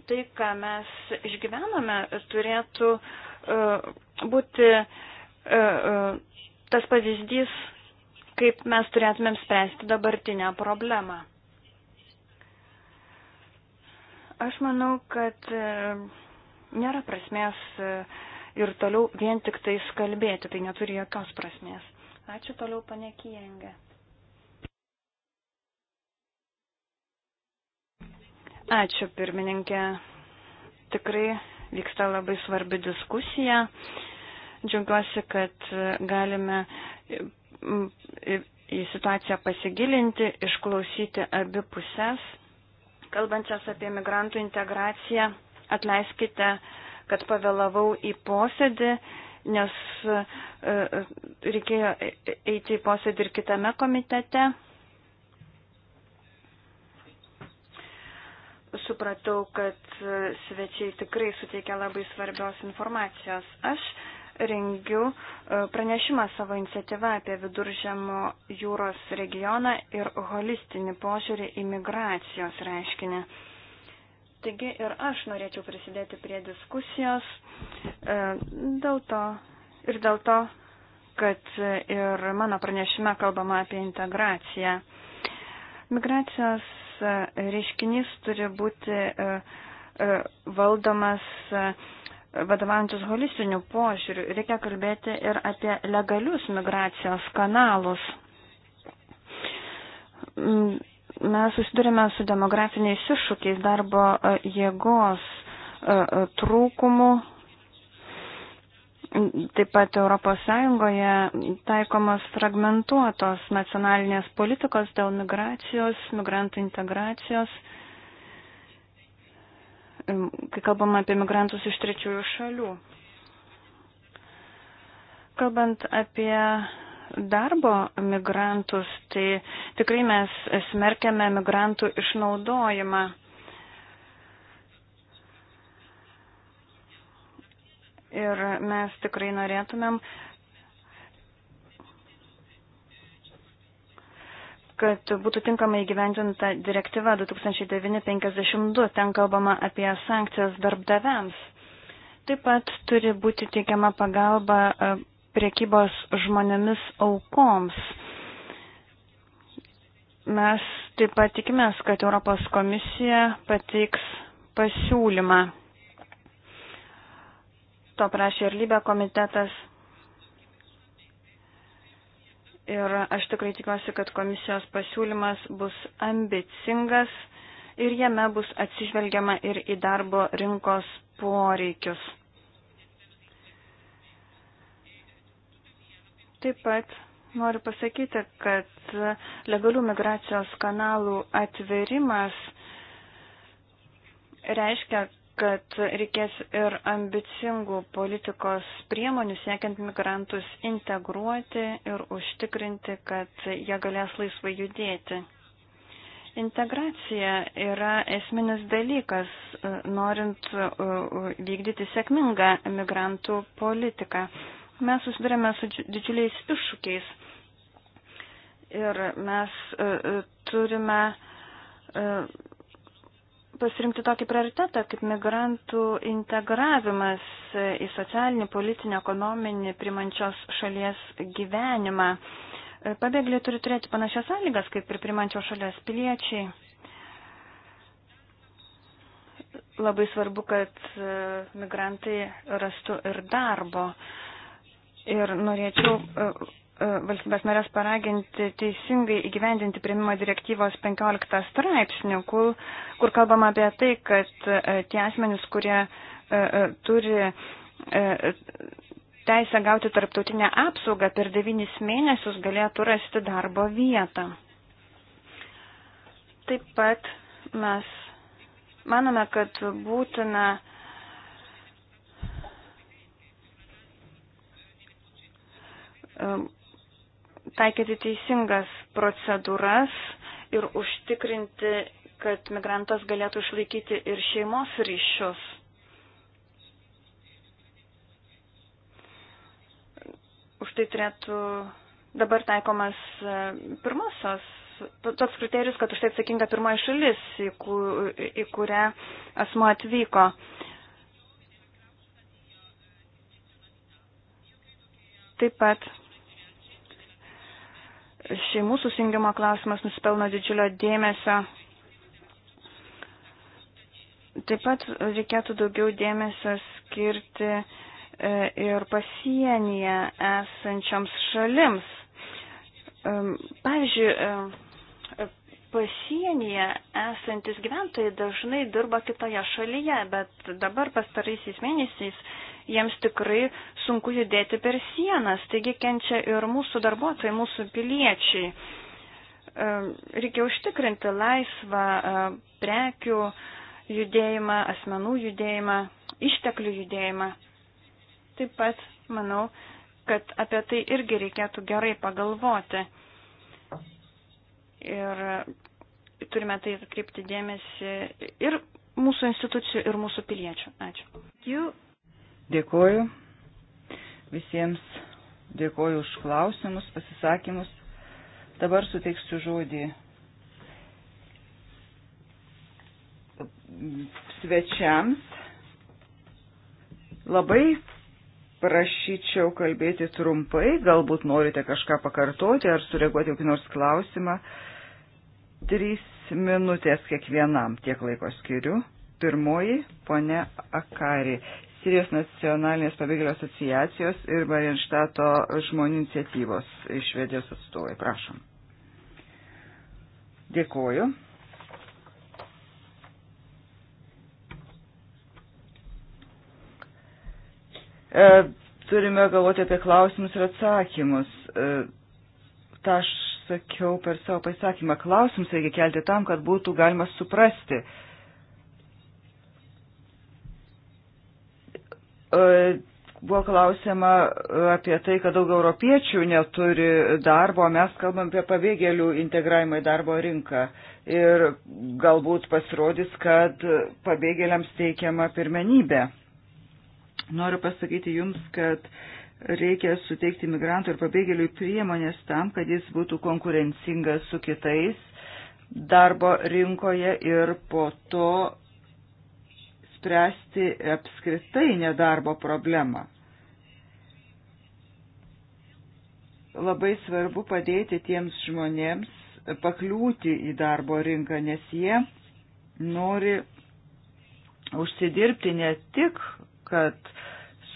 Tai, ką mes išgyvename, turėtų uh, būti uh, uh, tas pavyzdys kaip mes turėtumėm spręsti dabartinę problemą. Aš manau, kad e, nėra prasmės e, ir toliau vien tik tai skalbėti, tai neturi jokios prasmės. Ačiū toliau, panekijengė. Ačiū, pirmininkė. Tikrai vyksta labai svarbi diskusija. Džiaugiuosi, kad e, galime į situaciją pasigilinti, išklausyti abi pusės. Kalbančias apie migrantų integraciją, atleiskite, kad pavėlavau į posėdį, nes e, e, reikėjo e, eiti į posėdį ir kitame komitete. Supratau, kad svečiai tikrai suteikia labai svarbios informacijos. Aš rengiu e, pranešimą savo iniciatyvą apie viduržemo jūros regioną ir holistinį požiūrį į migracijos reiškinį. Taigi ir aš norėčiau prisidėti prie diskusijos e, dėl to ir dėl to, kad ir mano pranešime kalbama apie integraciją. Migracijos e, reiškinys turi būti valdomas vadovantis holistiniu požiūriu, reikia kalbėti ir apie legalius migracijos kanalus. Mm, mes susidurime su demografiniais iššūkiais darbo e, jėgos e, e, trūkumu. Taip pat ES taikomas fragmentuotos nacionalinės politikos dėl migracijos, migrantų integracijos kai kalbam apie migrantus iš trečiųjų šalių. Kalbant apie darbo migrantus, tai tikrai mes smerkiame migrantų išnaudojimą. Ir mes tikrai norėtumėm, kad būtų tinkamai įgyvendinta direktyva 2952, ten kalbama apie sankcijas darbdaviams. Taip pat turi būti teikiama pagalba e, priekybos žmonėmis aukoms. Mes taip pat tikimės, kad Europos komisija pateiks pasiūlymą. To prašė ir Lybė komitetas. Ir aš tikrai tikiuosi, kad komisijos pasiūlymas bus ambicingas ir jame bus atsižvelgiama ir į darbo rinkos poreikius. Taip pat noriu pasakyti, kad legalių migracijos kanalų atverimas reiškia, kad reikės ir ambicingų politikos priemonių siekiant migrantus integruoti ir užtikrinti, kad jie galės laisvai judėti. Integracija yra esminis dalykas, e, norint e, vykdyti sėkmingą migrantų politiką. Mes susidurėme su didžiuliais iššūkiais ir mes e, turime pasirinkti tokį prioritetą kaip migrantų integravimas į socialinį, politinį, ekonominį primančios šalies gyvenimą. Pabėgėliai turi turėti panašias sąlygas kaip ir primančios šalies piliečiai. Labai svarbu, kad e, migrantai rastų ir darbo. Ir norėčiau e, E, valstybės narės paraginti teisingai įgyvendinti priimimo direktyvos 15 straipsnių, kur, kur kalbama apie tai, kad e, tie asmenys, kurie e, turi teisę gauti tarptautinę apsaugą per devynis mėnesius galėtų rasti darbo vietą. Taip pat mes manome, kad būtina taikyti teisingas procedūras ir užtikrinti, kad migrantas galėtų išlaikyti ir šeimos ryšius. Už tai turėtų dabar taikomas e, pirmosios toks kriterijus, kad už tai atsakinga pirmoji šalis, į, ku, į kurią asmo atvyko. Taip pat Šeimų susijungimo klausimas nusipelno didžiulio dėmesio. Taip pat reikėtų daugiau dėmesio skirti e, ir pasienyje esančioms šalims. Pavyzdžiui, pasienyje esantis gyventojai dažnai dirba kitoje šalyje, bet dabar pastaraisiais mėnesiais jiems tikrai sunku judėti per sienas, taigi kenčia ir mūsų darbuotojai, mūsų piliečiai. E, reikia užtikrinti laisvą e, prekių judėjimą, asmenų judėjimą, išteklių judėjimą. Taip pat manau, kad apie tai irgi reikėtų gerai pagalvoti. Ir turime tai atkreipti dėmesį ir mūsų institucijų, ir mūsų piliečių. Ačiū. Dėkuoju visiems, dėkuoju už klausimus, pasisakymus. Dabar suteiksiu žodį svečiams. Labai prašyčiau kalbėti trumpai, galbūt norite kažką pakartoti ar sureaguoti kokį nors klausimą. Trys minutės kiekvienam tiek laiko skiriu. Pirmoji, ponė Akari, Sirijos nacionalinės pabėgėlio asociacijos ir Barenštato žmonių iniciatyvos iš Švedijos atstovai. Prašom. Dėkoju. E, turime galvoti apie klausimus ir atsakymus. E, Ta aš sakiau per savo pasakymą. Klausimus reikia kelti tam, kad būtų galima suprasti. E, E, buvo klausima apie tai, kad daug europiečių neturi darbo, mes kalbam apie pabėgėlių integravimą į darbo rinką ir galbūt pasirodys, kad pabėgėliams teikiama pirmenybė. Noriu pasakyti Jums, kad reikia suteikti migrantų ir pabėgėlių priemonės tam, kad jis būtų konkurencingas su kitais darbo rinkoje ir po to spręsti apskritai nedarbo problemą. Labai svarbu padėti tiems žmonėms pakliūti į darbo rinką, nes jie nori užsidirbti ne tik, kad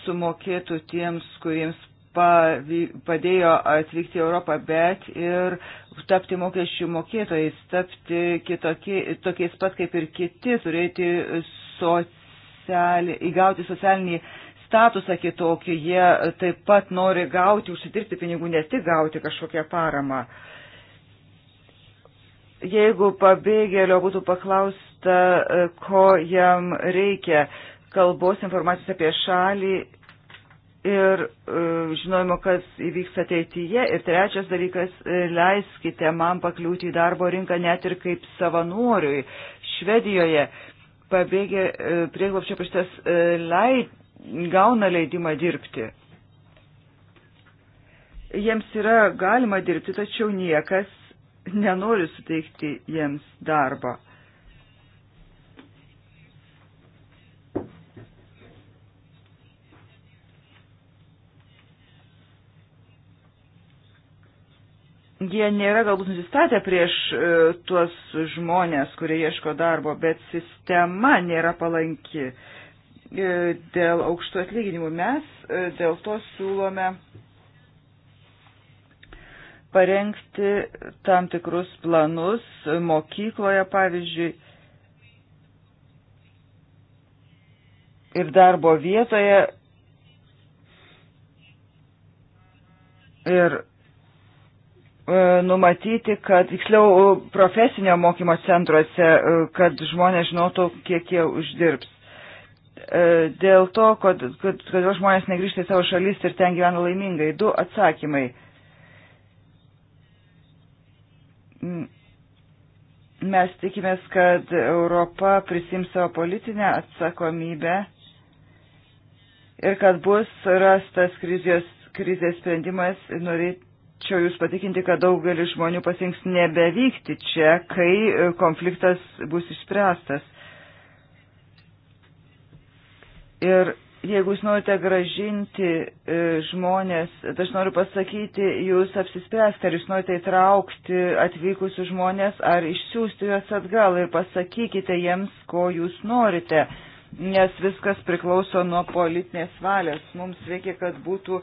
sumokėtų tiems, kuriems padėjo atvykti į Europą, bet ir tapti mokesčių mokėtojais, tapti kitokie, tokiais pat kaip ir kiti, turėti soc sociali, įgauti socialinį statusą kitokį, jie taip pat nori gauti, užsidirbti pinigų, ne tik gauti kažkokią paramą. Jeigu pabėgėlio būtų paklausta, e, ko jam reikia, kalbos informacijos apie šalį ir e, žinojimo, kas įvyks ateityje. Ir trečias dalykas, e, leiskite man pakliūti į darbo rinką net ir kaip savanoriui. Švedijoje pabėgė e, prieglopščio paštas e, leid, gauna leidimą dirbti. Jiems yra galima dirbti, tačiau niekas nenori suteikti jiems darbą. jie nėra galbūt nusistatę prieš e, tuos žmonės, kurie ieško darbo, bet sistema nėra palanki e, dėl aukštų atlyginimų. Mes e, dėl to siūlome parengti tam tikrus planus mokykloje, pavyzdžiui, ir darbo vietoje. Ir E, numatyti, kad, tiksliau, e, profesinio mokymo centruose, e, kad žmonės žinotų, kiek jie uždirbs. Dėl to, kad, kad, kodėl žmonės negrįžta į savo šalis ir ten gyvena laimingai. Du atsakymai. Mes tikimės, kad Europa prisims savo politinę atsakomybę ir kad bus rastas krizės, krizės sprendimas, norėt, norėčiau Jūs patikinti, kad daugelis žmonių pasirinks nebevykti čia, kai e, konfliktas bus išspręstas. Ir jeigu Jūs norite gražinti e, žmonės, tai aš noriu pasakyti, Jūs apsispręsti, ar Jūs norite įtraukti atvykusius žmonės, ar išsiųsti juos atgal ir pasakykite jiems, ko Jūs norite nes viskas priklauso nuo politinės valios. Mums reikia, kad būtų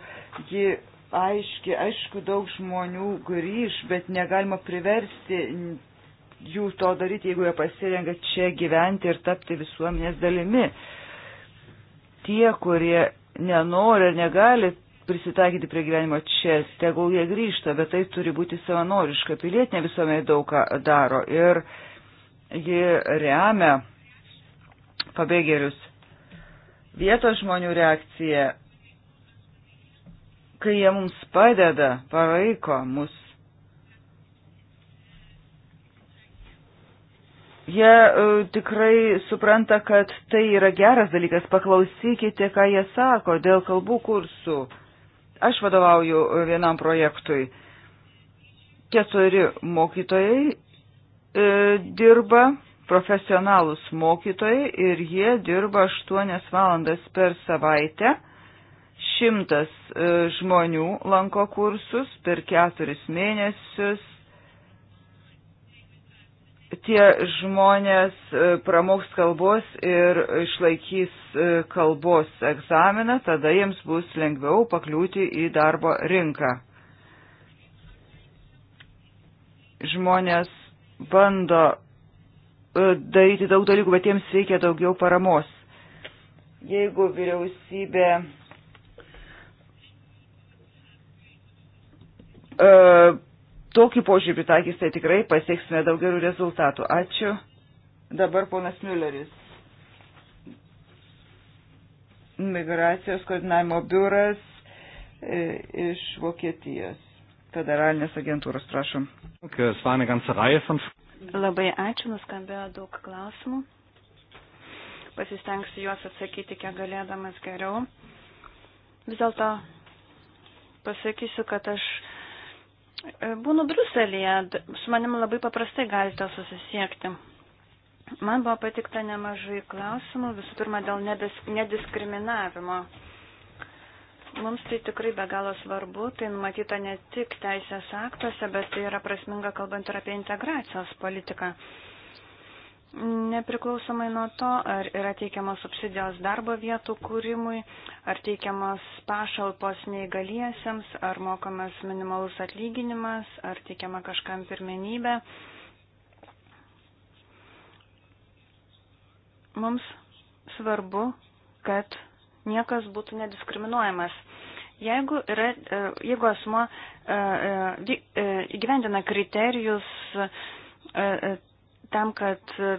ji aiški. Aišku, daug žmonių grįž, bet negalima priversti jų to daryti, jeigu jie pasirenka čia gyventi ir tapti visuomenės dalimi. Tie, kurie nenori ir negali prisitaikyti prie gyvenimo čia, tegul jie grįžta, bet tai turi būti savanoriška. Pilietinė visuomenė daug ką daro ir ji remia pabėgėlius. Vietos žmonių reakcija kai jie mums padeda, paraiko mus. Jie uh, tikrai supranta, kad tai yra geras dalykas. Paklausykite, ką jie sako dėl kalbų kursų. Aš vadovauju vienam projektui. Keturi mokytojai e, dirba, profesionalus mokytojai ir jie dirba aštuonias valandas per savaitę. E, Šimtas e, žmonių lanko kursus per keturis mėnesius. Tie žmonės e, pramoks kalbos ir išlaikys e, kalbos egzaminą, tada jiems bus lengviau pakliūti į darbo rinką. Žmonės bando daryti daug dalykų, bet jiems reikia daugiau paramos. Jeigu vyriausybė E, tokį požiūrį pritaikys, tai tikrai pasieksime daug gerų rezultatų. Ačiū. Dabar ponas Mülleris. Migracijos koordinavimo biuras e, iš Vokietijos. Federalinės agentūros, prašom. Labai ačiū, nuskambėjo daug klausimų. Pasistengsiu juos atsakyti kiek galėdamas geriau. Vis dėlto pasakysiu, kad aš E, būnu Bruselėje, su manim labai paprastai galite susisiekti. Man buvo patikta nemažai klausimų, visų pirma dėl nediskriminavimo. Mums tai tikrai be galo svarbu, tai numatyta ne tik teisės aktuose, bet tai yra prasminga kalbant ir apie integracijos politiką nepriklausomai nuo to, ar yra teikiamos subsidijos darbo vietų kūrimui, ar teikiamos pašalpos neįgaliesiems, ar mokamas minimalus atlyginimas, ar teikiama kažkam pirmenybė. Mums svarbu, kad niekas būtų nediskriminuojamas. Jeigu, yra, e, jeigu asmo e, e, įgyvendina kriterijus tam, kad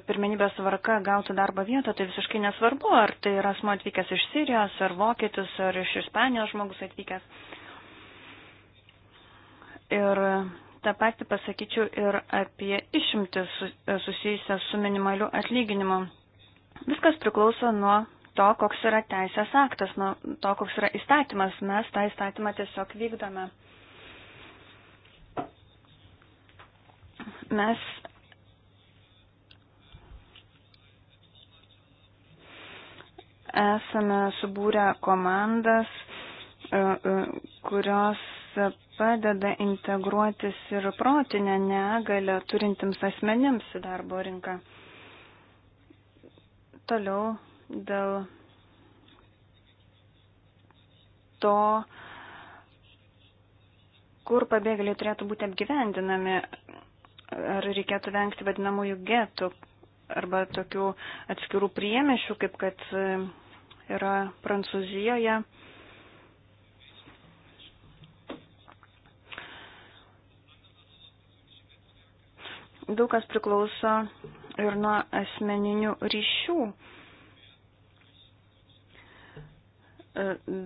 pirmenybės varka gautų darbo vietą, tai visiškai nesvarbu, ar tai yra asmo atvykęs iš Sirijos, ar vokietis, ar iš Ispanijos žmogus atvykęs. Ir tą patį pasakyčiau ir apie išimtis susijusią su minimaliu atlyginimu. Viskas priklauso nuo to, koks yra teisės aktas, nuo to, koks yra įstatymas. Mes tą įstatymą tiesiog vykdome. Mes esame subūrę komandas, e, e, kurios padeda integruotis ir protinę negalę turintims asmenims į darbo rinką. Toliau dėl to, kur pabėgėliai turėtų būti apgyvendinami, ar reikėtų vengti vadinamųjų getų arba tokių atskirų priemešių, kaip kad yra Prancūzijoje. Daug kas priklauso ir nuo asmeninių ryšių.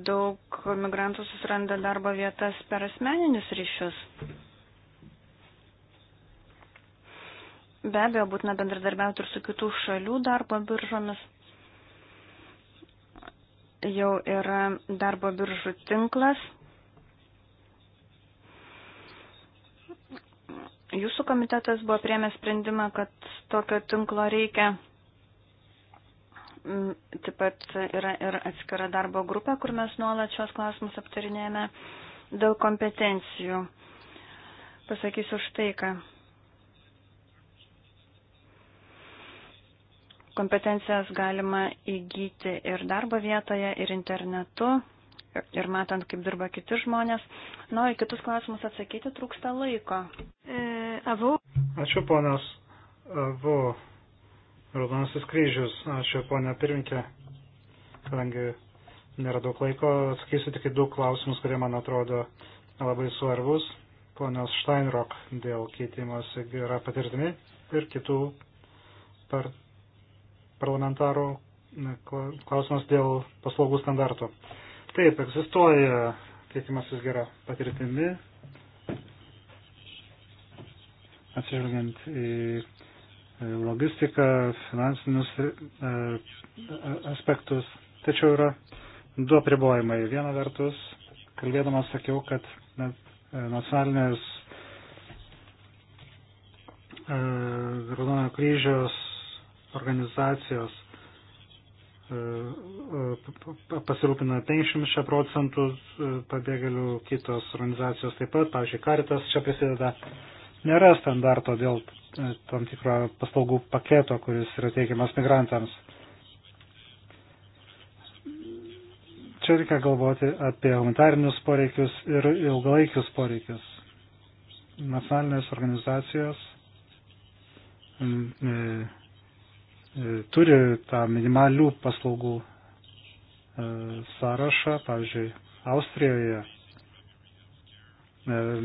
Daug migrantų susiranda darbo vietas per asmeninius ryšius. Be abejo, būtina bendradarbiauti ir su kitų šalių darbo biržomis jau yra darbo biržų tinklas. Jūsų komitetas buvo priemė sprendimą, kad tokio tinklo reikia. Mm, taip pat yra ir atskira darbo grupė, kur mes nuolat šios klausimus aptarinėjame dėl kompetencijų. Pasakysiu štai ką. kompetencijas galima įgyti ir darbo vietoje, ir internetu, ir matant, kaip dirba kiti žmonės. Na, nu, į kitus klausimus atsakyti trūksta laiko. E, avu. Ačiū, ponas Avu. Raudonasis kryžius. Ačiū, ponia pirminkė. Kadangi nėra daug laiko, atsakysiu tik į du klausimus, kurie man atrodo labai svarbus. Ponios Steinrock dėl keitimosi yra patirtimi ir kitų par parlamentaro klausimas dėl paslaugų standarto. Taip, egzistuoja keitimasis gera patirtimi, atsižvelgiant į e, logistiką, finansinius e, e, aspektus. Tačiau yra du apribojimai. Viena vertus, kalbėdamas sakiau, kad nacionalinės Raudonojo kryžiaus organizacijos e, e, pasirūpina 50 procentų e, pabėgėlių, kitos organizacijos taip pat, pavyzdžiui, Karitas čia prisideda. Nėra standarto dėl tam tikro paslaugų paketo, kuris yra teikiamas migrantams. Čia reikia galvoti apie humanitarinius poreikius ir ilgalaikius poreikius. Nacionalinės organizacijos E, turi tą minimalių paslaugų e, sąrašą, pavyzdžiui, Austrijoje e,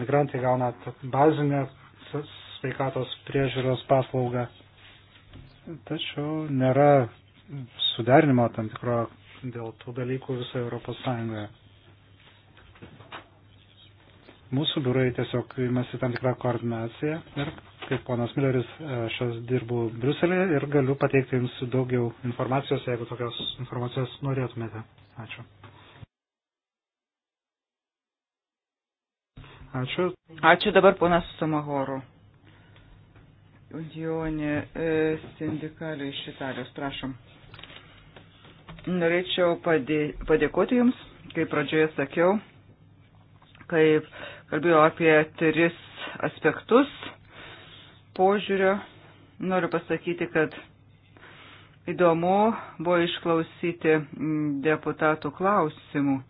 migrantai gauna bazinę sveikatos priežiūros paslaugą, tačiau nėra suderinimo tam tikro dėl tų dalykų visoje Europos Sąjungoje. Mūsų biurai tiesiog imasi tam tikrą koordinaciją ir kaip ponas Milleris, e, aš dirbu Bruselėje ir galiu pateikti jums daugiau informacijos, jeigu tokios informacijos norėtumėte. Ačiū. Ačiū. Ačiū dabar ponas Samahoro. Jonė e, sindikaliai iš Italijos, prašom. Norėčiau padė, padėkoti Jums, kaip pradžioje sakiau, kaip kalbėjau apie tris aspektus požiūrio noriu pasakyti, kad įdomu buvo išklausyti mm, deputatų klausimų.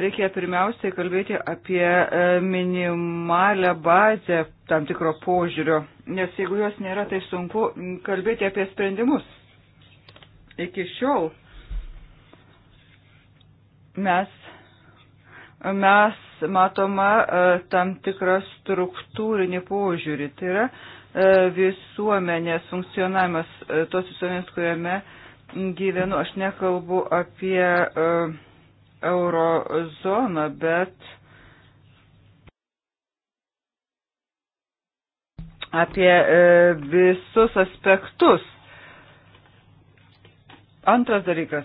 Reikia pirmiausiai kalbėti apie e, minimalę bazę tam tikro požiūrio, nes jeigu jos nėra, tai sunku mm, kalbėti apie sprendimus. Iki šiol mes, mes matoma e, tam tikrą struktūrinį požiūrį. Tai yra, E, visuomenės funkcionavimas, e, tos visuomenės, kuriame gyvenu. Aš nekalbu apie e, eurozoną, bet apie visus aspektus. Antras dalykas.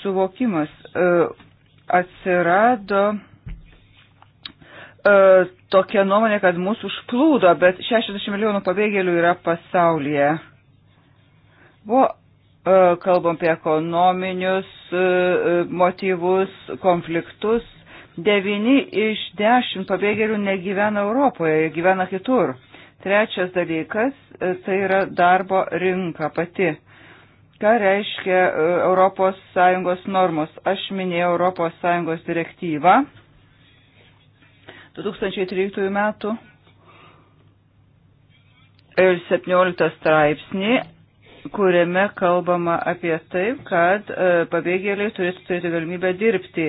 Suvokimas atsirado E, tokia nuomonė, kad mūsų užplūdo, bet 60 milijonų pabėgėlių yra pasaulyje. Buvo e, kalbam apie ekonominius e, motyvus, konfliktus. Devini iš dešimt pabėgėlių negyvena Europoje, gyvena kitur. Trečias dalykas - tai yra darbo rinka pati. Ką reiškia ES normos? Aš minėjau ES direktyvą 2013 metų ir 17 straipsnį, kuriame kalbama apie tai, kad e, pabėgėliai turėtų turėti galimybę dirbti.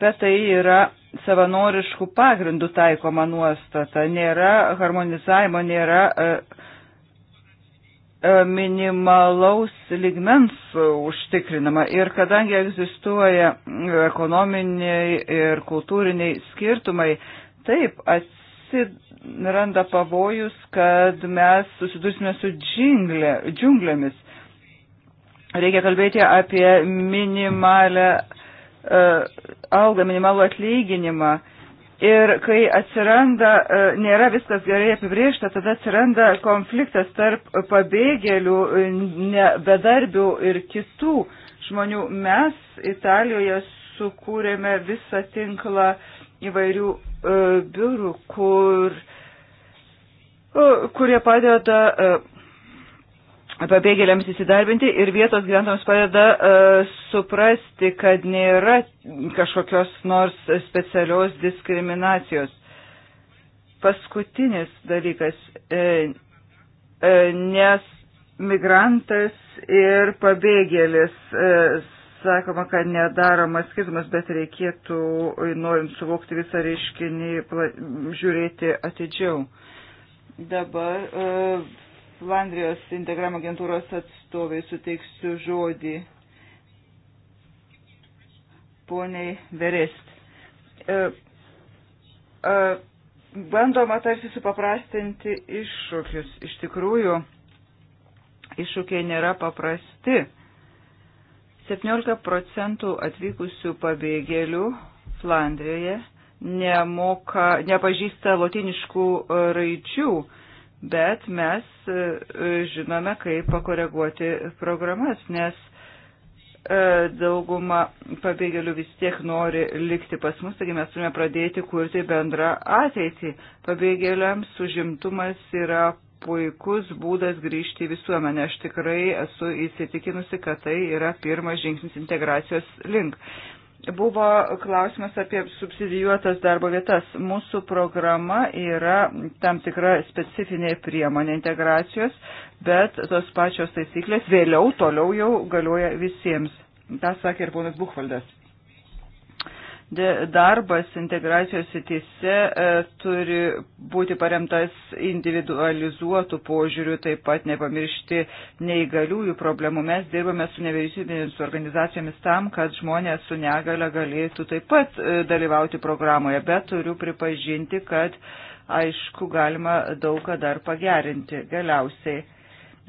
Bet tai yra savanoriškų pagrindų taikoma nuostata. Nėra harmonizavimo, nėra e, e, minimalaus ligmens užtikrinama. Ir kadangi egzistuoja ekonominiai ir kultūriniai skirtumai, Taip, atsiranda pavojus, kad mes susidursime su džinglė, džiunglėmis. Reikia kalbėti apie minimalę uh, algą, minimalų atlyginimą. Ir kai atsiranda, uh, nėra viskas gerai apibriešta, tada atsiranda konfliktas tarp pabėgėlių, ne, bedarbių ir kitų žmonių. Mes Italijoje sukūrėme visą tinklą įvairių E, biurų, kur, e, kurie padeda e, pabėgėliams įsidarbinti ir vietos gyventojams padeda uh, suprasti, kad nėra kažkokios nors specialios diskriminacijos. Paskutinis dalykas, e, e, nes migrantas ir pabėgėlis e, sakoma, kad nedaromas skirtumas, bet reikėtų, norint suvokti visą reiškinį, žiūrėti atidžiau. Dabar uh, Flandrijos Integram agentūros atstovai suteiksiu žodį poniai Verest. Uh, uh, bandoma tarsi supaprastinti iššūkius. Iš tikrųjų, iššūkiai nėra paprasti. Uh, 17 procentų atvykusių pabėgėlių Flandrijoje nemoka, nepažįsta lotiniškų e, raidžių, bet mes e, e, žinome, kaip pakoreguoti programas, nes dauguma pabėgėlių vis tiek nori likti pas mus, taigi mes turime pradėti kurti bendrą ateitį. Pabėgėliams užimtumas yra puikus būdas grįžti į visuomenę. Aš tikrai esu įsitikinusi, kad tai yra pirmas žingsnis integracijos link. Buvo klausimas apie subsidijuotas darbo vietas. Mūsų programa yra tam tikra specifinė priemonė integracijos, bet tos pačios taisyklės vėliau toliau jau galioja visiems. Ta sakė ir ponas Buchvaldas darbas integracijos sitise e, turi būti paremtas individualizuotų požiūrių, taip pat nepamiršti neįgaliųjų problemų. Mes dirbame su nevyriausybinėmis organizacijomis tam, kad žmonės su negale galėtų taip pat e, dalyvauti programoje, bet turiu pripažinti, kad aišku galima daug ką dar pagerinti. Galiausiai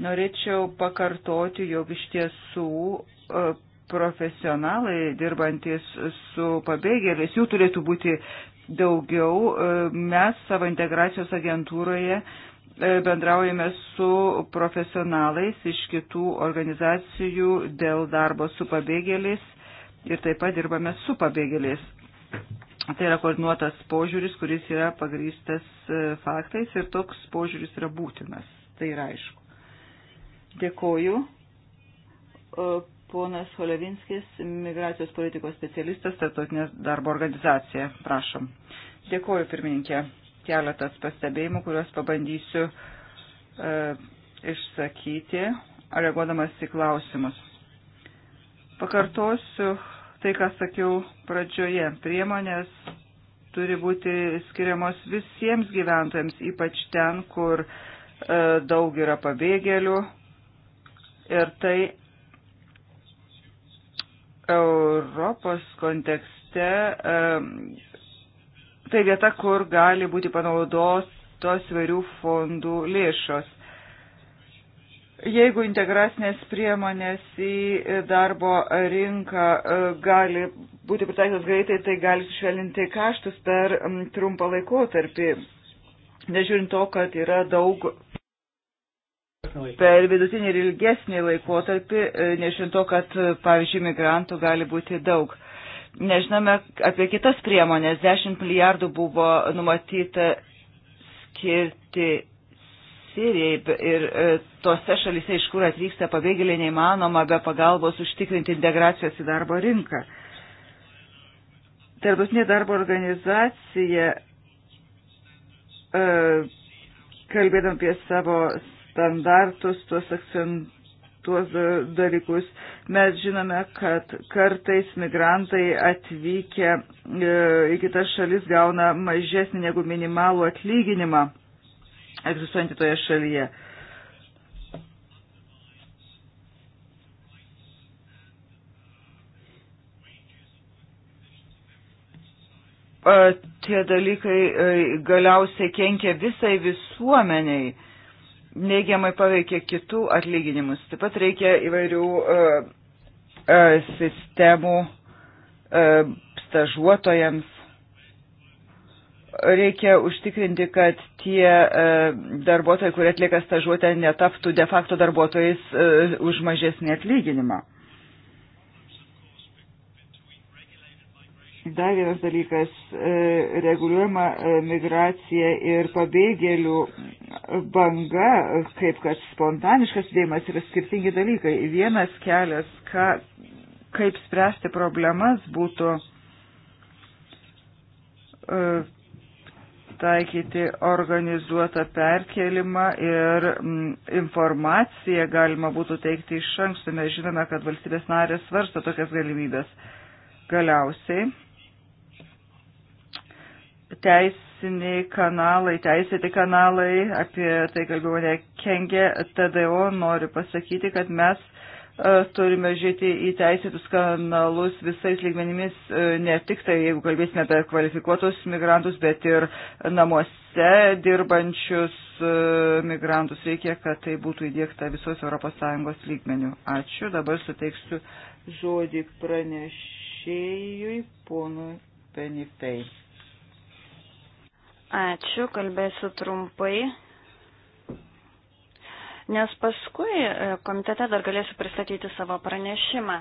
norėčiau pakartoti, jog iš tiesų e, profesionalai dirbantis su pabėgėliais, jų turėtų būti daugiau. E, mes savo integracijos agentūroje e, bendraujame su profesionalais iš kitų organizacijų dėl darbo su pabėgėliais ir taip pat dirbame su pabėgėliais. Tai yra koordinuotas požiūris, kuris yra pagrystas e, faktais ir toks požiūris yra būtinas. Tai yra aišku. Dėkoju Ponas Holevinskis, migracijos politikos specialistas, Tartotinės darbo organizacija. Prašom. Dėkuoju, pirmininkė. Keletas pastebėjimų, kuriuos pabandysiu e, išsakyti, reaguodamas į klausimus. Pakartosiu tai, ką sakiau pradžioje. Priemonės turi būti skiriamos visiems gyventojams, ypač ten, kur e, daug yra pabėgėlių. Ir tai Europos kontekste tai vieta, kur gali būti panaudotos įvairių fondų lėšos. Jeigu integracinės priemonės į darbo rinką e, gali būti pritaikytos greitai, tai gali sušvelninti kaštus per trumpą laikotarpį, nežiūrint to, kad yra daug per vidutinį ir ilgesnį laikotarpį, e, nežinant to, kad, e, pavyzdžiui, migrantų gali būti daug. Nežinome apie kitas priemonės. 10 milijardų buvo numatyta skirti Sirijai ir e, tose šalise, iš kur atvyksta pabėgėliai, neįmanoma be pagalbos užtikrinti integracijos į darbo rinką. Tarptautinė darbo organizacija, kalbėdam apie savo standartus, tuos akcentus tuos dalykus. Mes žinome, kad kartais migrantai atvykę e, į kitas šalis gauna mažesnį negu minimalų atlyginimą egzistuojantį toje šalyje. E, tie dalykai e, galiausiai kenkia visai visuomeniai neigiamai paveikia kitų atlyginimus. Taip pat reikia įvairių uh, uh, sistemų uh, stažuotojams. Reikia užtikrinti, kad tie uh, darbuotojai, kurie atlieka stažuotę, netaptų de facto darbuotojais uh, už mažesnį atlyginimą. Dar vienas dalykas e, - reguliuojama e, migracija ir pabėgėlių banga, kaip kad spontaniškas judėjimas yra skirtingi dalykai. Vienas kelias, ką, kaip spręsti problemas, būtų e, taikyti organizuotą perkelimą ir m, informaciją galima būtų teikti iš anksto. Mes žinome, kad valstybės narės svarsto tokias galimybės. Galiausiai teisiniai kanalai, teisėti kanalai, apie tai kalbėjo ne Kengė, TDO nori pasakyti, kad mes e, turime žiūrėti į teisėtus kanalus visais lygmenimis, e, ne tik tai, jeigu kalbėsime apie kvalifikuotus migrantus, bet ir namuose dirbančius e, migrantus. Reikia, kad tai būtų įdėkta visos ES lygmenių. Ačiū. Dabar suteiksiu žodį pranešėjui, ponui Penifei. Ačiū, kalbėsiu trumpai, nes paskui e, komitete dar galėsiu pristatyti savo pranešimą.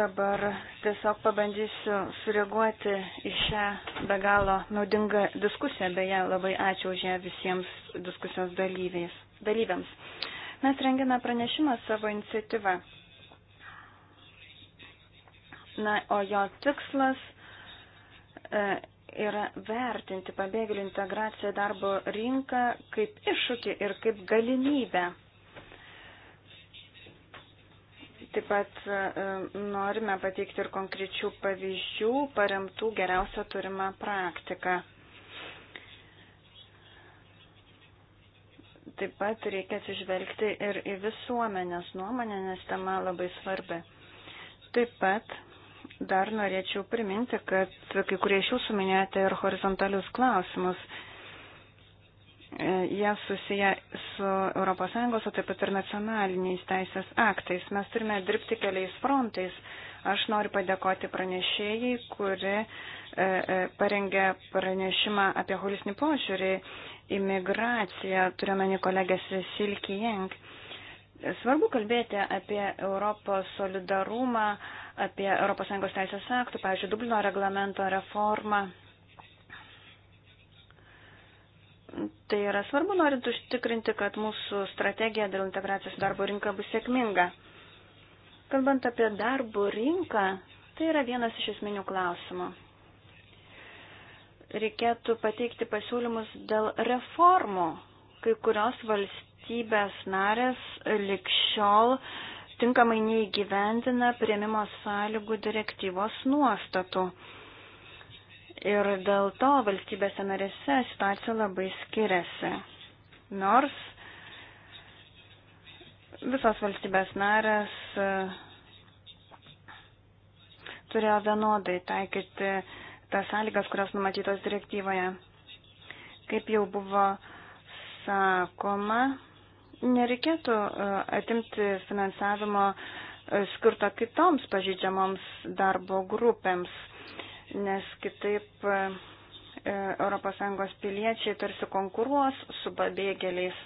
Dabar tiesiog pabandysiu sureaguoti į šią be galo naudingą diskusiją, beje, labai ačiū už ją visiems diskusijos dalyviais, dalyviams. Mes rengiame pranešimą savo iniciatyvą. Na, o jo tikslas e, yra vertinti pabėgėlių integraciją darbo rinką kaip iššūkį ir kaip galimybę. Taip pat e, norime pateikti ir konkrečių pavyzdžių paremtų geriausią turimą praktiką. Taip pat reikia atsižvelgti ir į visuomenės nuomonę, nes tema labai svarbi. Taip pat Dar norėčiau priminti, kad kai kurie iš jūsų minėjote ir horizontalius klausimus. E, jie susiję su ES, o taip pat ir nacionaliniais teisės aktais. Mes turime dirbti keliais frontais. Aš noriu padėkoti pranešėjai, kuri e, e, parengė pranešimą apie holistinį požiūrį į migraciją, turiuomenį kolegę Silky Jeng. Svarbu kalbėti apie Europos solidarumą apie ES teisės aktų, pavyzdžiui, Dublino reglamento reformą. Tai yra svarbu, norint užtikrinti, kad mūsų strategija dėl integracijos darbo rinką bus sėkminga. Kalbant apie darbo rinką, tai yra vienas iš esminių klausimų. Reikėtų pateikti pasiūlymus dėl reformų. Kai kurios valstybės narės likščiol šiol tinkamai neįgyvendina prieimimo sąlygų direktyvos nuostatų. Ir dėl to valstybėse narėse situacija labai skiriasi. Nors visos valstybės narės e, turėjo vienodai taikyti tas sąlygas, kurios numatytos direktyvoje. Kaip jau buvo sakoma, Nereikėtų e, atimti finansavimo e, skirto kitoms pažydžiamoms darbo grupėms, nes kitaip ES e, piliečiai tarsi konkuruos su pabėgėliais.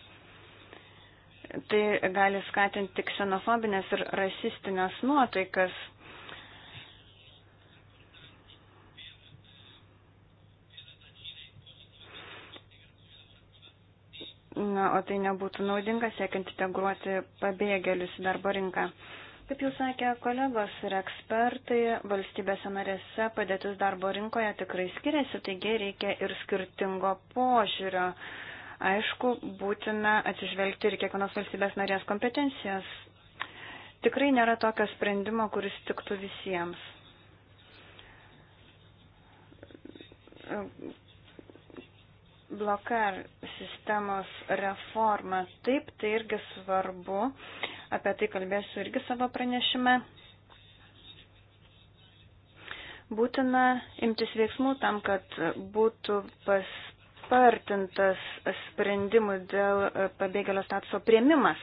Tai gali skatinti ksenofobinės ir rasistinės nuotaikas. na, o tai nebūtų naudinga siekiant integruoti pabėgėlius į darbo rinką. Kaip jau sakė kolegos ir ekspertai, valstybėse narėse padėtis darbo rinkoje tikrai skiriasi, taigi reikia ir skirtingo požiūrio. Aišku, būtina atsižvelgti ir kiekvienos valstybės narės kompetencijas. Tikrai nėra tokio sprendimo, kuris tiktų visiems blokar sistemos reformą. Taip, tai irgi svarbu. Apie tai kalbėsiu irgi savo pranešime. Būtina imtis veiksmų tam, kad būtų paspartintas sprendimų dėl pabėgėlio statuso prieimimas.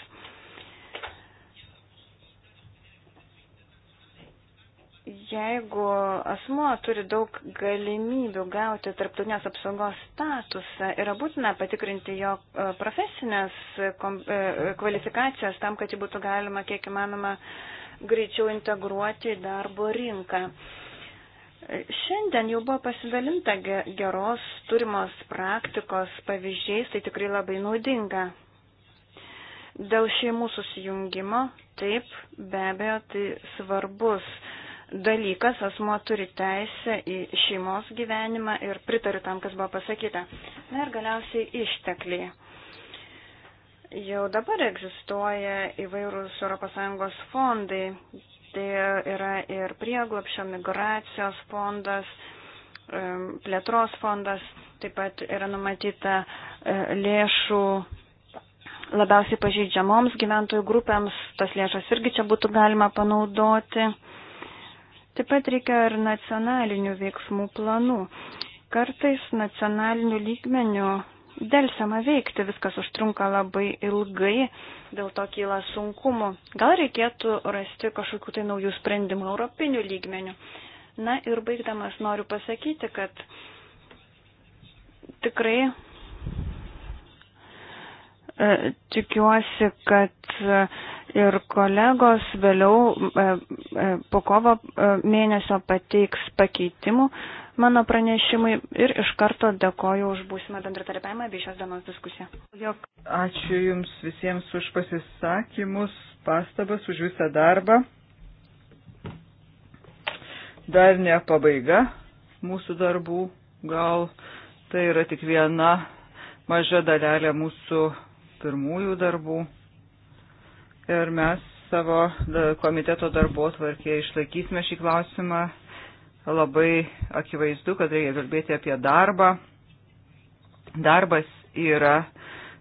Jeigu asmuo turi daug galimybių gauti tarptautinės apsaugos statusą, yra būtina patikrinti jo e, profesinės e, e, kvalifikacijas tam, kad jį būtų galima kiek įmanoma greičiau integruoti į darbo rinką. Šiandien jau buvo pasidalinta geros turimos praktikos pavyzdžiais, tai tikrai labai naudinga. Dėl šeimų susijungimo, taip, be abejo, tai svarbus dalykas, asmo turi teisę į šeimos gyvenimą ir pritariu tam, kas buvo pasakyta. Na ir galiausiai ištekliai. Jau dabar egzistuoja įvairūs ES fondai. Tai yra ir prieglapšio migracijos fondas, plėtros fondas, taip pat yra numatyta e, lėšų labiausiai pažeidžiamoms gyventojų grupėms, tas lėšas irgi čia būtų galima panaudoti. Taip pat reikia ir nacionalinių veiksmų planų. Kartais nacionalinių lygmenių dėlsiama veikti, viskas užtrunka labai ilgai, dėl to kyla sunkumų. Gal reikėtų rasti kažkokių tai naujų sprendimų europinių lygmenių. Na ir baigdamas noriu pasakyti, kad tikrai E, tikiuosi, kad e, ir kolegos vėliau e, po kovo mėnesio pateiks pakeitimų mano pranešimai ir iš karto dėkoju už būsimą bendratarpiavimą bei šios dienos diskusiją. Ačiū Jums visiems už pasisakymus, pastabas, už visą darbą. Dar ne pabaiga mūsų darbų, gal tai yra tik viena maža dalelė mūsų pirmųjų darbų. Ir mes savo e, komiteto darbo tvarkėje išlaikysime šį klausimą. Labai akivaizdu, kad reikia kalbėti apie darbą. Darbas yra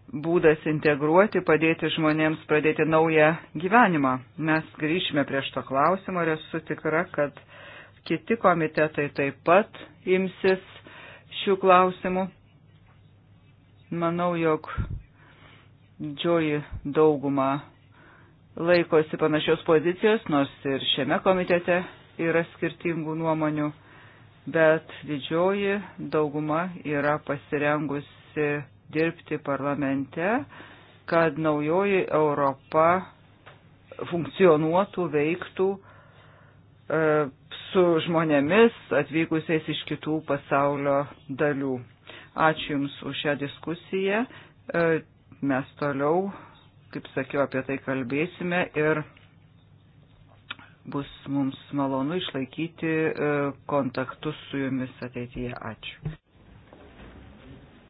būdas integruoti, padėti žmonėms pradėti naują gyvenimą. Mes grįšime prie šito klausimo ir esu tikra, kad kiti komitetai taip pat imsis šių klausimų. Manau, jog didžioji dauguma laikosi panašios pozicijos, nors ir šiame komitete yra skirtingų nuomonių, bet didžioji dauguma yra pasirengusi dirbti parlamente, kad naujoji Europa funkcionuotų, veiktų e, su žmonėmis atvykusiais iš kitų pasaulio dalių. Ačiū Jums už šią diskusiją. E, mes toliau, kaip sakiau, apie tai kalbėsime ir bus mums malonu išlaikyti e, kontaktus su jumis ateityje. Ačiū.